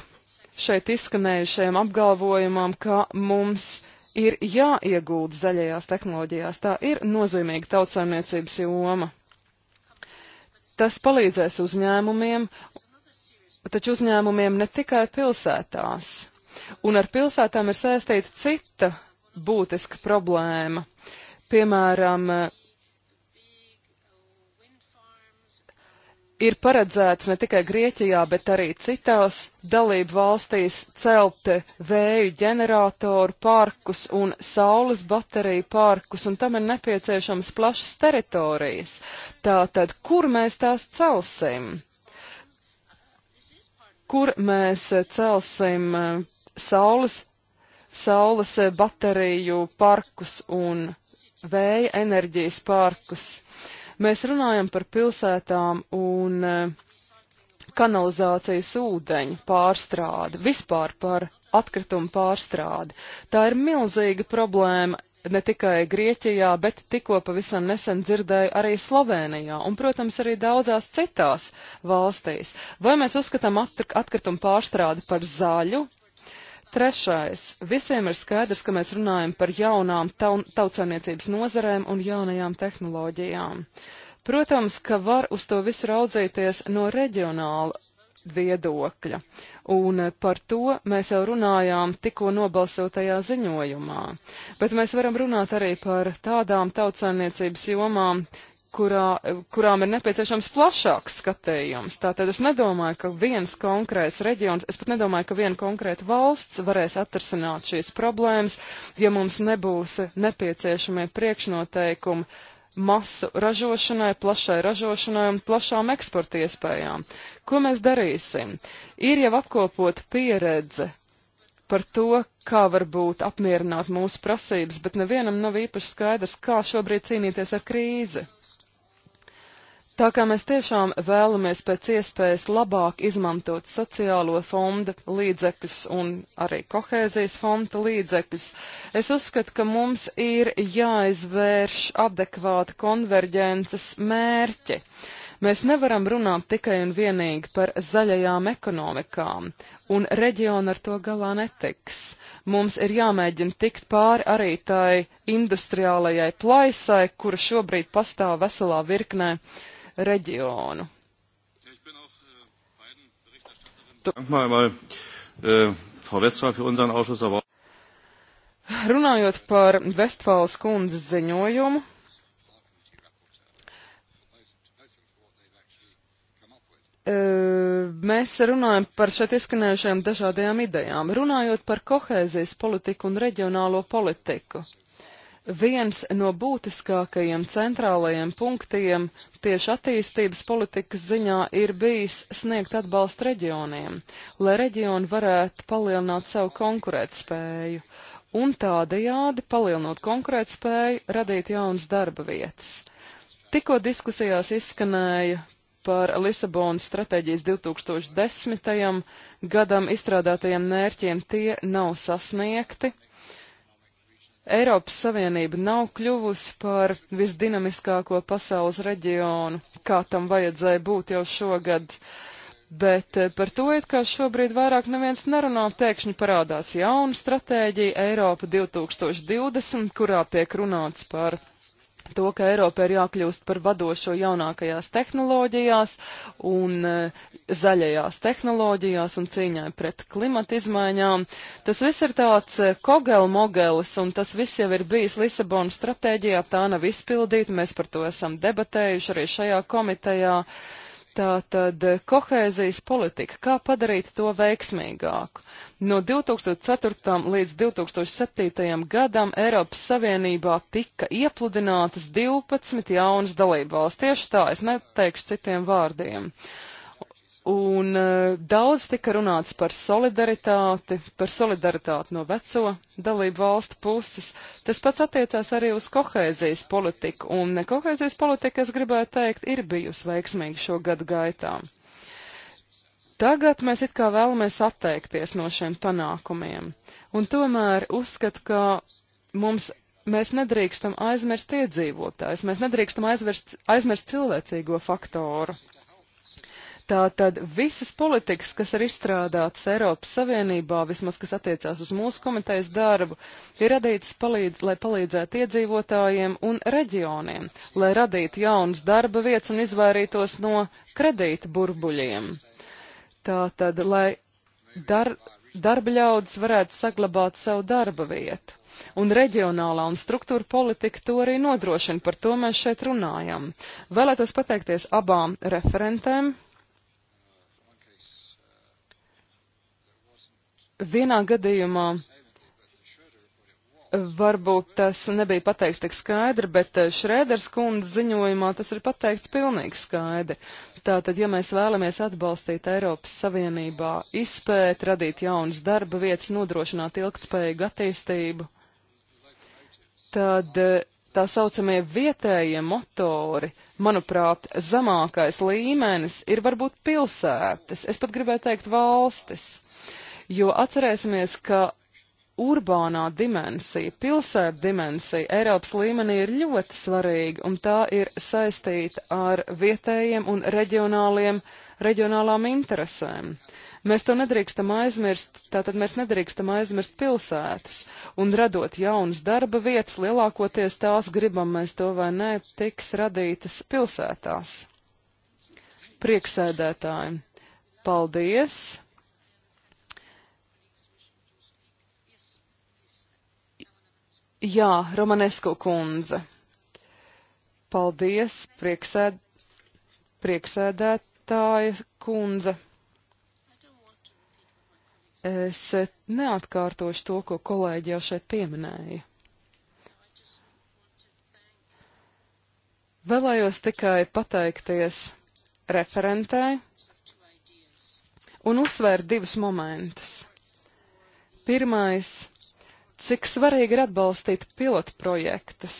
šeit izskanējušajam apgalvojumam, ka mums ir jāiegūt zaļajās tehnoloģijās. Tā ir nozīmīga tautsājumniecības joma. Tas palīdzēs uzņēmumiem, taču uzņēmumiem ne tikai pilsētās. Un ar pilsētām ir saistīta cita būtiska problēma. Piemēram, ir paredzēts ne tikai Grieķijā, bet arī citās dalību valstīs celt vēju ģeneratoru parkus un saules bateriju parkus, un tam ir nepieciešams plašas teritorijas. Tātad, kur mēs tās celsim? Kur mēs celsim eh, saules, saules bateriju parkus un vēja enerģijas parkus? Uh, Mēs runājam par pilsētām un eh, kanalizācijas ūdeņu pārstrādi, vispār par atkritumu pārstrādi. Tā ir milzīga problēma ne tikai Grieķijā, bet tikko pavisam nesen dzirdēju arī Slovenijā un, protams, arī daudzās citās valstīs. Vai mēs uzskatām atkr atkritumu pārstrādi par zaļu Trešais. Visiem ir skaidrs, ka mēs runājam par jaunām tautsāniecības nozarēm un jaunajām tehnoloģijām. Protams, ka var uz to visu raudzīties no reģionāla viedokļa, un par to mēs jau runājām tikko nobalsotajā ziņojumā. Bet mēs varam runāt arī par tādām tautsāniecības jomām, kurā, kurām ir nepieciešams plašāks skatījums. Tātad es nedomāju, ka viens konkrēts reģions, es pat nedomāju, ka viena konkrēta valsts varēs atrasināt šīs problēmas, ja mums nebūs nepieciešamie priekšnoteikumi masu ražošanai, plašai ražošanai un plašām eksporta iespējām. Ko mēs darīsim? Ir jau apkopot pieredze par to, kā varbūt apmierināt mūsu prasības, bet nevienam nav īpaši skaidrs, kā šobrīd cīnīties ar krīzi. Tā kā mēs tiešām vēlamies pēc iespējas labāk izmantot sociālo fonda līdzekļus un arī kohēzijas fonda līdzekļus, es uzskatu, ka mums ir jāizvērš adekvāti konverģences mērķi. Mēs nevaram runāt tikai un vienīgi par zaļajām ekonomikām, un reģiona ar to galā netiks. Mums ir jāmēģina tikt pāri arī tai industriālajai plaisai, kura šobrīd pastāv veselā virknē reģionu. Eh, Runājot par Vestfāles kundzes ziņojumu, eh, mēs runājam par šeit izskanējušajām dažādajām idejām. Runājot par kohēzijas politiku un reģionālo politiku. Viens no būtiskākajiem centrālajiem punktiem tieši attīstības politikas ziņā ir bijis sniegt atbalstu reģioniem, lai reģioni varētu palielināt savu konkurētspēju un tādējādi palielinot konkurētspēju, radīt jaunas darba vietas. Tikko diskusijās izskanēja par Lisabonas stratēģijas 2010. gadam izstrādātajiem mērķiem tie nav sasniegti, Eiropas Savienība nav kļuvusi par visdinamiskāko pasaules reģionu, kā tam vajadzēja būt jau šogad, bet eh, par to it kā šobrīd vairāk neviens nerunā, pēkšņi parādās jauna stratēģija Eiropa 2020, kurā tiek runāts par to, ka Eiropa ir jākļūst par vadošo jaunākajās tehnoloģijās un eh, zaļajās tehnoloģijās un cīņai pret klimata izmaiņām. Tas viss ir tāds eh, kogelmogelis un tas viss jau ir bijis Lisabonas stratēģijā, tā nav izpildīta, mēs par to esam debatējuši arī šajā komitejā. Tā tad eh, kohēzijas politika, kā padarīt to veiksmīgāku? No 2004. līdz 2007. gadam Eiropas Savienībā tika iepludinātas 12 jaunas dalībvalsts. Tieši tā, es neteikšu citiem vārdiem. Un uh, daudz tika runāts par solidaritāti, par solidaritāti no veco dalību valstu puses. Tas pats attiecās arī uz kohēzijas politiku, un kohēzijas politika, es gribētu teikt, ir bijusi veiksmīga šo gadu gaitā. Tagad mēs it kā vēlamies atteikties no šiem panākumiem, un tomēr uzskatu, ka mums mēs nedrīkstam aizmirst iedzīvotājs, mēs nedrīkstam aizmirst, aizmirst cilvēcīgo faktoru. Tātad visas politikas, kas ir izstrādātas Eiropas Savienībā, vismaz kas attiecās uz mūsu komitejas darbu, ir radītas, palīdz, lai palīdzētu iedzīvotājiem un reģioniem, lai radītu jaunas darba vietas un izvairītos no kredīta burbuļiem. Tā tad, lai dar, darba ļaudis varētu saglabāt savu darba vietu. Un reģionālā un struktūra politika to arī nodrošina, par to mēs šeit runājam. Vēlētos pateikties abām referentēm. Vienā gadījumā Varbūt tas nebija pateikts tik skaidri, bet eh, Šrēders kundze ziņojumā tas ir pateikts pilnīgi skaidri. Tātad, ja mēs vēlamies atbalstīt Eiropas Savienībā izpēt, radīt jaunas darba vietas, nodrošināt ilgtspējīgu attīstību, tad eh, tā saucamie vietējie motori, manuprāt, zamākais līmenis ir varbūt pilsētas, es pat gribēju teikt valstis. Jo atcerēsimies, ka urbānā dimensija, pilsēta dimensija Eiropas līmenī ir ļoti svarīga, un tā ir saistīta ar vietējiem un reģionāliem, reģionālām interesēm. Mēs to nedrīkstam aizmirst, tātad mēs nedrīkstam aizmirst pilsētas, un radot jaunas darba vietas, lielākoties tās gribam mēs to vai nē, tiks radītas pilsētās. Prieksēdētāji, paldies! Jā, Romanesku kundze. Paldies, prieksēd... prieksēdētāja kundze. Es neatkārtošu to, ko kolēģi jau šeit pieminēja. Vēlējos tikai pateikties referentē un uzsvērt divus momentus. Pirmais cik svarīgi ir atbalstīt pilotprojektus.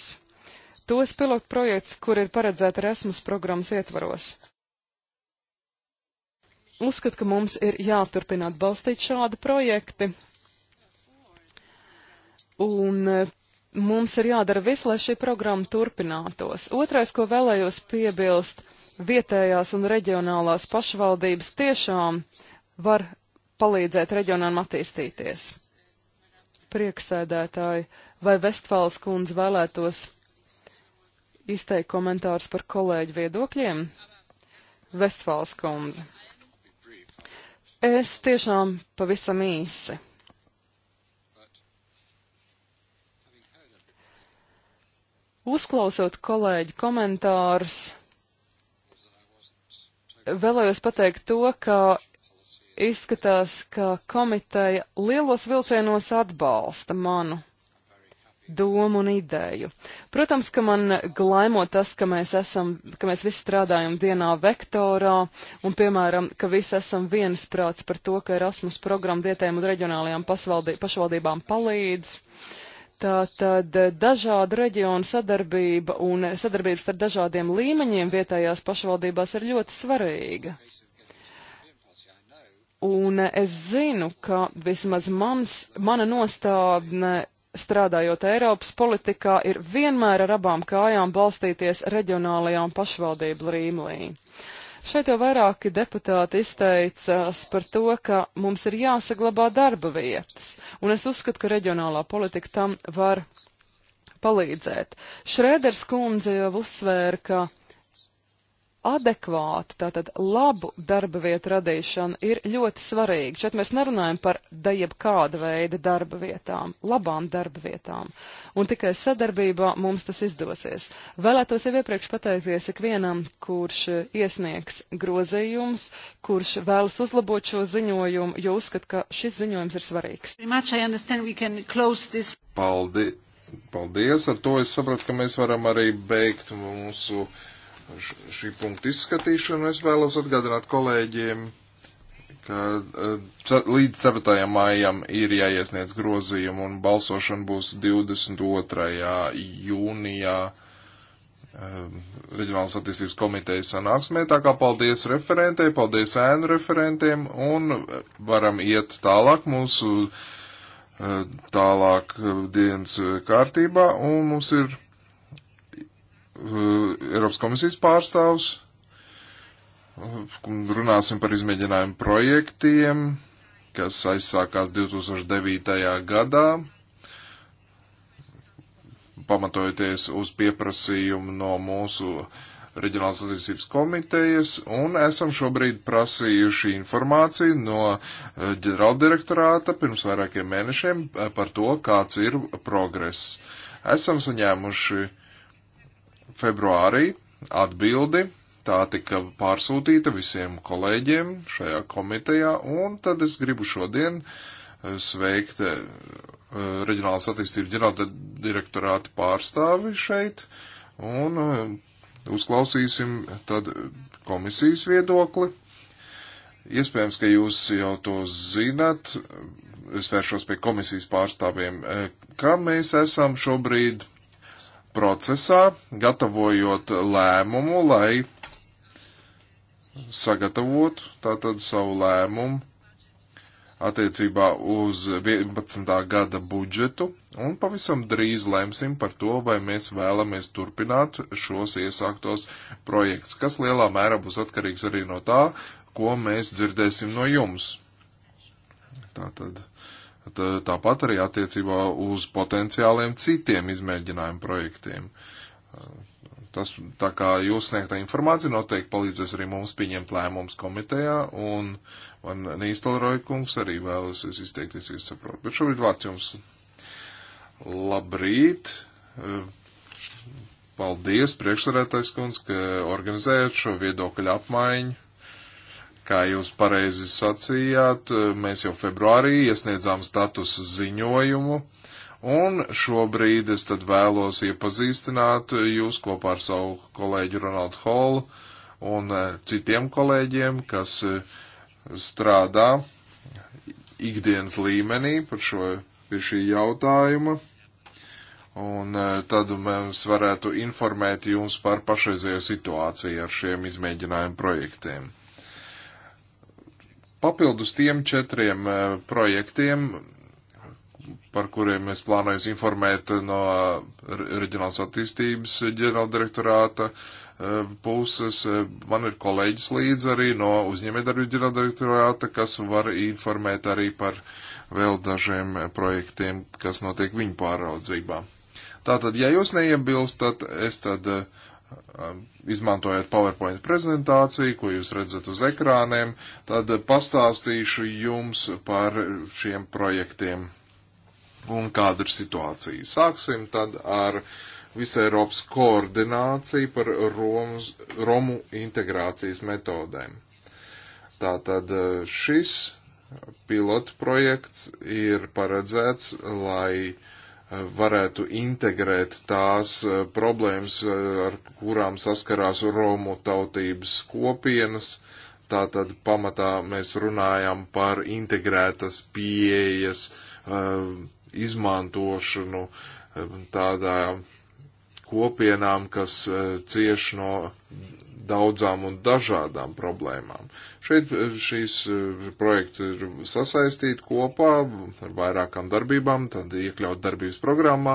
Tos pilotprojektus, kur ir paredzēta Erasmus programmas ietvaros. Uzskat, ka mums ir jāturpina atbalstīt šādi projekti. Un eh, mums ir jādara viss, lai šī programma turpinātos. Otrais, ko vēlējos piebilst, vietējās un reģionālās pašvaldības tiešām var palīdzēt reģionām attīstīties prieksēdētāji, vai Vestfāls kundze vēlētos izteikt komentārus par kolēģu viedokļiem? Vestfāls kundze. Es tiešām pavisam īsi. Uzklausot kolēģi komentārus, vēlējos pateikt to, ka izskatās, ka komiteja lielos vilcienos atbalsta manu domu un ideju. Protams, ka man glaimo tas, ka mēs esam, ka mēs visi strādājam vienā vektorā un, piemēram, ka visi esam viensprāts par to, ka Erasmus programma vietējām un reģionālajām pašvaldībām palīdz. Tātad dažāda reģiona sadarbība un sadarbības ar dažādiem līmeņiem vietējās pašvaldībās ir ļoti svarīga. Un es zinu, ka vismaz mans, mana nostādne strādājot Eiropas politikā, ir vienmēr ar abām kājām balstīties reģionālajā un pašvaldību līmenī. Šeit jau vairāki deputāti izteicās par to, ka mums ir jāsaglabā darba vietas, un es uzskatu, ka reģionālā politika tam var palīdzēt. Šrēders kundze jau uzsvēra, ka adekvāta, tātad labu darba vietu radīšana ir ļoti svarīga. Šeit mēs nerunājam par da jebkāda veida darba vietām, labām darba vietām. Un tikai sadarbībā mums tas izdosies. Vēlētos jau iepriekš pateikties ikvienam, kurš iesniegs grozījumus, kurš vēlas uzlabot šo ziņojumu, jo uzskat, ka šis ziņojums ir svarīgs. Paldi, paldies! Ar to es sapratu, ka mēs varam arī beigt mūsu. Uh, šī punkta izskatīšanu. Es vēlos atgādināt kolēģiem, ka e, līdz 7. maijam ir jāiesniedz grozījumi un balsošana būs 22. jūnijā e, Reģionālas attīstības komitejas sanāksmē. Tā kā paldies referentei, paldies ēnu referentiem un varam iet tālāk mūsu e, tālāk dienas kārtībā un mums ir Eh, Eiropas komisijas pārstāvs. Runāsim par izmēģinājumu projektiem, kas aizsākās 2009. gadā, pamatojoties uz pieprasījumu no mūsu Reģionālās attīstības komitejas, un esam šobrīd prasījuši informāciju no eh, ģenerāldirektorāta pirms vairākiem mēnešiem eh, par to, kāds ir progress. Esam saņēmuši uh, februārī atbildi. Tā tika pārsūtīta visiem kolēģiem šajā komitejā, un tad es gribu šodien eh, sveikt eh, eh, Reģionālās attīstības ģenerāldirektorāta pārstāvi šeit, un uzklausīsim tad komisijas viedokli. Iespējams, ka jūs jau to zinat, es vēršos pie komisijas pārstāvjiem, kā mēs esam šobrīd procesā, gatavojot lēmumu, lai sagatavotu tātad savu lēmumu attiecībā uz 11. gada budžetu, un pavisam drīz lemsim par to, vai mēs vēlamies turpināt šos iesāktos projekts, kas lielā mērā būs atkarīgs arī no tā, ko mēs dzirdēsim no jums. Tātad Tāpat arī attiecībā uz potenciāliem citiem izmēģinājumu projektiem. Tas, tā kā jūs sniegtā informācija noteikti palīdzēs arī mums pieņemt lēmumus komitejā, un man Nīstolroja kungs arī vēlas izteikties, es saprotu. Bet šobrīd vārds jums. Labrīt! Paldies, priekšsarētais kundz, ka organizējat šo viedokļu apmaiņu. Kā jūs pareizi sacījāt, mēs jau februārī iesniedzām status ziņojumu, un šobrīd es tad vēlos iepazīstināt jūs kopā ar savu kolēģi Ronaldu Holu un eh, citiem kolēģiem, kas eh, strādā ikdienas līmenī par šo, pie šī jautājuma. Un eh, tad mēs varētu informēt jums par pašreizējo situāciju ar šiem izmēģinājumu projektiem. Papildus tiem četriem eh, projektiem, par kuriem es plānoju informēt no eh, Reģionālās attīstības ģenerāldirektorāta eh, puses. Man ir kolēģis līdz arī no uzņēmējdarbības ģenerāldirektorāta, kas var informēt arī par vēl dažiem projektiem, kas notiek viņu pāraudzībā. Tātad, ja jūs neiebilstat, es tad uh, Um, izmantojot PowerPoint prezentāciju, ko jūs redzat uz ekrāniem, tad pastāstīšu jums par šiem projektiem un kāda ir situācija. Sāksim tad ar visai Eiropas koordināciju par Romas, Romu integrācijas metodēm. Tātad uh, šis pilotprojekts ir paredzēts, lai uh, varētu integrēt tās eh, problēmas, eh, ar kurām saskarās Romu tautības kopienas. Tātad pamatā mēs runājam par integrētas pieejas eh, izmantošanu tādām kopienām, kas cieš no daudzām un dažādām problēmām. Šeit eh, šīs eh, projekti ir sasaistīti kopā ar vairākām darbībām, tad iekļaut darbības programmā,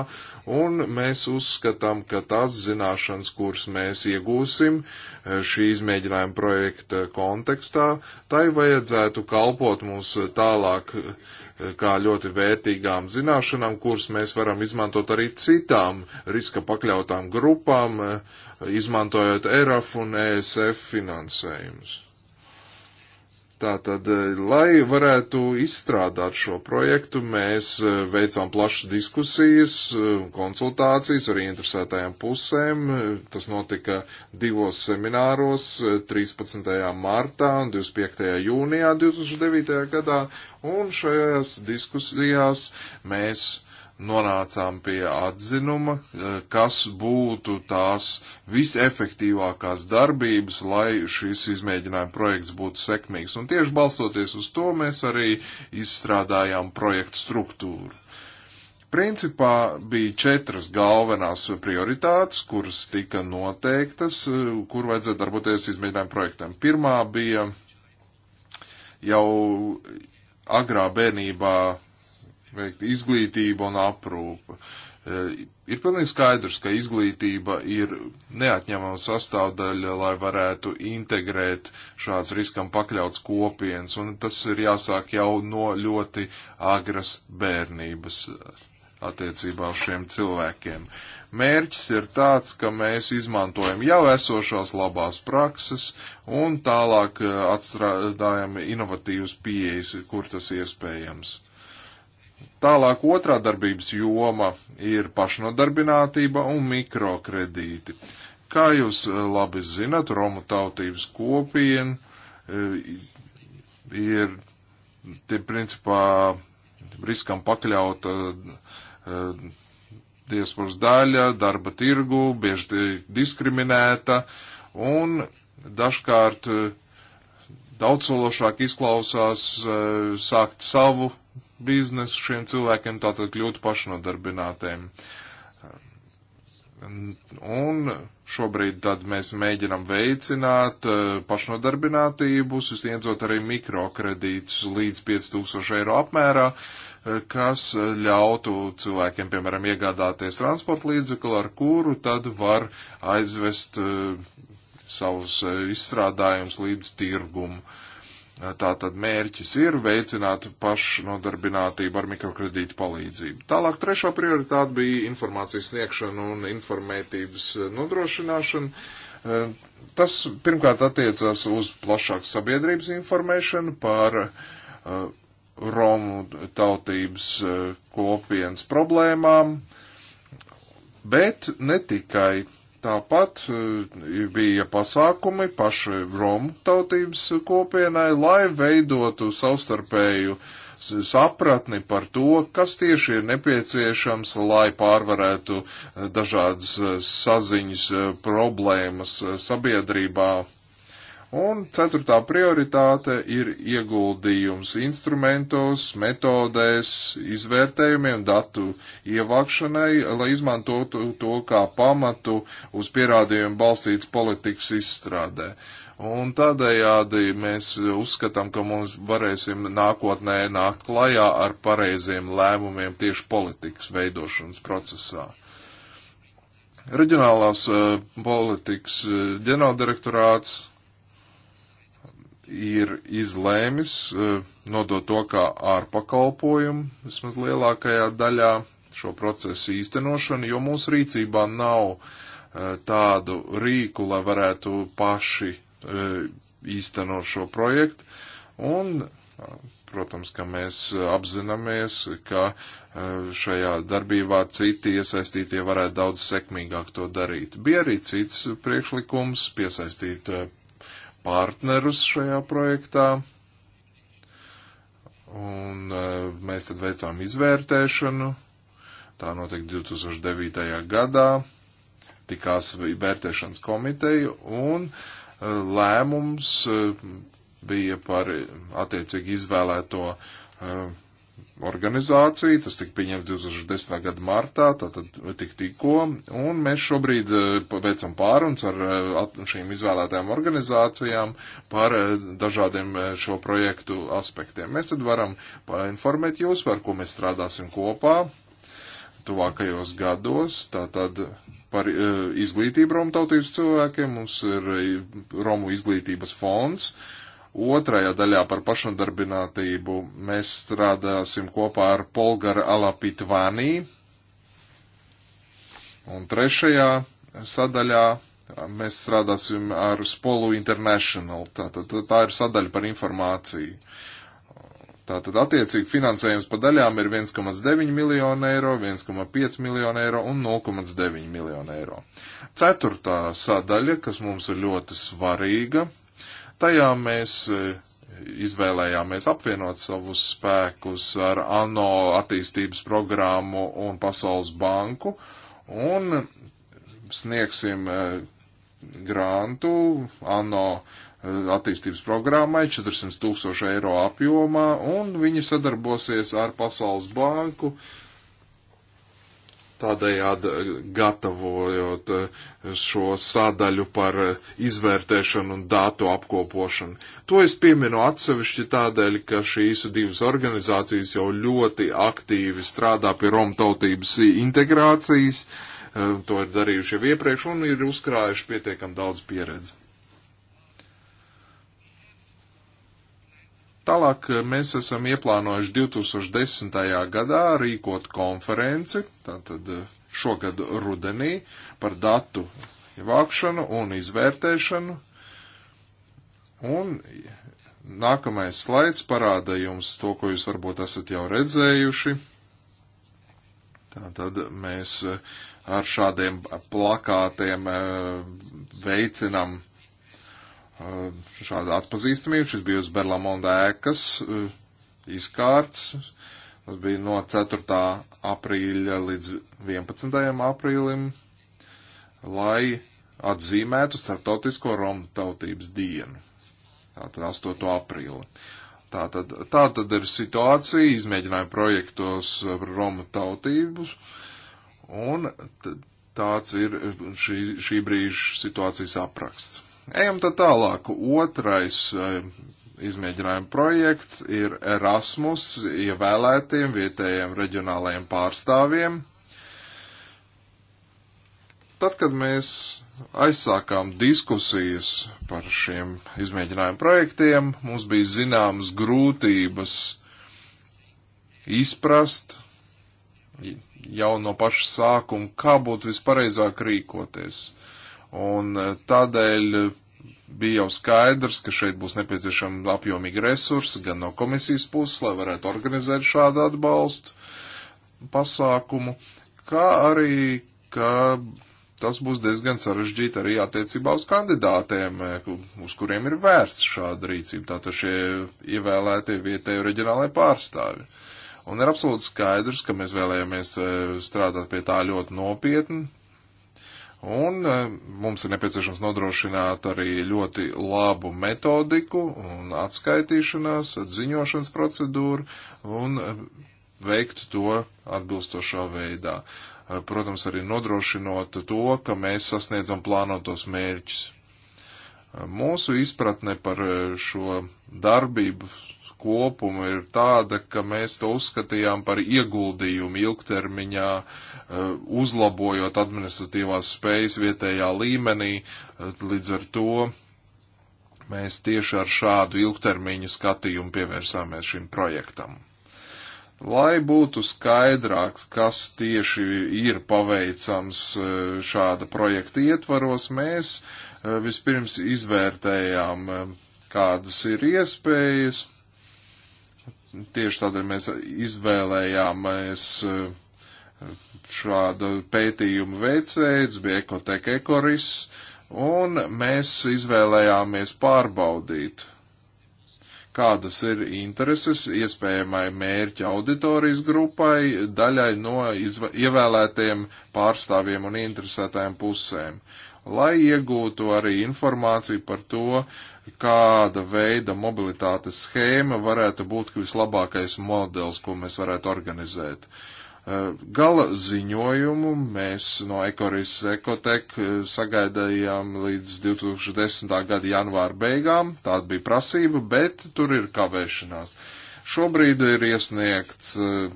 un mēs uzskatām, ka tās zināšanas, kuras mēs iegūsim eh, šī izmēģinājuma projekta kontekstā, tai vajadzētu kalpot mums tālāk kā ļoti vērtīgām zināšanām, kuras mēs varam izmantot arī citām riska pakļautām grupām, izmantojot ERAF un ESF finansējumus. Tātad, eh, lai varētu izstrādāt šo projektu, mēs eh, veicām plašas diskusijas, eh, konsultācijas ar interesētajām pusēm. Tas notika divos semināros 13. martā un 25. jūnijā 2009. gadā, un šajās diskusijās mēs nonācām pie atzinuma, eh, kas būtu tās visefektīvākās darbības, lai šis izmēģinājuma projekts būtu sekmīgs. Un tieši balstoties uz to mēs arī izstrādājām projektu struktūru. Principā bija četras galvenās prioritātes, kuras tika noteiktas, eh, kur vajadzēja darboties izmēģinājuma projektam. Pirmā bija jau agrā bērnībā veikt izglītība un aprūpa. E, ir pilnīgi skaidrs, ka izglītība ir neatņemama sastāvdaļa, lai varētu integrēt šāds riskam pakļauts kopienas, un tas ir jāsāk jau no ļoti agras bērnības attiecībā uz šiem cilvēkiem. Mērķis ir tāds, ka mēs izmantojam jau esošās labās prakses un tālāk e, atstrādājam inovatīvas pieejas, kur tas iespējams. Tālāk otrā darbības joma ir pašnodarbinātība un mikrokredīti. Kā jūs eh, labi zinat, Romu tautības kopien eh, ir tie principā riskam pakļauta eh, diasporas daļa, darba tirgu, bieži diskriminēta un dažkārt daudzsološāk izklausās sākt savu biznesu šiem cilvēkiem, tātad kļūtu pašnodarbinātiem. Un šobrīd tad mēs mēģinam veicināt eh, pašnodarbinātību, sniedzot arī mikrokredītus līdz 5000 eiro apmērā, eh, kas ļautu cilvēkiem, piemēram, iegādāties transporta līdzekli, ar kuru tad var aizvest eh, savus izstrādājumus līdz tirgumu. Uh, Tātad mērķis ir veicināt pašnodarbinātību ar mikrokredītu palīdzību. Tālāk trešā prioritāte bija informācijas sniegšana un informētības eh, nodrošināšana. Eh, tas pirmkārt attiecās uz plašāku sabiedrības informēšanu par eh, Romu tautības kopienas problēmām, bet ne tikai Tāpat eh, bija pasākumi paši Romu tautības kopienai, lai veidotu savstarpēju sapratni par to, kas tieši ir nepieciešams, lai pārvarētu eh, dažādas eh, saziņas problēmas sabiedrībā Un ceturtā prioritāte ir ieguldījums instrumentos, metodēs, izvērtējumiem, datu ievākšanai, lai izmantotu to kā pamatu uz pierādījumu balstīts politikas izstrādē. Un tādējādi mēs uzskatām, ka mums varēsim nākotnē nākt klajā ar pareiziem lēmumiem tieši politikas veidošanas procesā. Reģionālās uh, politikas uh, ģenerāldirektorāts ir izlēmis e, nodot to kā ārpakalpojumu, vismaz lielākajā daļā šo procesu īstenošanu, jo mūsu rīcībā nav e, tādu rīku, lai varētu paši e, īstenot šo projektu. Un, protams, ka mēs apzināmies, ka šajā darbībā citi iesaistītie varētu daudz sekmīgāk to darīt. Bija arī cits priekšlikums piesaistīt partnerus šajā projektā. Un e, mēs tad veicām izvērtēšanu. Tā notika 2009. gadā. Tikās vērtēšanas komiteja un e, lēmums e, bija par attiecīgi izvēlēto organizāciju, tas tika pieņemts 2010. gada martā, tātad tik tikko, un mēs šobrīd eh, veicam pārunas ar eh, šīm izvēlētajām organizācijām par eh, dažādiem šo projektu aspektiem. Mēs tad varam painformēt jūs, par ko mēs strādāsim kopā tuvākajos gados, tātad par izglītību Romu tautības cilvēkiem, mums ir Romu izglītības fonds, uh, Otrajā daļā par pašnodarbinātību mēs strādāsim kopā ar Polgaru Alapitvānī. Un trešajā sadaļā mēs strādāsim ar Spolu International. Tā, tā, tā ir sadaļa par informāciju. Tātad attiecīgi finansējums pa daļām ir 1,9 miljonu eiro, 1,5 miljonu eiro un 0,9 miljonu eiro. Ceturtā sadaļa, kas mums ir ļoti svarīga, Tajā mēs eh, izvēlējāmies apvienot savus spēkus ar ANO attīstības programmu un Pasaules banku un sniegsim eh, grantu ANO eh, attīstības programmai 400 tūkstošu eiro apjomā un viņi sadarbosies ar Pasaules banku uh, tādējādi gatavojot eh, šo sadaļu par izvērtēšanu un datu apkopošanu. To es pieminu atsevišķi tādēļ, ka šīs divas organizācijas jau ļoti aktīvi strādā pie romtautības integrācijas, eh, to ir darījuši jau iepriekš un ir uzkrājuši pietiekam daudz pieredzi. Tālāk eh, mēs esam ieplānojuši 2010. gadā rīkot konferenci, tātad eh, šogad rudenī, par datu vākšanu un izvērtēšanu. Un nākamais slaids parāda jums to, ko jūs varbūt esat jau redzējuši. Tātad mēs eh, ar šādiem plakātiem veicinam Uh, šāda atpazīstamība. Šis bija uz Berlamonda ēkas uh, izkārts. Tas bija no 4. aprīļa līdz 11. aprīlim, lai atzīmētu starptautisko Romu tautības dienu. Tātad 8. aprīli. Tātad, tātad ir situācija, izmēģināja projektos par Romu tautības, un tāds ir šī, šī brīža situācijas apraksts. Ejam tad tālāk. Otrais e, izmēģinājuma projekts ir Erasmus ievēlētiem vietējiem reģionālajiem pārstāvjiem. Tad, kad mēs aizsākām diskusijas par šiem izmēģinājumu projektiem, mums bija zināmas grūtības izprast jau no paša sākuma, kā būtu vispareizāk rīkoties. Uh, Un e, tādēļ bija jau skaidrs, ka šeit būs nepieciešama apjomīga resursa gan no komisijas puses, lai varētu organizēt šādu atbalstu pasākumu, kā arī, ka tas būs diezgan sarežģīti arī attiecībā uz kandidātiem, e, uz kuriem ir vērsts šāda rīcība, tātad šie ievēlētie vietēji reģionālai pārstāvi. Un ir absolūti skaidrs, ka mēs vēlējāmies e, strādāt pie tā ļoti nopietni, Un e, mums ir nepieciešams nodrošināt arī ļoti labu metodiku un atskaitīšanās, ziņošanas procedūru un e, veikt to atbilstošā veidā. E, protams, arī nodrošinot to, ka mēs sasniedzam plānotos mērķus. Mūsu izpratne par šo darbību kopuma ir tāda, ka mēs to uzskatījām par ieguldījumu ilgtermiņā, eh, uzlabojot administratīvās spējas vietējā līmenī. Eh, līdz ar to mēs tieši ar šādu ilgtermiņu skatījumu pievērsāmies šim projektam. Lai būtu skaidrāk, kas tieši ir paveicams eh, šāda projekta ietvaros, mēs vispirms izvērtējām, kādas ir iespējas, Tieši tādēļ mēs izvēlējāmies eh, šādu pētījumu veicējs, bija Ekoteka Ekoris, un mēs izvēlējāmies pārbaudīt, kādas ir intereses iespējamai mērķa auditorijas grupai, daļai no ievēlētiem pārstāvjiem un interesētājiem pusēm, lai iegūtu arī informāciju par to, uh, kāda veida mobilitātes schēma varētu būt vislabākais modelis, ko mēs varētu organizēt. Eh, gala ziņojumu mēs no Ekoris Ekotek eh, sagaidījām līdz 2010. gada janvāra beigām, tāda bija prasība, bet tur ir kavēšanās. Šobrīd ir iesniegts eh,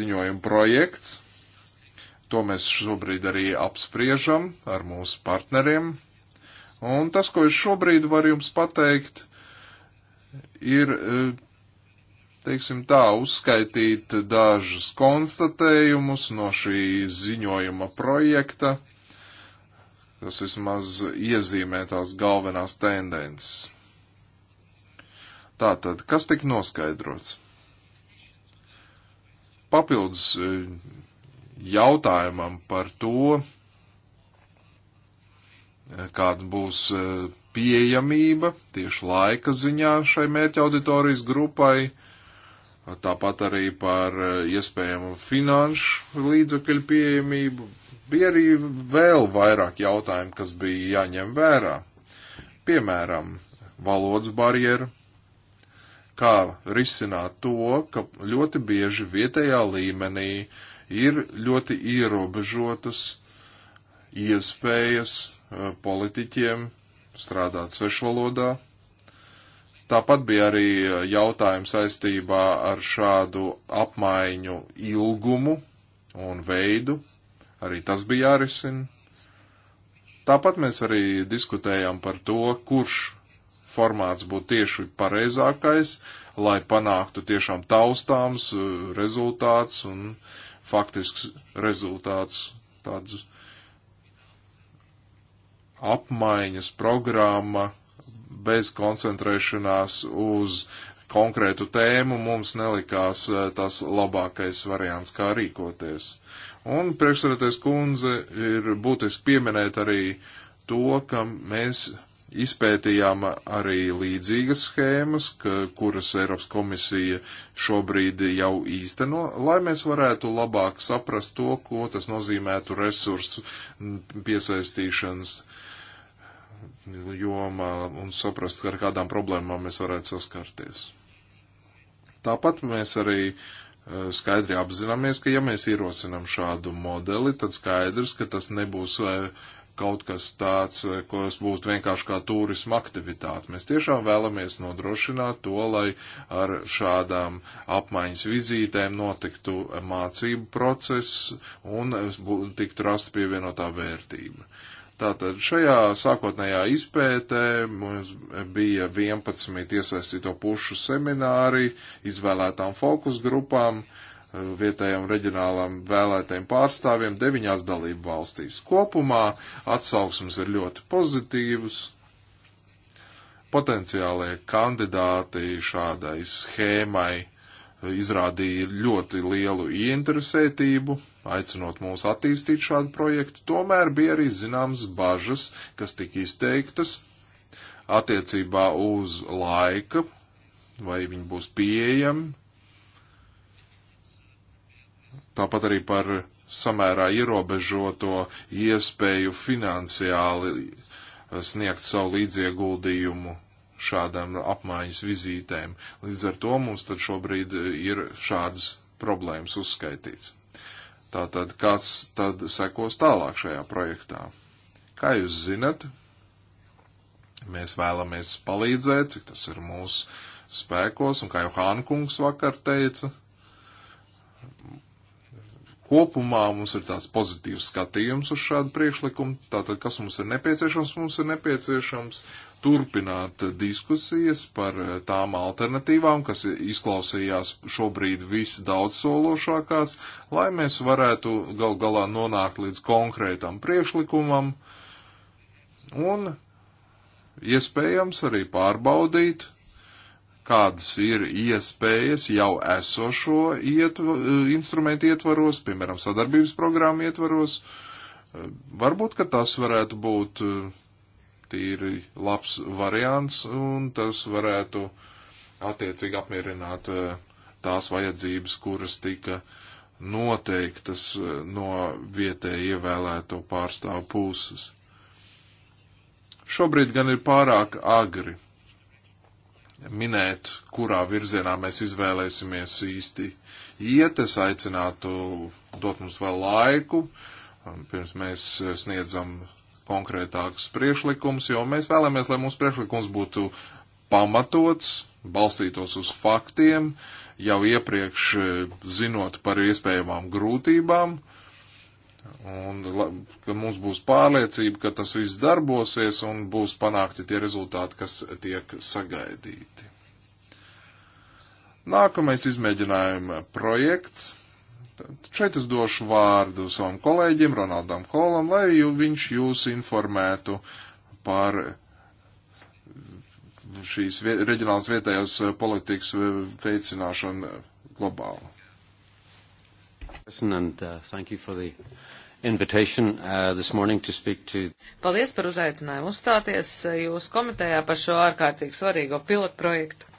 ziņojuma projekts, to mēs šobrīd arī apspriežam ar mūsu partneriem, Un tas, ko es šobrīd varu jums pateikt, ir, e, teiksim tā, uzskaitīt dažus konstatējumus no šī ziņojuma projekta. Tas vismaz iezīmē tās galvenās tendences. Tātad, kas tik noskaidrots? Papildus e, jautājumam par to, kāda būs e, pieejamība tieši laika ziņā šai mērķa auditorijas grupai, tāpat arī par e, iespējamu finanšu līdzekļu pieejamību. Bija arī vēl vairāk jautājumu, kas bija jāņem vērā. Piemēram, valodas barjeru, kā risināt to, ka ļoti bieži vietējā līmenī ir ļoti ierobežotas iespējas Eh, politiķiem strādāt svešvalodā. Tāpat bija arī eh, jautājums saistībā ar šādu apmaiņu ilgumu un veidu. Arī tas bija jārisina. Tāpat mēs arī diskutējām par to, kurš formāts būtu tieši pareizākais, lai panāktu tiešām taustāms eh, rezultāts un faktisks rezultāts tāds apmaiņas programma bez koncentrēšanās uz konkrētu tēmu mums nelikās eh, tas labākais variants, kā rīkoties. Un priekšsēdētais kundze ir būtiski pieminēt arī to, ka mēs izpētījām arī līdzīgas schēmas, ka, kuras Eiropas komisija šobrīd jau īsteno, lai mēs varētu labāk saprast to, ko tas nozīmētu resursu piesaistīšanas jomā un saprast, ar kādām problēmām mēs varētu saskarties. Tāpat mēs arī e, skaidri apzināmies, ka ja mēs ierosinām šādu modeli, tad skaidrs, ka tas nebūs e, kaut kas tāds, e, kas būtu vienkārši kā turisma aktivitāte. Mēs tiešām vēlamies nodrošināt to, lai ar šādām apmaiņas vizītēm notiktu mācību process un tiktu rasta pievienotā vērtība. Tātad šajā sākotnējā izpētē mums bija 11 iesaistīto pušu semināri izvēlētām fokus grupām, vietējām reģionālām vēlētiem pārstāvjiem deviņās dalību valstīs. Kopumā atsauksmes ir ļoti pozitīvas. Potenciālie kandidāti šādai schēmai izrādīja ļoti lielu ieinteresētību, aicinot mūs attīstīt šādu projektu, tomēr bija arī zināmas bažas, kas tika izteiktas attiecībā uz laika, vai viņi būs pieejami, tāpat arī par samērā ierobežoto iespēju finansiāli sniegt savu līdzieguldījumu šādām apmaiņas vizītēm. Līdz ar to mums tad šobrīd e, ir šādas problēmas uzskaitīts. Tātad, kas tad sekos tālāk šajā projektā? Kā jūs zinat, mēs vēlamies palīdzēt, cik tas ir mūsu spēkos, un kā jau Hānkungs vakar teica, kopumā mums ir tāds pozitīvs skatījums uz šādu priekšlikumu. Tātad, kas mums ir nepieciešams? Mums ir nepieciešams turpināt diskusijas par eh, tām alternatīvām, kas izklausījās šobrīd visdaudzsološākās, lai mēs varētu gal galā nonākt līdz konkrētam priekšlikumam un iespējams arī pārbaudīt, kādas ir iespējas jau esošo ietva, eh, instrumentu ietvaros, piemēram, sadarbības programmu ietvaros. Eh, varbūt, ka tas varētu būt uh, tīri labs variants, un tas varētu attiecīgi apmierināt eh, tās vajadzības, kuras tika noteiktas eh, no vietēji ievēlēto pārstāvu puses. Šobrīd gan ir pārāk agri minēt, kurā virzienā mēs izvēlēsimies īsti iet. Es aicinātu dot mums vēl laiku, pirms mēs sniedzam konkrētāks priešlikums, jo mēs vēlamies, lai mūsu priešlikums būtu pamatots, balstītos uz faktiem, jau iepriekš e, zinot par iespējamām grūtībām, un ka mums būs pārliecība, ka tas viss darbosies un būs panākti tie rezultāti, kas tiek sagaidīti. Nākamais izmēģinājuma projekts Šeit es došu vārdu savam kolēģim Ronaldam Holam, lai jū, viņš jūs informētu par šīs viet, reģionālas vietējās politikas veicināšanu globāli. And, uh, thank you for the invitation uh, this morning to speak to. Paldies par uzaicinājumu uzstāties uh, jūsu komitejā par šo ārkārtīgi svarīgo pilotprojektu.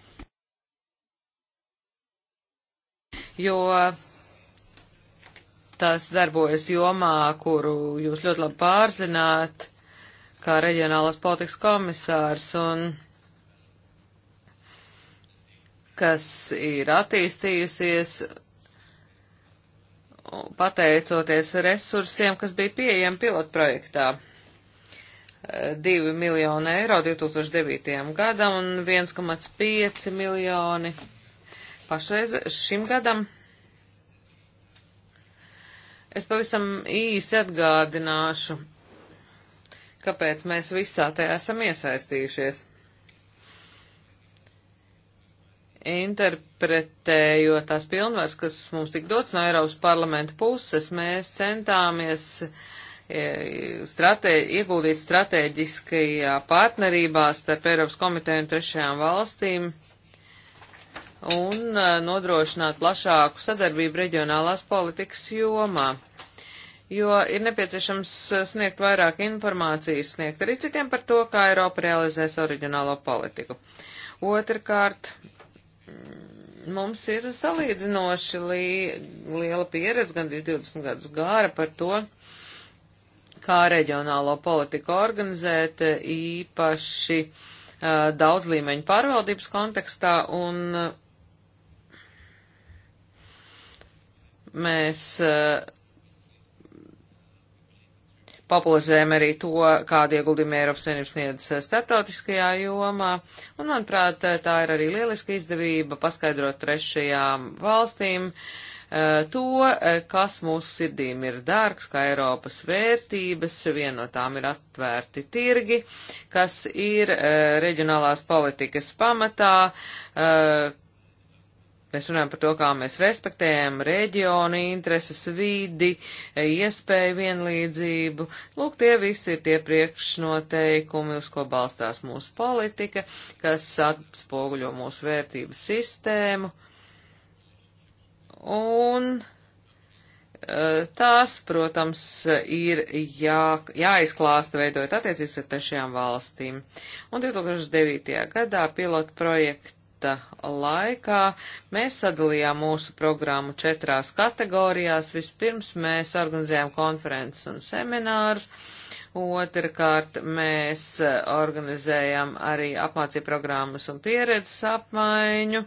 Jo tas darbojas jomā, kuru jūs ļoti labi pārzināt, kā reģionālās politikas komisārs, un kas ir attīstījusies pateicoties resursiem, kas bija pieejami pilotprojektā. 2 miljoni eiro 2009. gadam un 1,5 miljoni pašreiz šim gadam. Es pavisam īsi atgādināšu, kāpēc mēs visā tajā esam iesaistījušies. Interpretējot tās pilnvaras, kas mums tik dots no Eiropas parlamenta puses, mēs centāmies e, stratē, ieguldīt strateģiskajā partnerībā starp Eiropas komiteju un trešajām valstīm un uh, nodrošināt plašāku sadarbību reģionālās politikas jomā, jo ir nepieciešams uh, sniegt vairāk informācijas, sniegt arī citiem par to, kā Eiropa realizē savu reģionālo politiku. Otrkārt, mm, mums ir salīdzinoši li liela pieredze, gandrīz 20 gadus gāra par to, kā reģionālo politiku organizēt īpaši uh, daudz līmeņu pārvaldības kontekstā un uh, mēs eh, popularizējam arī to, kāda ieguldījuma Eiropas Savienības sniedz eh, starptautiskajā jomā, un, manuprāt, eh, tā ir arī lieliska izdevība paskaidrot trešajām valstīm to, kas mūsu sirdīm ir dārgs, kā Eiropas vērtības, viena no tām ir atvērti tirgi, kas ir reģionālās politikas pamatā, Mēs runājam par to, kā mēs respektējam reģionu, intereses vidi, iespēju vienlīdzību. Lūk, tie visi ir tie priekšnoteikumi, uz ko balstās mūsu politika, kas atspoguļo mūsu vērtību sistēmu. Un eh, tās, protams, ir jā, jāizklāsta veidojot attiecības ar trešajām valstīm. Un 2009. gadā pilotu projektu gada laikā mēs sadalījām mūsu programmu četrās kategorijās. Vispirms mēs organizējām konferences un seminārus, otrkārt mēs organizējām arī apmācību programmas un pieredzes apmaiņu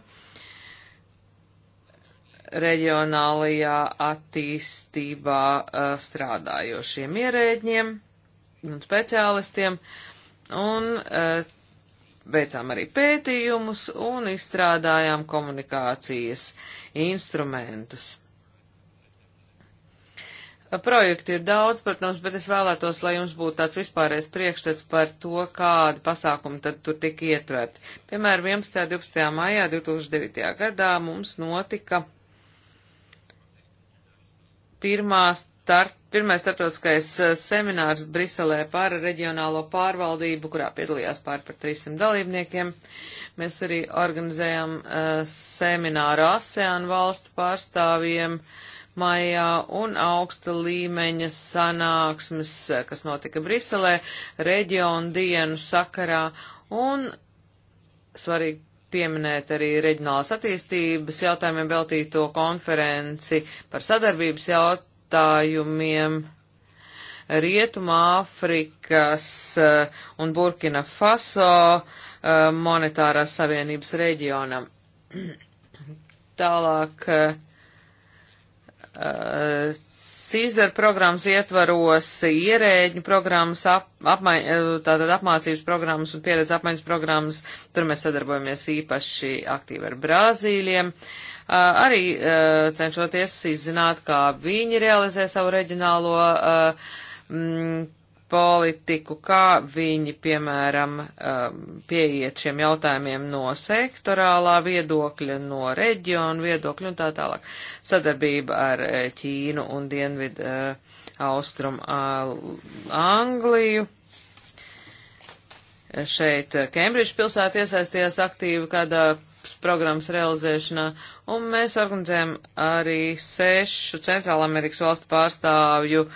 reģionālajā attīstībā strādājošiem ierēģiem un speciālistiem. Un uh, veicām arī pētījumus un izstrādājām komunikācijas instrumentus. Projekti ir daudz, protams, bet es vēlētos, lai jums būtu tāds vispārējais priekšstats par to, kādi pasākumi tad tur tika ietverti. Piemēram, 11. 12. maijā 2009. gadā mums notika pirmā start pirmais starptautiskais eh, seminārs Briselē par reģionālo pārvaldību, kurā piedalījās pār par 300 dalībniekiem. Mēs arī organizējam uh, semināru ASEAN valstu pārstāvjiem maijā un augsta līmeņa sanāksmes, eh, kas notika Briselē, reģionu dienu sakarā un svarīgi pieminēt arī reģionālās attīstības jautājumiem veltīto konferenci par sadarbības jaut jautājumiem. Rietuma Āfrikas eh, un Burkina Faso eh, monetārās savienības reģionam. [CLEARS THROAT] Tālāk eh, Cīzer programmas ietvaros ierēģņu programmas, ap, apmai, eh, tātad apmācības programmas un pieredze apmaiņas programmas. Tur mēs sadarbojamies īpaši aktīvi ar Brāzīļiem. Eh, arī eh, cenšoties izzināt, kā viņi realizē savu reģionālo m, politiku, kā viņi, piemēram, um, pieiet šiem jautājumiem no sektorālā viedokļa, no reģiona viedokļa un tā tālāk. Sadarbība ar eh, Ķīnu un Dienvidu eh, Austrum Angliju. Šeit Kembridžas eh, pilsēta iesaistījās aktīvi kādā programmas realizēšanā, un mēs organizējam arī sešu Centrālamerikas valstu pārstāvju uh,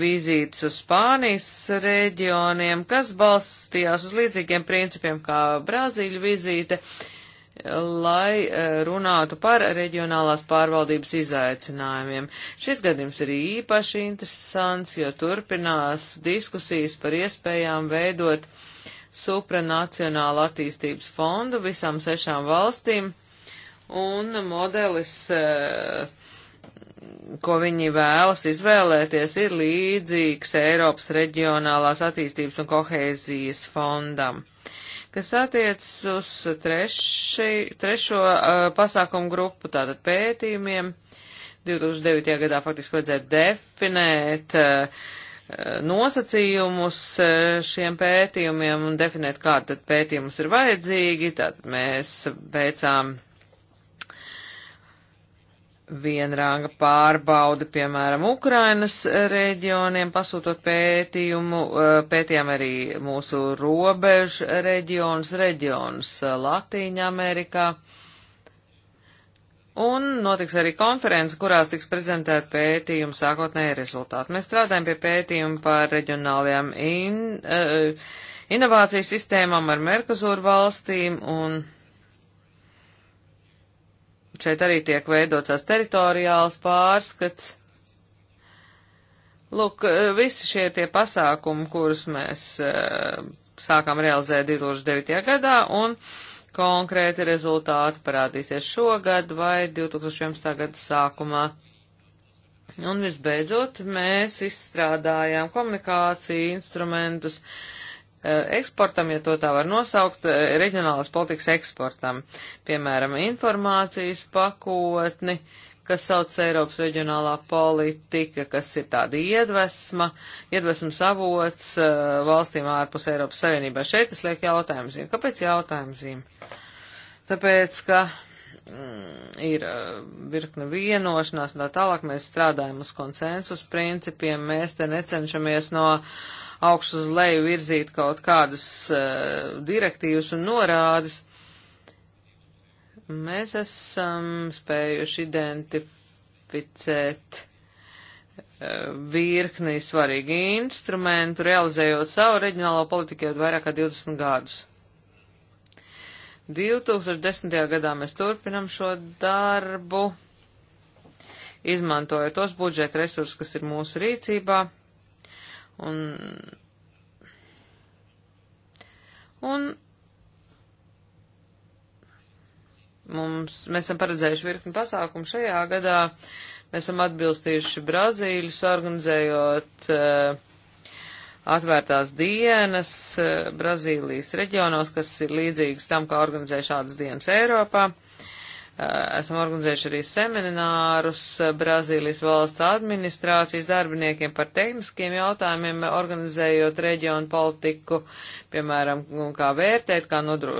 vizītes uz Spānijas reģioniem, kas balstījās uz līdzīgiem principiem kā Brazīļu vizīte, lai eh, runātu par reģionālās pārvaldības izaicinājumiem. Šis gadījums ir īpaši interesants, jo turpinās diskusijas par iespējām veidot supranacionālu attīstības fondu visām sešām valstīm, un modelis uh, ko viņi vēlas izvēlēties, ir līdzīgs Eiropas reģionālās attīstības un kohēzijas fondam. Kas attiecas uz treši, trešo uh, pasākumu grupu, tātad pētījumiem, 2009. gadā faktiski vajadzētu definēt uh, nosacījumus uh, šiem pētījumiem un definēt, kāda tad pētījumus ir vajadzīgi. Tātad mēs veicām vienrāga pārbauda, piemēram, Ukrainas eh, reģioniem, pasūtot pētījumu, eh, pētījām arī mūsu robežu reģionus, reģionus eh, Latīņa Amerikā. Un notiks arī konference, kurās tiks prezentēt pētījumu sākotnēji rezultāti. Mēs strādājam pie pētījumu par reģionālajām in, uh, inovāciju sistēmām ar Merkazūru valstīm un šeit arī tiek veidots tās teritoriāls pārskats. Lūk, eh, visi šie tie pasākumi, kurus mēs uh, sākām realizēt 2009. gadā, un konkrēti rezultāti parādīsies šogad vai 2011. gada sākumā. Un visbeidzot, mēs izstrādājām komunikāciju instrumentus, uh, Eh, eksportam, ja to tā var nosaukt, eh, reģionālās politikas eksportam. Piemēram, informācijas pakotni, kas sauc Eiropas reģionālā politika, kas ir tāda iedvesma, iedvesmas avots eh, valstīm ārpus Eiropas Savienībā. Šeit es lieku jautājumzīm. Kāpēc jautājumzīm? Tāpēc, ka mm, ir virkne vienošanās un tā tālāk mēs strādājam uz konsensus principiem, mēs te necenšamies no uh, augšu uz leju virzīt kaut kādus uh, eh, direktīvas un norādes. Mēs esam spējuši identificēt eh, virkni svarīgi instrumentu, realizējot savu reģionālo politiku jau vairāk kā 20 gadus. 2010. gadā mēs turpinam šo darbu, izmantojot tos budžeta resursus, kas ir mūsu rīcībā. Un, un mums, mēs esam paredzējuši virkni pasākumu šajā gadā. Mēs esam atbilstījuši Brazīļus, organizējot uh, atvērtās dienas eh, Brazīlijas reģionos, kas ir līdzīgas tam, kā organizē šādas dienas Eiropā. Eh, esam organizējuši arī seminārus eh, Brazīlijas valsts administrācijas darbiniekiem par tehniskiem jautājumiem, eh, organizējot reģionu politiku, piemēram, kā vērtēt, kā nodru,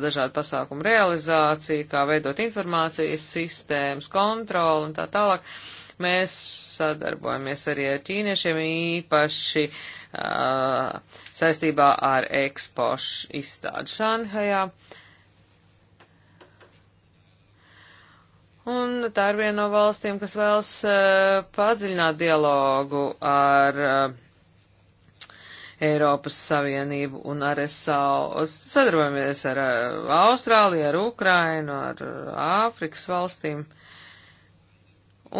dažādu pasākumu realizāciju, kā veidot informācijas sistēmas, kontroli un tā tālāk. Mēs sadarbojamies arī ar ķīniešiem īpaši uh, saistībā ar ekspošu izstādi Šanhajā. Uh, Un tā ir viena no valstīm, kas vēlas uh, padziļināt dialogu ar uh, Eiropas Savienību un ar SAO. Sadarbojamies ar uh, Austrāliju, ar Ukrainu, ar Āfrikas valstīm.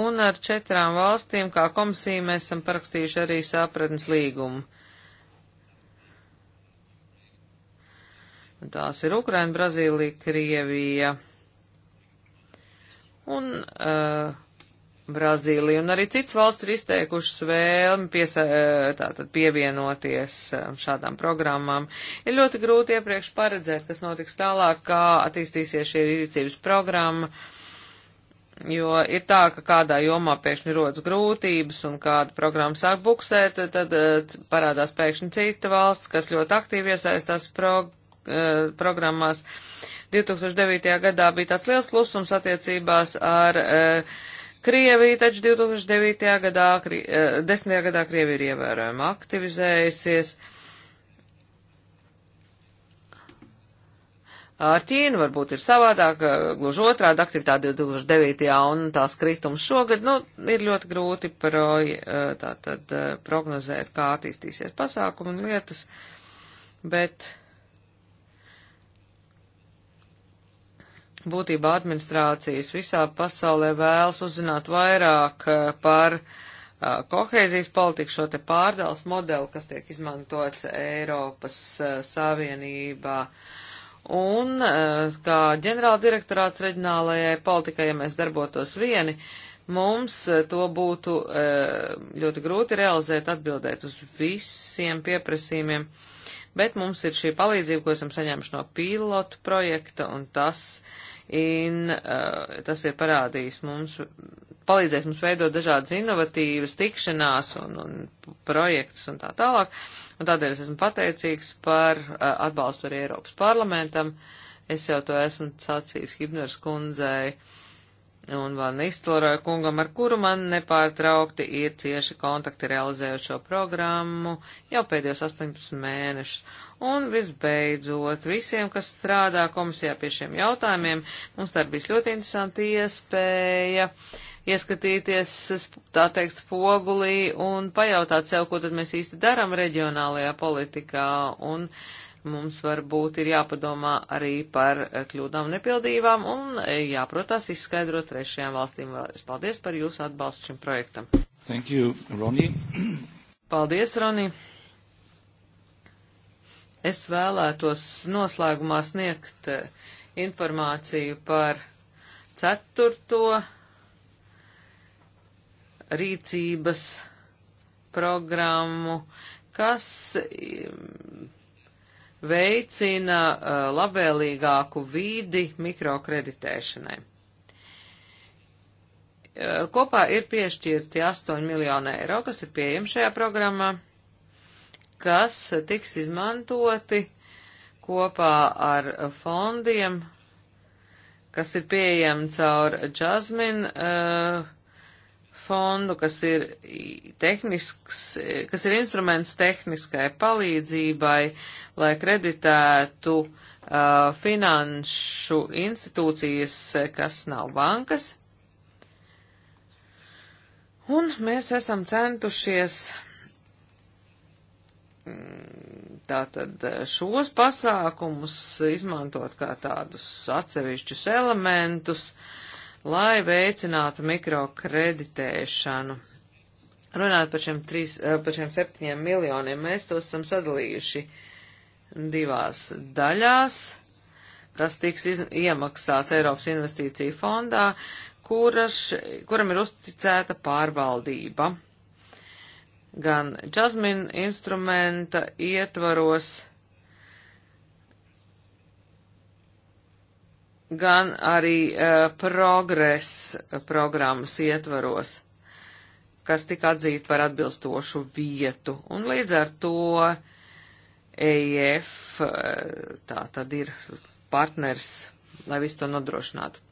Un ar četrām valstīm, kā komisija, mēs esam parakstījuši arī sapratnes līgumu. Un tās ir Ukraina, Brazīlija, Krievija. Un uh, Brazīlija un arī cits valsts ir izteikušas vēlmi piesa, eh, tātad pievienoties eh, šādām programmām. Ir ļoti grūti iepriekš paredzēt, kas notiks tālāk, kā attīstīsies šī rīcības programma, jo ir tā, ka kādā jomā pēkšņi rodas grūtības un kāda programma sāk buksēt, tad parādās pēkšņi cita valsts, kas ļoti aktīvi iesaistās pro, programmās. Uh, 2009. gadā bija tāds liels klusums attiecībās ar uh, Krieviju, taču 2009. gadā, kri, uh, eh, 10. gadā Krievija ir ievērojami aktivizējusies. Ar Ķīnu varbūt ir savādāk, eh, gluži otrādi aktivitāte 2009. un tās kritums šogad, nu, ir ļoti grūti proj, tā, tad, prognozēt, kā attīstīsies pasākumi un lietas, bet būtībā administrācijas visā pasaulē vēlas uzzināt vairāk eh, par eh, kohēzijas politiku, šo te pārdals modeli, kas tiek izmantots Eiropas eh, Savienībā. Un kā ģenerāla direktorāts reģionālajai politikai, ja mēs darbotos vieni, mums to būtu ļoti grūti realizēt, atbildēt uz visiem pieprasījumiem bet mums ir šī palīdzība, ko esam saņēmuši no pilotu projekta, un tas in, uh, tas ir parādījis mums, palīdzēs mums veidot dažādas inovatīvas tikšanās un, un projektus un tā tālāk. Un tādēļ es esmu pateicīgs par uh, atbalstu arī Eiropas parlamentam. Es jau to esmu sacījis Hibners kundzei. Uh, un Van Nistelroja kungam, ar kuru man nepārtraukti ir cieši kontakti realizējot šo programmu jau pēdējos 18 mēnešus. Un visbeidzot, visiem, kas strādā komisijā pie šiem jautājumiem, mums tā bija ļoti interesanti iespēja ieskatīties, tā teikt, spogulī un pajautāt sev, ko tad mēs īsti daram reģionālajā politikā. Un, uh, mums varbūt ir jāpadomā arī par eh, kļūdām nepildībām un eh, jāprotās izskaidrot trešajām valstīm. Vēlreiz paldies par jūsu atbalstu šim projektam. Thank you, Ronnie. Paldies, Ronnie. Es vēlētos noslēgumā sniegt eh, informāciju par ceturto rīcības programmu, kas veicina uh, labvēlīgāku vīdi mikrokreditēšanai. Uh, kopā ir piešķirti 8 miljoni eiro, kas ir pieejami šajā programmā, kas tiks izmantoti kopā ar fondiem, kas ir pieejami caur Jasmine uh, fondu, kas ir tehnisks, kas ir instruments tehniskai palīdzībai, lai kreditētu uh, finanšu institūcijas, kas nav bankas. Un mēs esam centušies mm, tātad uh, šos pasākumus izmantot kā tādus atsevišķus elementus, uh, lai veicinātu mikrokreditēšanu. Runājot par šiem, trīs, eh, par šiem septiņiem miljoniem, mēs tos esam sadalījuši divās daļās, kas tiks iz, iemaksāts Eiropas investīcija fondā, kuras, kuram ir uzticēta pārvaldība. Gan Jasmine instrumenta ietvaros, gan arī uh, progress eh, programmas ietvaros, kas tika atzīt par atbilstošu vietu. Un līdz ar to EIF uh, eh, tā tad ir partners, lai visu to nodrošinātu.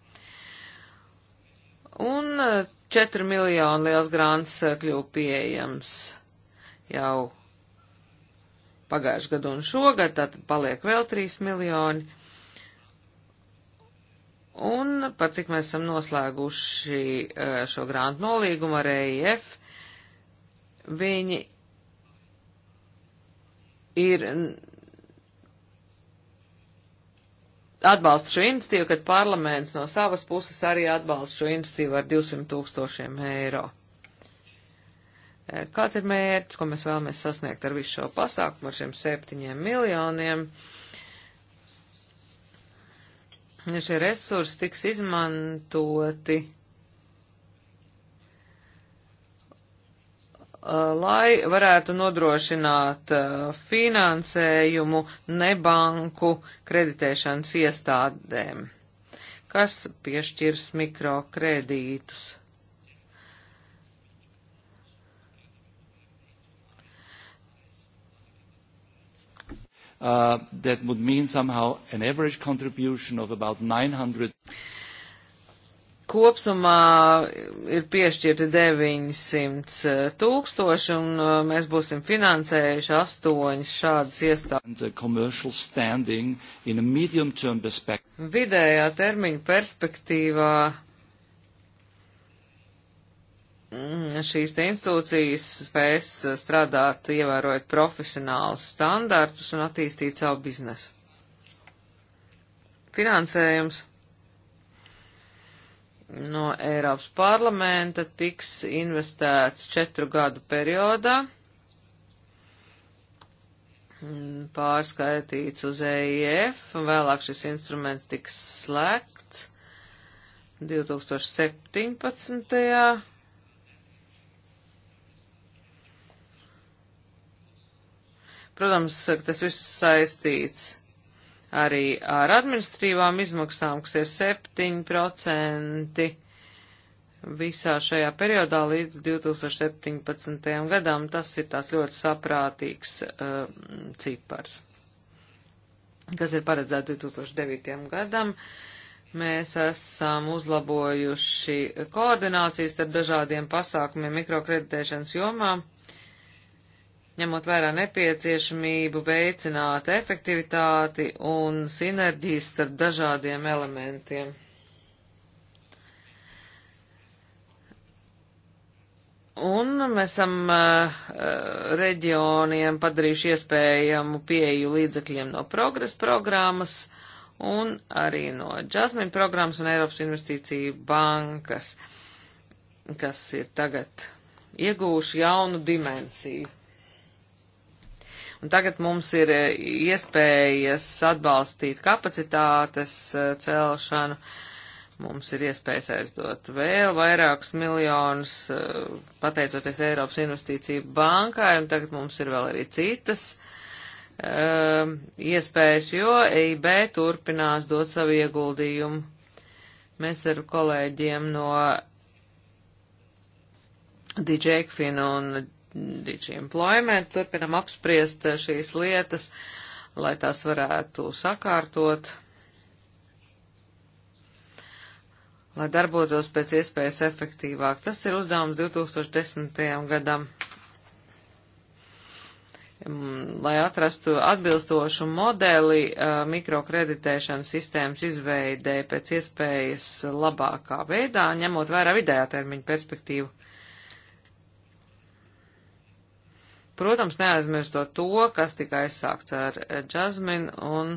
Un uh, 4 miljonu liels grāns kļuva pieejams jau pagājušajā gadu un šogad, tātad paliek vēl 3 miljoni Un par cik mēs esam noslēguši e, šo grāntu nolīgumu ar EIF, viņi ir atbalsta šo institīvu, kad parlaments no savas puses arī atbalsta šo institīvu ar 200 tūkstošiem eiro. E, kāds ir mērķis, ko mēs vēlamies sasniegt ar visu šo pasākumu, ar šiem septiņiem miljoniem? Uh, ja šie resursi tiks izmantoti, eh, lai varētu nodrošināt eh, finansējumu nebanku kreditēšanas iestādēm, kas piešķirs mikrokredītus. Uh, that would mean somehow an average contribution of about 900. Kopsumā ir piešķirti 900 tūkstoši, un uh, mēs būsim finansējuši astoņas šādas iestādes. Vidējā termiņa perspektīvā Mm, šīs te institūcijas spēs strādāt, ievērojot profesionālus standartus un attīstīt savu biznesu. Finansējums no Eiropas parlamenta tiks investēts četru gadu periodā, mm, pārskaitīts uz EIF, un vēlāk šis instruments tiks slēgts 2017 Protams, tas viss saistīts arī ar administrīvām izmaksām, kas ir 7% visā šajā periodā līdz 2017. gadam. Tas ir tās ļoti saprātīgs uh, cipars, kas ir paredzēts 2009. gadam. Mēs esam uzlabojuši koordinācijas ar dažādiem pasākumiem mikrokreditēšanas jomām ņemot vērā nepieciešamību veicināt efektivitāti un sinerģijas starp dažādiem elementiem. Un mēs esam uh, reģioniem padarījuši iespējamu pieeju līdzekļiem no progresa programmas un arī no Jasmine programmas un Eiropas investīciju bankas, kas ir tagad iegūši jaunu dimensiju. Un tagad mums ir e, iespējas atbalstīt kapacitātes e, celšanu, mums ir iespējas aizdot vēl vairākus miljonus, e, pateicoties Eiropas investīciju bankai, un tagad mums ir vēl arī citas um, iespējas, jo EIB turpinās dot savu ieguldījumu. Mēs ar kolēģiem no DJ Ekfina un Digi Employment, turpinam apspriest eh, šīs lietas, lai tās varētu sakārtot, lai darbotos pēc iespējas efektīvāk. Tas ir uzdevums 2010. gadam, mm, lai atrastu atbilstošu modeli eh, mikrokreditēšanas sistēmas izveidē pēc iespējas labākā veidā, ņemot vērā vidējā termiņa perspektīvu. Protams, neaizmirstot to, kas tika aizsākts ar Jasmine un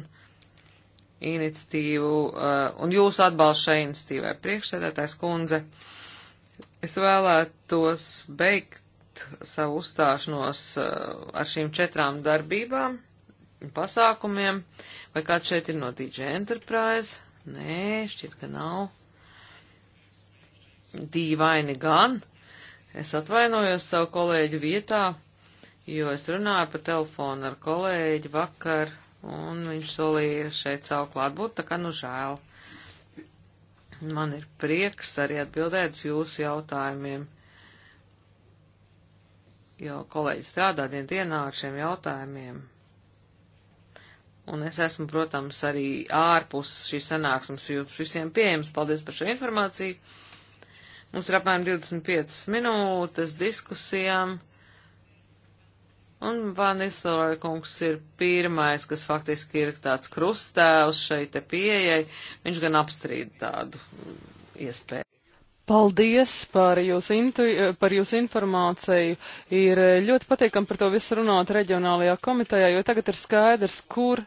iniciatīvu, uh, un jūsu atbalstu šai iniciatīvai priekšsēdētājs kundze. Es vēlētos beigt savu uzstāšanos uh, ar šīm četrām darbībām un pasākumiem. Vai kāds šeit ir no DJ Enterprise? Nē, šķiet, ka nav. Dīvaini gan. Es atvainojos savu kolēģu vietā jo es runāju pa telefonu ar kolēģi vakar, un viņš solīja šeit savu klātbūt, tā kā nu žēl. Man ir prieks arī atbildēt uz jūsu jautājumiem, jo kolēģi strādā dien dienā ar šiem jautājumiem. Un es esmu, protams, arī ārpus šīs sanāksmes jums visiem pieejams. Paldies par šo informāciju. Mums ir apmēram 25 minūtes diskusijām. Un Vanisloja kungs ir pirmais, kas faktiski ir tāds krustēvs šai te pieejai. Viņš gan apstrīd tādu iespēju. Paldies par jūsu, intu, par jūsu informāciju. Ir eh, ļoti patīkam par to visu runāt reģionālajā komitejā, jo tagad ir skaidrs, kur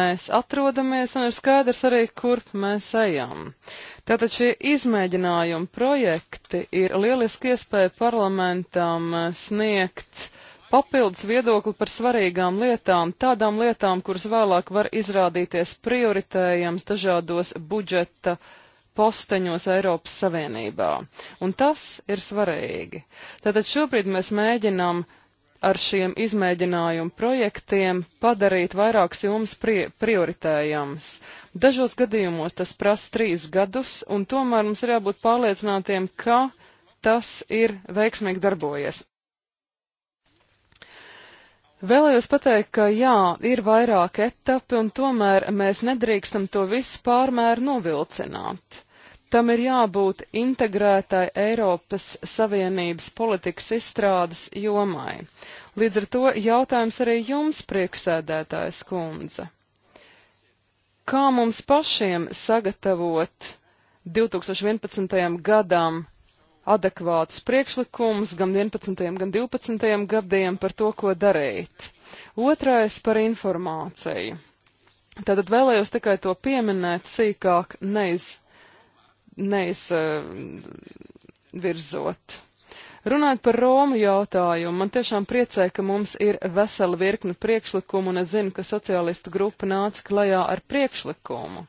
mēs atrodamies un ir skaidrs arī, kur mēs ejam. Tātad šie izmēģinājumi projekti ir lieliski iespēja parlamentam eh, sniegt papildus viedokli par svarīgām lietām, tādām lietām, kuras vēlāk var izrādīties prioritējams dažādos budžeta posteņos Eiropas Savienībā. Un tas ir svarīgi. Tātad šobrīd mēs mēģinām ar šiem izmēģinājumu projektiem padarīt vairākas jomas pri prioritējams. Dažos gadījumos tas prasa trīs gadus, un tomēr mums ir jābūt pārliecinātiem, ka tas ir veiksmīgi darbojies. Vēlējos pateikt, ka jā, ir vairāk etapi, un tomēr mēs nedrīkstam to visu pārmēr novilcināt. Tam ir jābūt integrētai Eiropas Savienības politikas izstrādes jomai. Līdz ar to jautājums arī jums, priekšsēdētājs kundze. Kā mums pašiem sagatavot 2011. gadam adekvātus priekšlikumus gan 11. gan 12. gadiem par to, ko darīt. Otrais par informāciju. Tātad vēlējos tikai to pieminēt sīkāk, neiz, neiz uh, virzot. Runājot par Romu jautājumu, man tiešām priecē, ka mums ir vesela virkne priekšlikumu, un es zinu, ka sociālistu grupa nāca klajā ar priekšlikumu.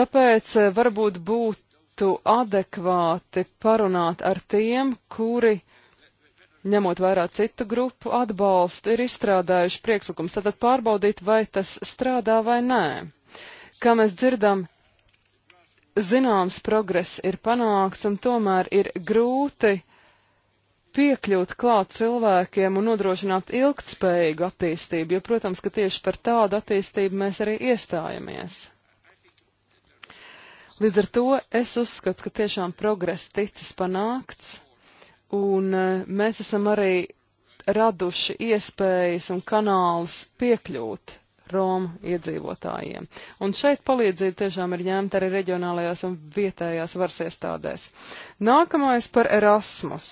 Tāpēc eh, varbūt būtu varētu adekvāti parunāt ar tiem, kuri, ņemot vērā citu grupu atbalstu, ir izstrādājuši priekšlikums. Tātad pārbaudīt, vai tas strādā vai nē. Kā mēs dzirdam, zināms progress ir panākts, un tomēr ir grūti piekļūt klāt cilvēkiem un nodrošināt ilgtspējīgu attīstību, jo, protams, ka tieši par tādu attīstību mēs arī iestājamies. Līdz ar to es uzskatu, ka tiešām progress ticis panākts, un e, mēs esam arī raduši iespējas un kanālus piekļūt Romu iedzīvotājiem. Un šeit palīdzība tiešām ir ņemta arī reģionālajās un vietējās varas iestādēs. Nākamais par Erasmus.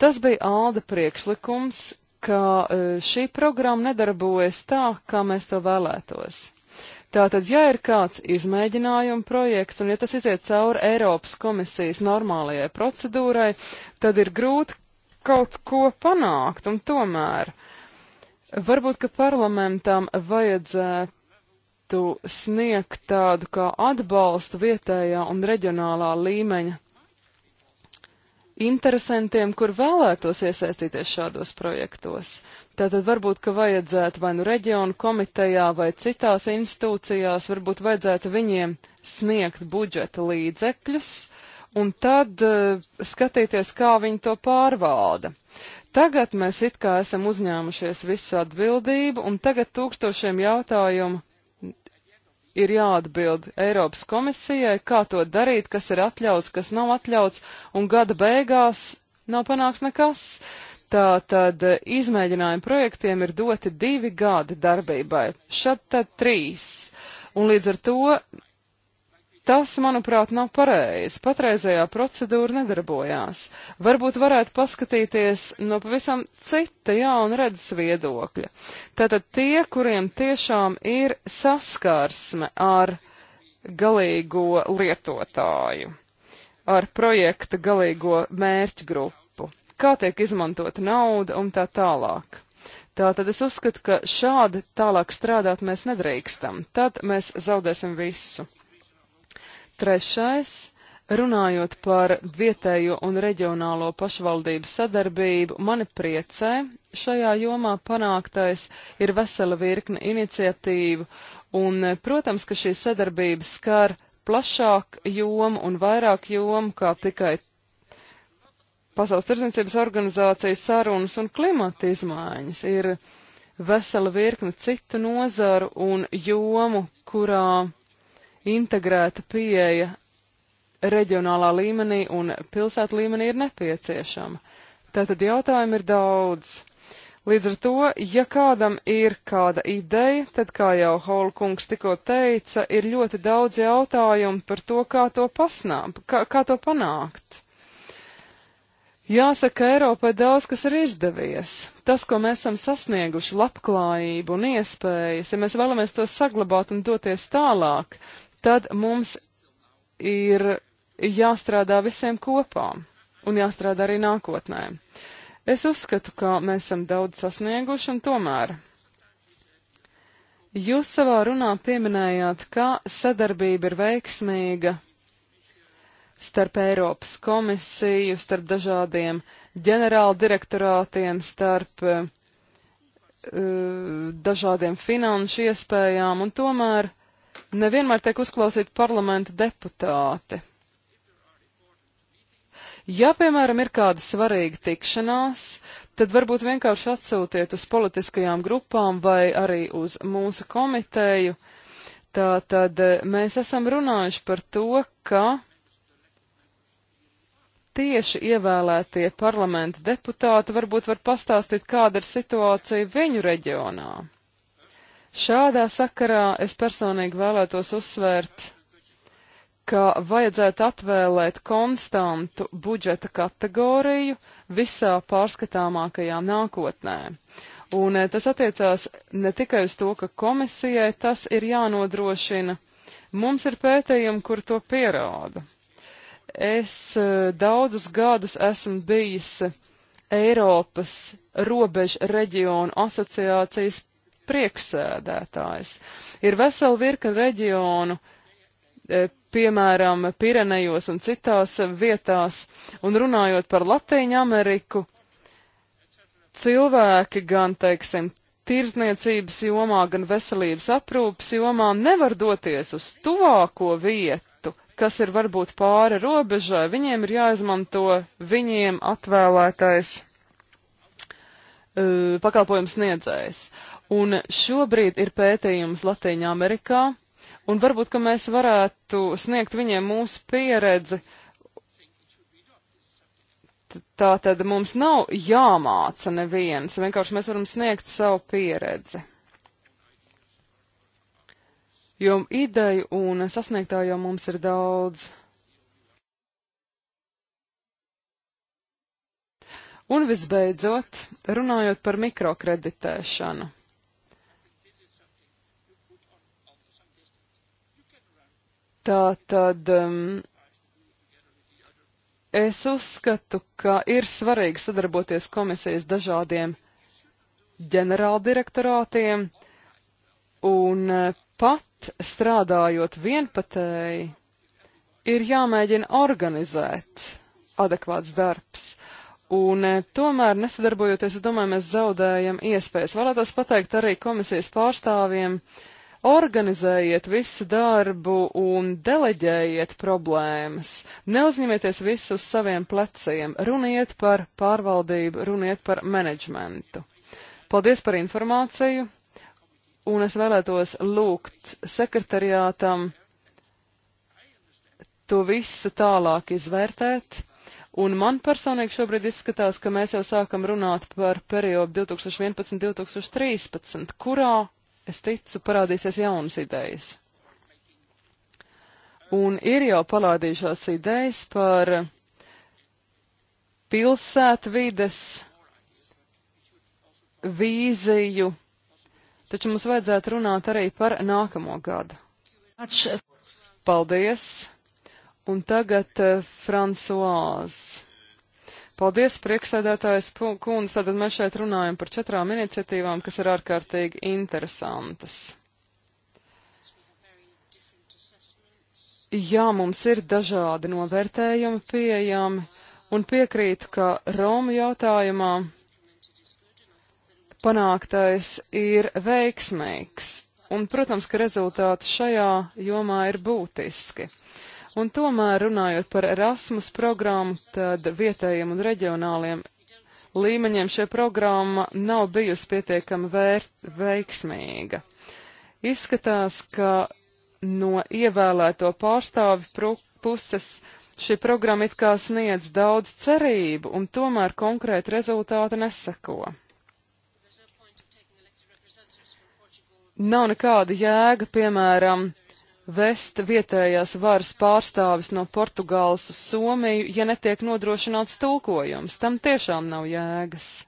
Tas bija Alda priekšlikums, ka e, šī programma nedarbojas tā, kā mēs to vēlētos. Tātad, ja ir kāds izmēģinājuma projekts, un ja tas iziet cauri Eiropas komisijas normālajai procedūrai, tad ir grūti kaut ko panākt, un tomēr varbūt, ka parlamentam vajadzētu sniegt tādu kā atbalstu vietējā un reģionālā līmeņa interesantiem, kur vēlētos iesaistīties šādos projektos. Tātad varbūt, ka vajadzētu vai nu reģionu komitejā vai citās institūcijās, varbūt vajadzētu viņiem sniegt budžeta līdzekļus un tad uh, skatīties, kā viņi to pārvalda. Tagad mēs it kā esam uzņēmušies visu atbildību un tagad tūkstošiem jautājumu ir jāatbild Eiropas komisijai, kā to darīt, kas ir atļauts, kas nav atļauts, un gada beigās nav panāks nekas. Tātad izmēģinājumu projektiem ir doti divi gadi darbībai, šad tad trīs. Un līdz ar to Tas, manuprāt, nav pareizi. Patreizējā procedūra nedarbojās. Varbūt varētu paskatīties no pavisam cita jauna redzes viedokļa. Tātad tie, kuriem tiešām ir saskarsme ar galīgo lietotāju, ar projekta galīgo mērķgrupu kā tiek izmantota nauda un tā tālāk. Tātad es uzskatu, ka šādi tālāk strādāt mēs nedrīkstam. Tad mēs zaudēsim visu. Trešais. Runājot par vietējo un reģionālo pašvaldību sadarbību, mani priecē šajā jomā panāktais ir vesela virkne iniciatīvu, un, protams, ka šī sadarbība skar plašāk jomu un vairāk jomu kā tikai Pasaules tirdzniecības organizācijas sarunas un klimata izmaiņas ir vesela virkne citu nozaru un jomu, kurā integrēta pieeja reģionālā līmenī un pilsētu līmenī ir nepieciešama. Tātad jautājumi ir daudz. Līdz ar to, ja kādam ir kāda ideja, tad, kā jau Holkungs tikko teica, ir ļoti daudz jautājumu par to, kā to pasnāp, kā, kā to panākt. Jāsaka, Eiropai daudz kas ir izdevies. Tas, ko mēs esam sasnieguši, labklājību un iespējas, ja mēs vēlamies to saglabāt un doties tālāk, tad mums ir jāstrādā visiem kopā un jāstrādā arī nākotnē. Es uzskatu, ka mēs esam daudz sasnieguši un tomēr. Jūs savā runā pieminējāt, ka sadarbība ir veiksmīga starp Eiropas komisiju, starp dažādiem ģenerāla direktorātiem, starp uh, dažādiem finanšu iespējām, un tomēr nevienmēr tiek uzklausīti parlamenta deputāti. Ja, piemēram, ir kāda svarīga tikšanās, tad varbūt vienkārši atsūtiet uz politiskajām grupām vai arī uz mūsu komiteju. Tā tad eh, mēs esam runājuši par to, ka tieši ievēlētie parlamenta deputāti varbūt var pastāstīt, kāda ir situācija viņu reģionā. Šādā sakarā es personīgi vēlētos uzsvērt, ka vajadzētu atvēlēt konstantu budžeta kategoriju visā pārskatāmākajā nākotnē. Un eh, tas attiecās ne tikai uz to, ka komisijai tas ir jānodrošina, mums ir pētījumi, kur to pierāda es e, daudzus gadus esmu bijis Eiropas robežu reģionu asociācijas priekšsēdētājs. Ir vesela virka reģionu, e, piemēram, Pirenejos un citās vietās, un runājot par Latīņu Ameriku, cilvēki gan, teiksim, tirzniecības jomā, gan veselības aprūpas jomā nevar doties uz tuvāko vietu kas ir varbūt pāri robežai, viņiem ir jāizmanto viņiem atvēlētais uh, pakalpojums sniedzējs. Un šobrīd ir pētījums Latīņā Amerikā, un varbūt, ka mēs varētu sniegt viņiem mūsu pieredzi. Tā tad mums nav jāmāca neviens, vienkārši mēs varam sniegt savu pieredzi jo ideju un sasniegtā jau mums ir daudz. Un visbeidzot, runājot par mikrokreditēšanu. Tā tad um, es uzskatu, ka ir svarīgi sadarboties komisijas dažādiem ģenerāldirektorātiem un uh, pat strādājot vienpatēji, ir jāmēģina organizēt adekvāts darbs. Un eh, tomēr nesadarbojoties, es domāju, mēs zaudējam iespējas. Vēlētos pateikt arī komisijas pārstāvjiem, organizējiet visu darbu un deleģējiet problēmas. Neuzņemieties visu uz saviem pleciem. Runiet par pārvaldību, runiet par menedžmentu. Paldies par informāciju un es vēlētos lūgt sekretariātam to visu tālāk izvērtēt. Un man personīgi šobrīd izskatās, ka mēs jau sākam runāt par periodu 2011-2013, kurā, es ticu, parādīsies jaunas idejas. Un ir jau parādījušās idejas par pilsētvides vīziju taču mums vajadzētu runāt arī par nākamo gadu. Paldies! Un tagad uh, eh, Fransuāze. Paldies, priekšsēdētājs kundze. Tātad mēs šeit runājam par četrām iniciatīvām, kas ir ārkārtīgi interesantas. Jā, mums ir dažādi novērtējumi pieejami, un piekrītu, ka Roma jautājumā panāktais ir veiksmīgs. Un, protams, ka rezultāti šajā jomā ir būtiski. Un tomēr, runājot par Erasmus programmu, tad vietējiem un reģionāliem līmeņiem šie programma nav bijusi pietiekami vērt, veiksmīga. Izskatās, ka no ievēlēto pārstāvi puses šī programma it kā sniedz daudz cerību, un tomēr konkrēti rezultāti nesako. nav nekāda jēga, piemēram, vest vietējās varas pārstāvis no Portugāles uz Somiju, ja netiek nodrošināts tulkojums. Tam tiešām nav jēgas.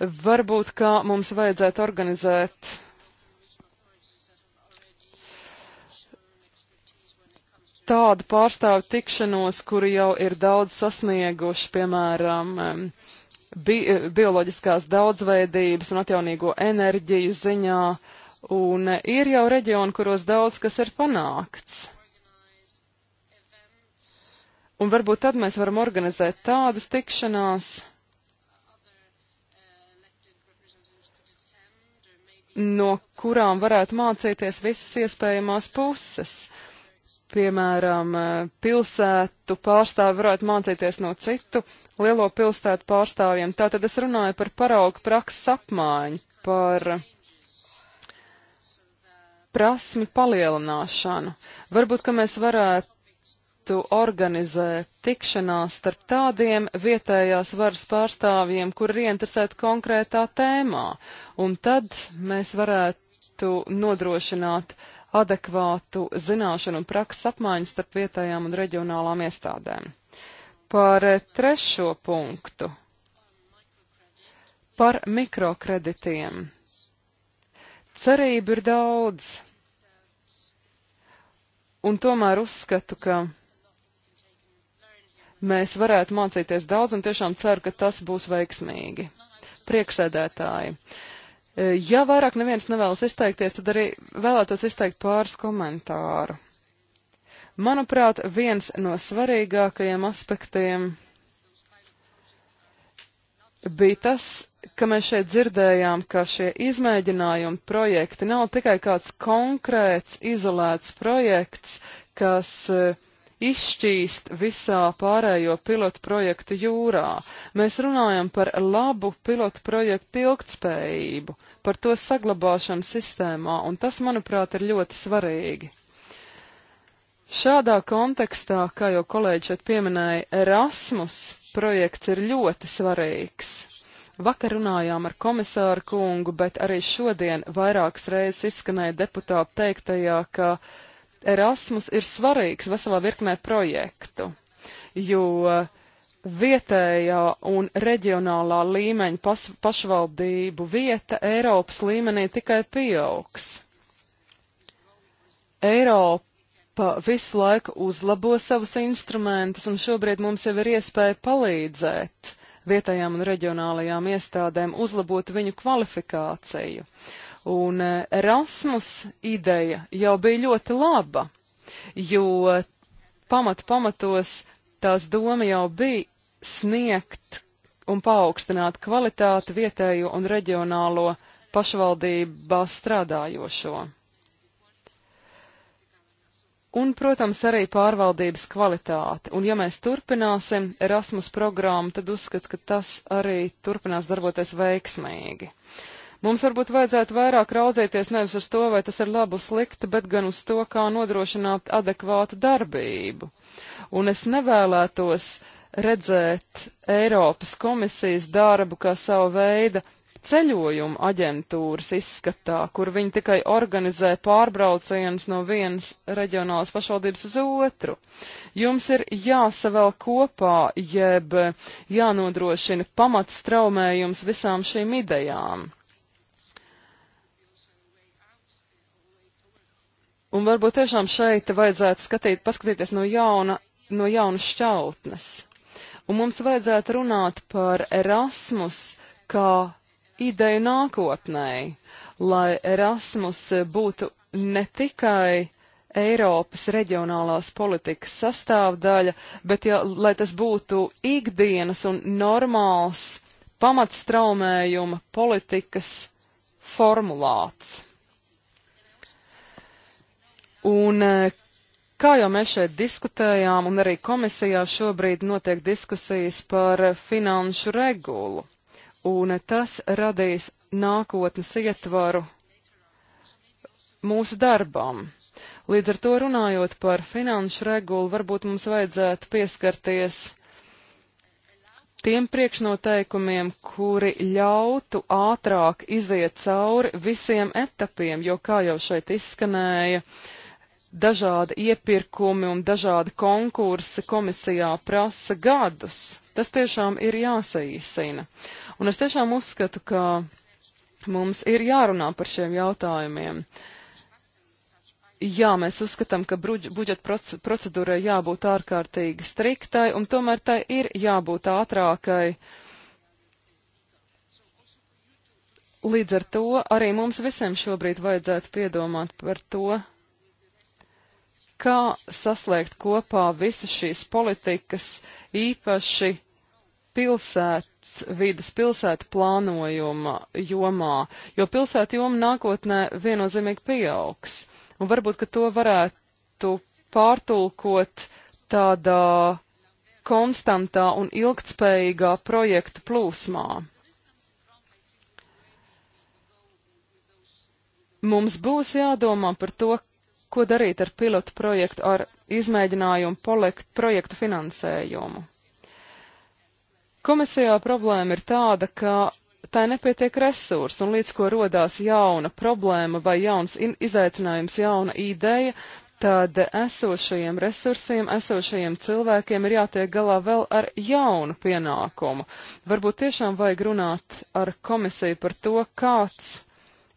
Varbūt, kā mums vajadzētu organizēt tādu pārstāvu tikšanos, kuri jau ir daudz sasnieguši, piemēram, bi e, bioloģiskās daudzveidības un atjaunīgo enerģiju ziņā, un e, ir jau reģioni, kuros daudz kas ir panākts. Un varbūt tad mēs varam organizēt tādas tikšanās. no kurām varētu mācīties visas iespējamās puses piemēram, eh, pilsētu pārstāvi varētu mācīties no citu lielo pilsētu pārstāvjiem. Tātad es runāju par paraugu prakses apmaiņu, par prasmi palielināšanu. Varbūt, ka mēs varētu organizēt tikšanās starp tādiem vietējās varas pārstāvjiem, kur ir ieinteresēti konkrētā tēmā. Un tad mēs varētu nodrošināt uh, adekvātu zināšanu un prakses apmaiņu starp vietējām un reģionālām iestādēm. Par eh, trešo punktu. Par mikrokreditiem. Cerību ir daudz. Un tomēr uzskatu, ka mēs varētu mācīties daudz un tiešām ceru, ka tas būs veiksmīgi. Priekšsēdētāji. Uh, E, ja vairāk neviens nevēlas izteikties, tad arī vēlētos izteikt pāris komentāru. Manuprāt, viens no svarīgākajiem aspektiem bija tas, ka mēs šeit dzirdējām, ka šie izmēģinājumi projekti nav tikai kāds konkrēts, izolēts projekts, kas uh, izšķīst visā pārējo pilotu projektu jūrā. Mēs runājam par labu pilotu projektu ilgtspējību, par to saglabāšanu sistēmā, un tas, manuprāt, ir ļoti svarīgi. Šādā kontekstā, kā jau kolēģi šeit pieminēja, Erasmus projekts ir ļoti svarīgs. Vakar runājām ar komisāru kungu, bet arī šodien vairākas reizes izskanēja deputāta teiktajā, ka uh, Erasmus ir svarīgs veselā virknē projektu, jo vietējā un reģionālā līmeņa pas, pašvaldību vieta Eiropas līmenī tikai pieaugs. Eiropa visu laiku uzlabo savus instrumentus, un šobrīd mums jau ir iespēja palīdzēt vietējām un reģionālajām iestādēm uzlabot viņu kvalifikāciju. Uh, Un eh, Rasmus ideja jau bija ļoti laba, jo pamat pamatos tās doma jau bija sniegt un paaugstināt kvalitāti vietējo un reģionālo pašvaldībā strādājošo. Un, protams, arī pārvaldības kvalitāti. Un, ja mēs turpināsim Erasmus programmu, tad uzskat, ka tas arī turpinās darboties veiksmīgi. Uh, Mums varbūt vajadzētu vairāk raudzēties nevis uz to, vai tas ir labi un slikti, bet gan uz to, kā nodrošināt adekvātu darbību. Un es nevēlētos redzēt Eiropas komisijas darbu kā savu veidu ceļojumu aģentūras izskatā, kur viņi tikai organizē pārbraucienus no vienas reģionālas pašvaldības uz otru. Jums ir jāsavēl kopā, jeb jānodrošina pamatstraumējums visām šīm idejām. Un varbūt tiešām šeit vajadzētu skatīt, paskatīties no jauna, no jaunas šķautnes. Un mums vajadzētu runāt par Erasmus kā ideju nākotnēji, lai Erasmus būtu ne tikai Eiropas reģionālās politikas sastāvdaļa, bet ja, lai tas būtu ikdienas un normāls pamatstraumējuma politikas formulāts. Un eh, kā jau mēs šeit diskutējām, un arī komisijā šobrīd notiek diskusijas par finanšu regulu, un tas radīs nākotnes ietvaru mūsu darbam. Līdz ar to runājot par finanšu regulu, varbūt mums vajadzētu pieskarties tiem priekšnoteikumiem, kuri ļautu ātrāk iziet cauri visiem etapiem, jo, kā jau šeit izskanēja, uh, dažādi iepirkumi un dažādi konkursi komisijā prasa gadus. Tas tiešām ir jāsaīsina. Un es tiešām uzskatu, ka mums ir jārunā par šiem jautājumiem. Jā, mēs uzskatām, ka budžeta procedūrai jābūt ārkārtīgi striktai, un tomēr tai ir jābūt ātrākai. Līdz ar to arī mums visiem šobrīd vajadzētu piedomāt par to, kā saslēgt kopā visas šīs politikas, īpaši pilsētas vidas, pilsētu plānojuma jomā, jo pilsētu joma nākotnē viennozīmīgi pieaugs. Un varbūt, ka to varētu pārtulkot tādā konstantā un ilgtspējīgā projektu plūsmā. Mums būs jādomā par to, ko darīt ar pilotu projektu ar izmēģinājumu polekt, projektu finansējumu. Komisijā problēma ir tāda, ka tai nepietiek resursu, un līdz ko rodās jauna problēma vai jauns izaicinājums, jauna ideja, tad esošajiem resursiem, esošajiem cilvēkiem ir jātiek galā vēl ar jaunu pienākumu. Varbūt tiešām vajag runāt ar komisiju par to, kāds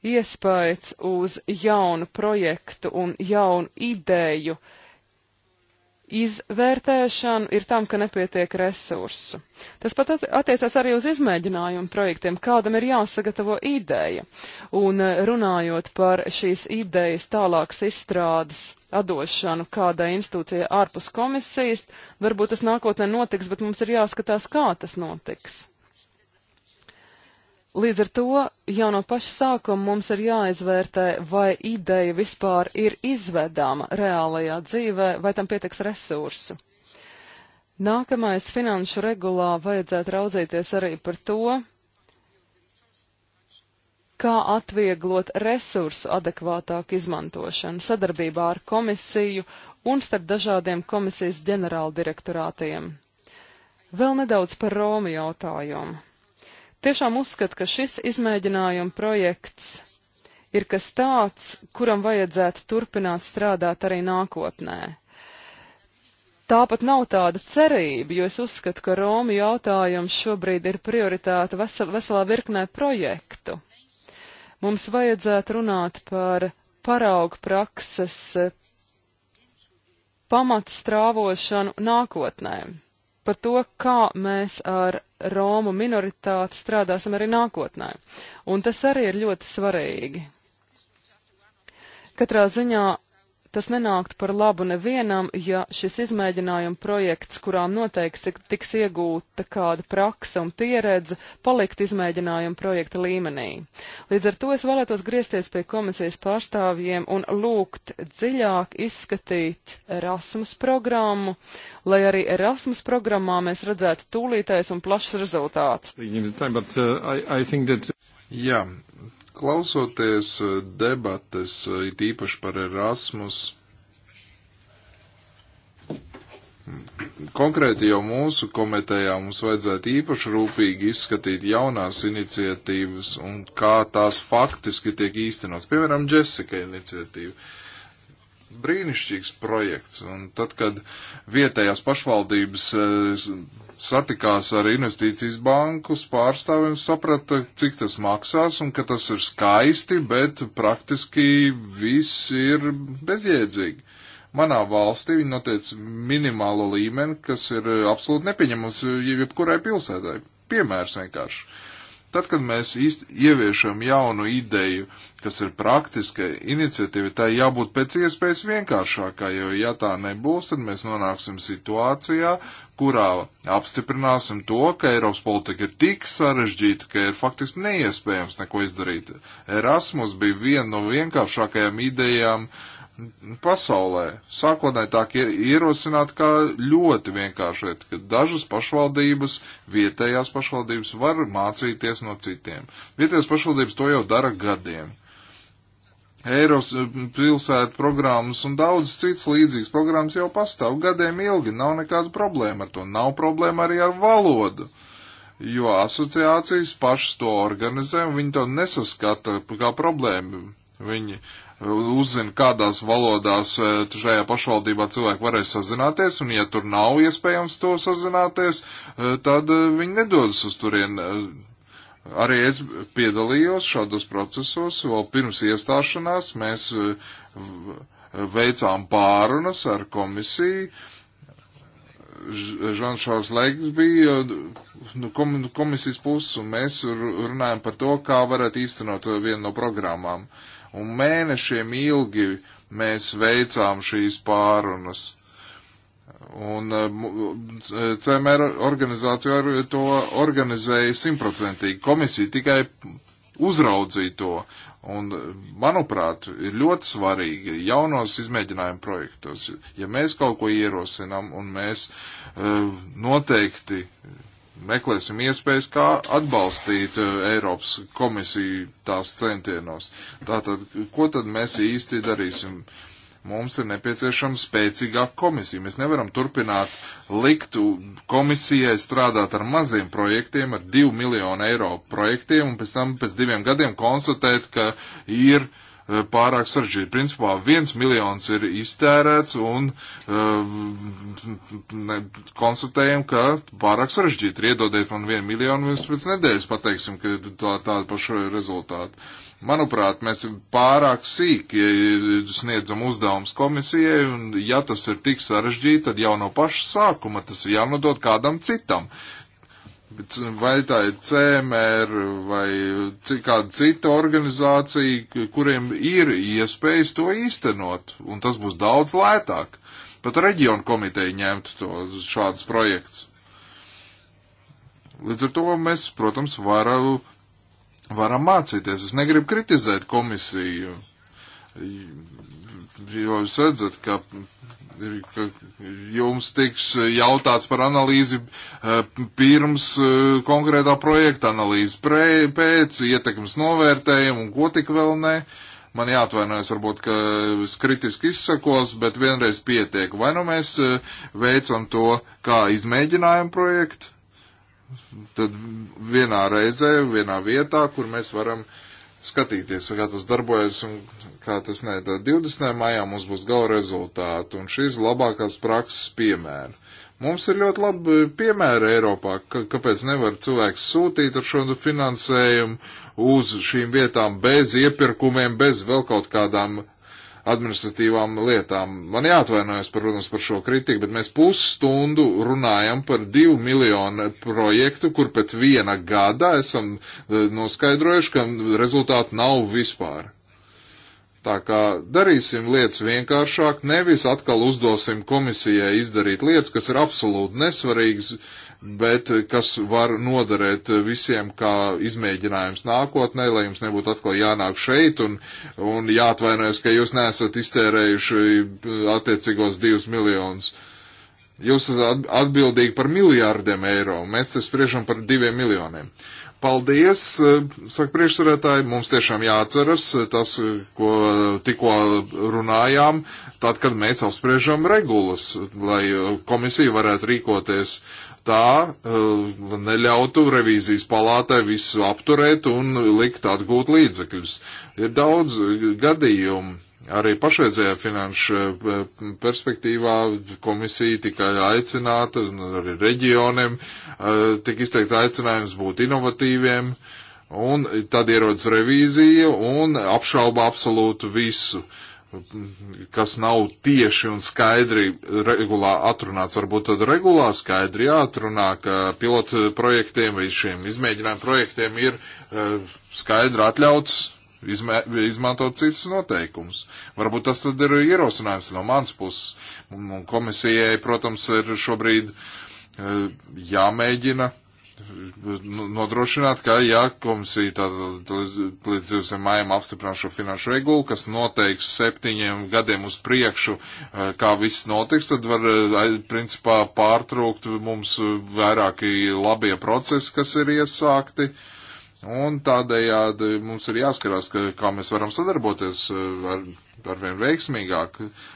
iespējas uz jaunu projektu un jaunu ideju izvērtēšanu ir tam, ka nepietiek resursu. Tas pat attiecās arī uz izmēģinājumu projektiem, kādam ir jāsagatavo ideja. Un eh, runājot par šīs idejas tālākas izstrādes atdošanu kādai institūcijai ārpus komisijas, varbūt tas nākotnē notiks, bet mums ir jāskatās, kā tas notiks. Līdz ar to jau no paša sākuma mums ir jāizvērtē, vai ideja vispār ir izvedama reālajā dzīvē, vai tam pietiks resursu. Nākamais finanšu regulā vajadzētu raudzīties arī par to, kā atvieglot resursu adekvātāku izmantošanu sadarbībā ar komisiju un starp dažādiem komisijas ģenerāldirektorātiem. Vēl nedaudz par Romu jautājumu. Tiešām uzskatu, ka šis izmēģinājuma projekts ir kas tāds, kuram vajadzētu turpināt strādāt arī nākotnē. Tāpat nav tāda cerība, jo es uzskatu, ka Roma jautājums šobrīd ir prioritāte vesel, veselā virknē projektu. Mums vajadzētu runāt par paraugu prakses eh, pamatstrāvošanu nākotnēm par to, kā mēs ar Romu minoritāti strādāsim arī nākotnē. Un tas arī ir ļoti svarīgi. Katrā ziņā Tas nenāktu par labu nevienam, ja šis izmēģinājuma projekts, kurām noteikti tiks iegūta kāda praksa un pieredze, palikt izmēģinājuma projekta līmenī. Līdz ar to es vēlētos griezties pie komisijas pārstāvjiem un lūgt dziļāk izskatīt Erasmus programmu, lai arī Erasmus programmā mēs redzētu tūlītais un plašs rezultāts. Jā, Klausoties eh, debates, eh, it īpaši par Erasmus, konkrēti jau mūsu komitejā mums vajadzētu īpaši rūpīgi izskatīt jaunās iniciatīvas un kā tās faktiski tiek īstenotas. Piemēram, Jessica iniciatīva. Brīnišķīgs projekts, un tad, kad vietējās pašvaldības eh, satikās ar investīcijas bankus pārstāvjiem, saprata, cik tas maksās un ka tas ir skaisti, bet praktiski viss ir bezjēdzīgi. Manā valstī viņi noteica minimālo līmeni, kas ir absolūti nepieņemams jebkurai pilsētai. Piemērs vienkārši. Tad, kad mēs īsti ieviešam jaunu ideju, kas ir praktiska iniciatīva, tai jābūt pēc iespējas vienkāršākai, jo ja tā nebūs, tad mēs nonāksim situācijā, kurā apstiprināsim to, ka Eiropas politika ir tik sarežģīta, ka ir faktiski neiespējams neko izdarīt. Erasmus bija viena no vienkāršākajām idejām uh, pasaulē. Sākotnēji tā ierosināt kā ļoti vienkāršot, ka dažas pašvaldības, vietējās pašvaldības var mācīties no citiem. Vietējās pašvaldības to jau dara gadiem. Eiros eh, pilsētu programmas un daudz cits līdzīgs programmas jau pastāv gadiem ilgi, nav nekāda problēma ar to. Nav problēma arī ar valodu, jo asociācijas pašas to organizē un viņi to nesaskata kā problēmu. Viņi uzzina, kādās valodās e, šajā pašvaldībā cilvēki varēs sazināties, un ja tur nav iespējams to sazināties, e, tad e, viņi nedodas uz turien. Arī es piedalījos šādos procesos, vēl pirms iestāšanās mēs veicām pārunas ar komisiju, Žanšāls Leigs bija nu, nu, komisijas puses, un mēs runājam par to, kā varētu īstenot vienu no programmām. Uh, un mēnešiem ilgi mēs veicām šīs pārunas. Un eh, CMR organizācija to organizēja simtprocentīgi. Komisija tikai uzraudzīja to. Un, manuprāt, ir ļoti svarīgi jaunos izmēģinājumu projektos. Ja mēs kaut ko ierosinām un mēs eh, noteikti meklēsim iespējas, kā atbalstīt eh, Eiropas komisiju tās centienos. Tātad, ko tad mēs īsti darīsim? Mums ir nepieciešama spēcīgāka komisija. Mēs nevaram turpināt likt komisijai strādāt ar maziem projektiem, ar 2 miljonu eiro projektiem, un pēc tam pēc diviem gadiem konstatēt, ka ir uh, Eh, pārāk sarežģīti. Principā viens miljons ir iztērēts un eh, ne, konstatējam, ka pārāk sarežģīti ir iedodēt man vienu miljonu, mēs pēc nedēļas pateiksim, ka tā, tāda paša rezultāta. Manuprāt, mēs pārāk sīki sniedzam uzdevums komisijai, un ja tas ir tik sarežģīti, tad jau no paša sākuma tas ir jānodod kādam citam vai tā ir CMR vai kāda cita organizācija, kuriem ir iespējas to īstenot, un tas būs daudz lētāk. Pat reģionu komiteja ņemtu to šāds projekts. Līdz ar to mēs, protams, varam, varam mācīties. Es negribu kritizēt komisiju, jo jūs redzat, ka jums tiks eh, jautāts par analīzi eh, pirms eh, konkrētā projekta analīzes, pēc ietekmes novērtējumu un ko tik vēl ne. Man jāatvainojas, varbūt, ka es kritiski izsakos, bet vienreiz pietiek. Vai nu mēs veicam to kā izmēģinājumu projektu, tad vienā reizē, vienā vietā, kur mēs varam skatīties, kā tas darbojas un kā tas ne, tad 20. maijā mums būs gala rezultāti un šīs labākās prakses piemēri. Mums ir ļoti labi piemēri Eiropā, ka, kāpēc nevar cilvēks sūtīt ar šo finansējumu uz šīm vietām bez iepirkumiem, bez vēl kaut kādām administratīvām lietām. Man jāatvainojas, par, protams, par šo kritiku, bet mēs pusstundu runājam par divu miljonu projektu, kur pēc viena gada esam eh, noskaidrojuši, ka rezultātu nav vispār. Tā kā darīsim lietas vienkāršāk, nevis atkal uzdosim komisijai izdarīt lietas, kas ir absolūti nesvarīgas, bet kas var noderēt visiem kā izmēģinājums nākotnē, lai jums nebūtu atkal jānāk šeit un, un jāatvainojas, ka jūs nesat iztērējuši eh, attiecīgos divus miljonus. Jūs esat atbildīgi par miljārdiem eiro, mēs te spriežam par diviem miljoniem. Uh, Paldies, eh, saka priekšsarētāji, mums tiešām jāatceras eh, tas, eh, ko tikko runājām, tad, kad mēs apspriežam regulas, lai komisija varētu rīkoties tā, neļautu revīzijas palātai visu apturēt un likt atgūt līdzekļus. Ir daudz gadījumu Arī pašreizējā finanšu eh, perspektīvā komisija tika aicināta, arī reģioniem eh, tika izteikta aicinājums būt inovatīviem, un tad ierodas revīzija un apšauba absolūtu visu kas nav tieši un skaidri regulā atrunāts. Varbūt tad regulā skaidri jāatrunā, ka pilotu projektiem vai šiem izmēģinājumu projektiem ir eh, skaidri atļauts izmē, izmantot citas noteikumus. Varbūt tas tad ir ierosinājums no mans puses. Un komisijai, protams, ir šobrīd eh, jāmēģina nu, nodrošināt, ka jā, komisija tātad līdz 20. maijam apstiprinās šo finanšu regulu, kas noteiks septiņiem gadiem uz priekšu, eh, kā viss notiks, tad var eh, principā pārtraukt mums vairāki labie procesi, kas ir iesākti. Uh, Un tādējādi mums ir jāskarās, ka, kā mēs varam sadarboties eh, ar, ar vien veiksmīgāk.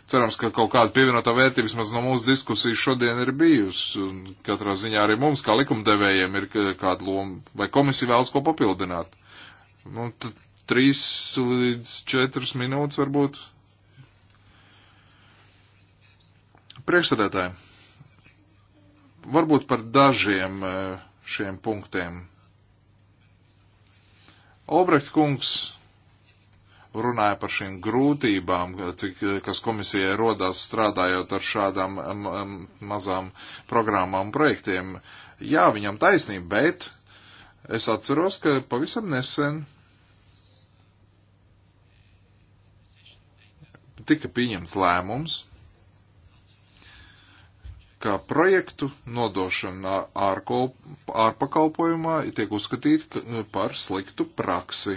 Cerams, ka kaut kāda pievienotā vērtība vismaz no mūsu diskusijas šodien ir bijusi. Un katrā ziņā arī mums, kā likumdevējiem, ir kāda loma, vai komisija vēlas ko papildināt. Nu, tad trīs līdz četras minūtes varbūt. Priekšsēdētāji, varbūt par dažiem eh, šiem punktiem Obrekts kungs runāja par šīm grūtībām, cik, kas komisijai rodās strādājot ar šādām mazām programmām un projektiem. Jā, viņam taisnība, bet es atceros, ka pavisam nesen tika pieņemts lēmums kā projektu nodošana ārpakalpojumā tiek uzskatīta nu, par sliktu praksi.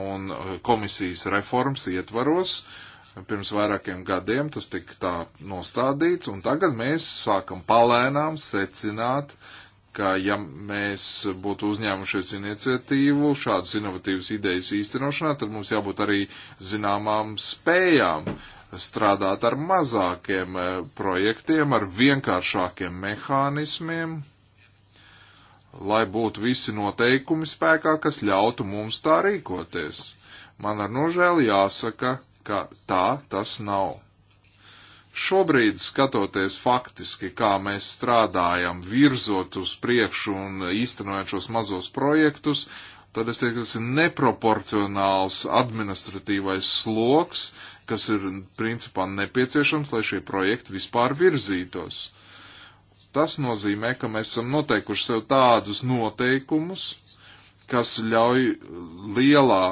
Un uh, komisijas reformas ietvaros pirms vairākiem gadiem tas tika tā nostādīts, un tagad mēs sākam palēnām secināt, ka ja mēs būtu uzņēmušies iniciatīvu šādas inovatīvas idejas īstenošanā, tad mums jābūt arī zināmām spējām strādāt ar mazākiem eh, projektiem, ar vienkāršākiem mehānismiem, lai būtu visi noteikumi spēkā, kas ļautu mums tā rīkoties. Man ar nožēlu jāsaka, ka tā tas nav. Šobrīd, skatoties faktiski, kā mēs strādājam, virzot uz priekšu un īstenojot šos mazos projektus, uh, tad es teiktu, tas ir neproporcionāls administratīvais sloks, kas ir principā nepieciešams, lai šie projekti vispār virzītos. Tas nozīmē, ka mēs esam noteikuši sev tādus noteikumus, kas ļauj lielā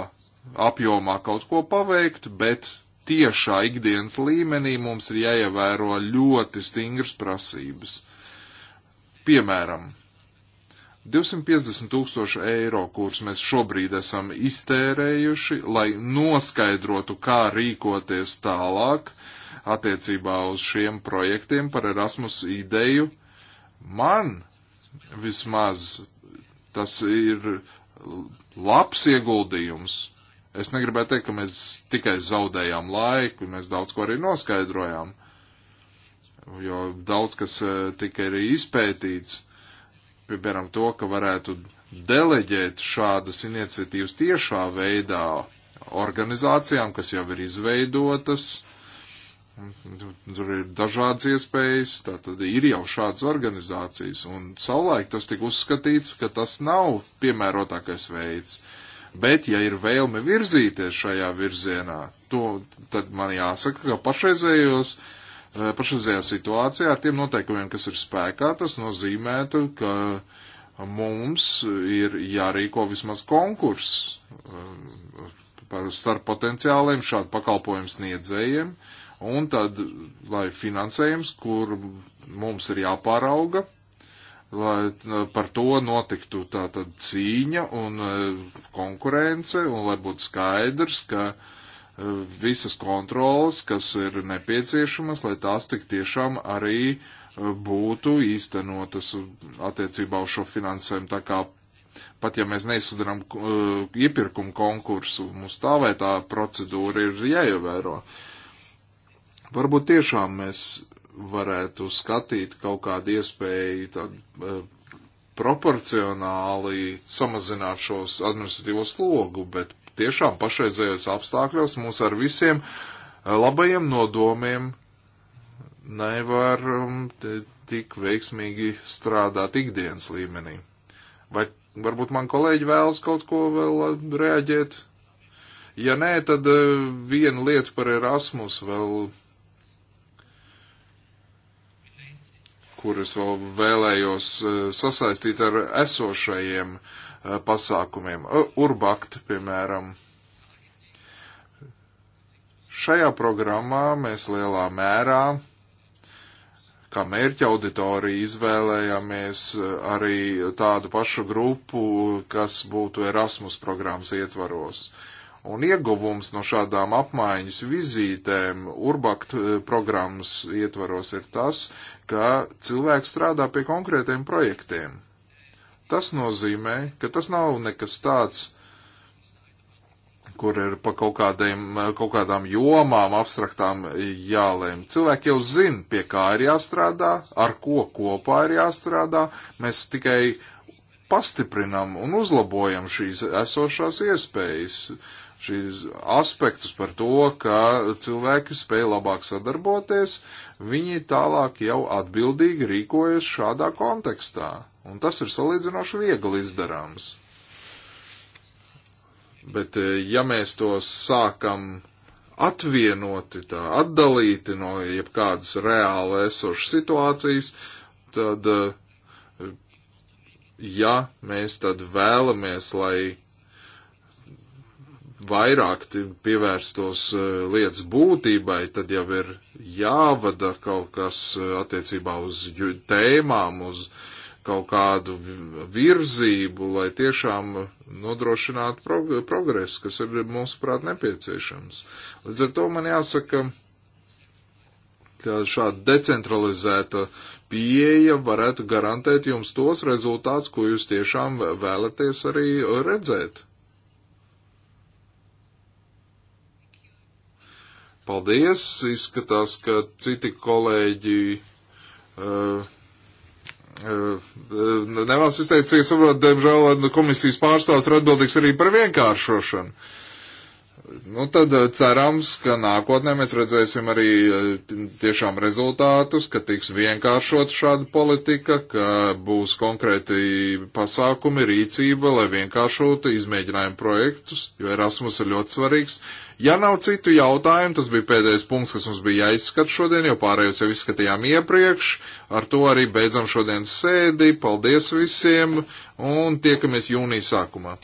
apjomā kaut ko paveikt, bet tiešā ikdienas līmenī mums ir jāievēro ļoti stingras prasības. Piemēram, 250 tūkstoši eiro, kurus mēs šobrīd esam iztērējuši, lai noskaidrotu, kā rīkoties tālāk attiecībā uz šiem projektiem par Erasmus ideju, man vismaz tas ir labs ieguldījums. Es negribētu teikt, ka mēs tikai zaudējām laiku, mēs daudz ko arī noskaidrojām, jo daudz kas eh, tika arī izpētīts piemēram, to, ka varētu deleģēt šādas iniciatīvas tiešā veidā organizācijām, kas jau ir izveidotas. Tur ir dažādas iespējas, tātad ir jau šādas organizācijas, un savulaik tas tika uzskatīts, ka tas nav piemērotākais veids. Bet, ja ir vēlme virzīties šajā virzienā, to, tad man jāsaka, ka pašreizējos uh, Eh, pašreizējā situācijā ar tiem noteikumiem, kas ir spēkā, tas nozīmētu, ka mums ir jārīko vismaz konkurss eh, starp potenciāliem šādu pakalpojumu sniedzējiem, un tad, lai finansējums, kur mums ir jāpārauga, lai eh, par to notiktu tātad cīņa un konkurence, un lai būtu skaidrs, ka uh, visas kontrolas, kas ir nepieciešamas, lai tās tik tiešām arī eh, būtu īstenotas attiecībā uz šo finansējumu. Tā kā pat ja mēs neizsudaram uh, eh, iepirkumu konkursu, mums tā vai tā procedūra ir jāievēro. Varbūt tiešām mēs varētu skatīt kaut kādu iespēju tādu uh, eh, proporcionāli samazināt šos administratīvo slogu, bet tiešām pašreizējos apstākļos mūs ar visiem eh, labajiem nodomiem nevar tik veiksmīgi strādāt ikdienas līmenī. Vai varbūt man kolēģi vēlas kaut ko vēl eh, reaģēt? Ja nē, tad eh, viena lieta par Erasmus vēl, kuras vēl vēlējos sasaistīt ar esošajiem uh, Eh, pasākumiem. Eh, Urbakt, piemēram. Šajā programmā mēs lielā mērā kā mērķa auditoriju izvēlējāmies eh, arī tādu pašu grupu, kas būtu Erasmus programmas ietvaros. Un ieguvums no šādām apmaiņas vizītēm Urbakt programmas ietvaros ir tas, ka cilvēks strādā pie konkrētiem projektiem. Tas nozīmē, ka tas nav nekas tāds, kur ir pa kaut, kādiem, kaut kādām jomām abstraktām jālēm. Cilvēki jau zina, pie kā ir jāstrādā, ar ko kopā ir jāstrādā. Mēs tikai pastiprinam un uzlabojam šīs esošās iespējas, šīs aspektus par to, ka cilvēki spēj labāk sadarboties, viņi tālāk jau atbildīgi rīkojas šādā kontekstā. Un tas ir salīdzinoši viegli izdarāms. Bet e, ja mēs to sākam atvienoti, tā atdalīti no jebkādas reāli esošas situācijas, tad, e, ja mēs tad vēlamies, lai vairāk pievērstos e, lietas būtībai, tad jau ir jāvada kaut kas attiecībā uz tēmām, uz uh, kaut kādu virzību, lai tiešām nodrošinātu prog progresu, kas ir mums prāt nepieciešams. Līdz ar to man jāsaka, ka šāda decentralizēta pieeja varētu garantēt jums tos rezultātus, ko jūs tiešām vēlaties arī redzēt. Paldies! Izskatās, ka citi kolēģi uh, Eh, eh, nevēlas izteikt, cik saprot, diemžēl eh, komisijas pārstāvs ir atbildīgs arī par vienkāršošanu. Nu, tad eh, cerams, ka nākotnē mēs redzēsim arī eh, tiešām rezultātus, ka tiks vienkāršot šāda politika, ka būs konkrēti pasākumi, rīcība, lai vienkāršotu izmēģinājumu projektus, jo Erasmus ir ļoti svarīgs. Ja nav citu jautājumu, tas bija pēdējais punkts, kas mums bija jāizskat šodien, jo pārējos jau izskatījām iepriekš. Ar to arī beidzam šodienas sēdi. Paldies visiem un tiekamies jūnija sākumā.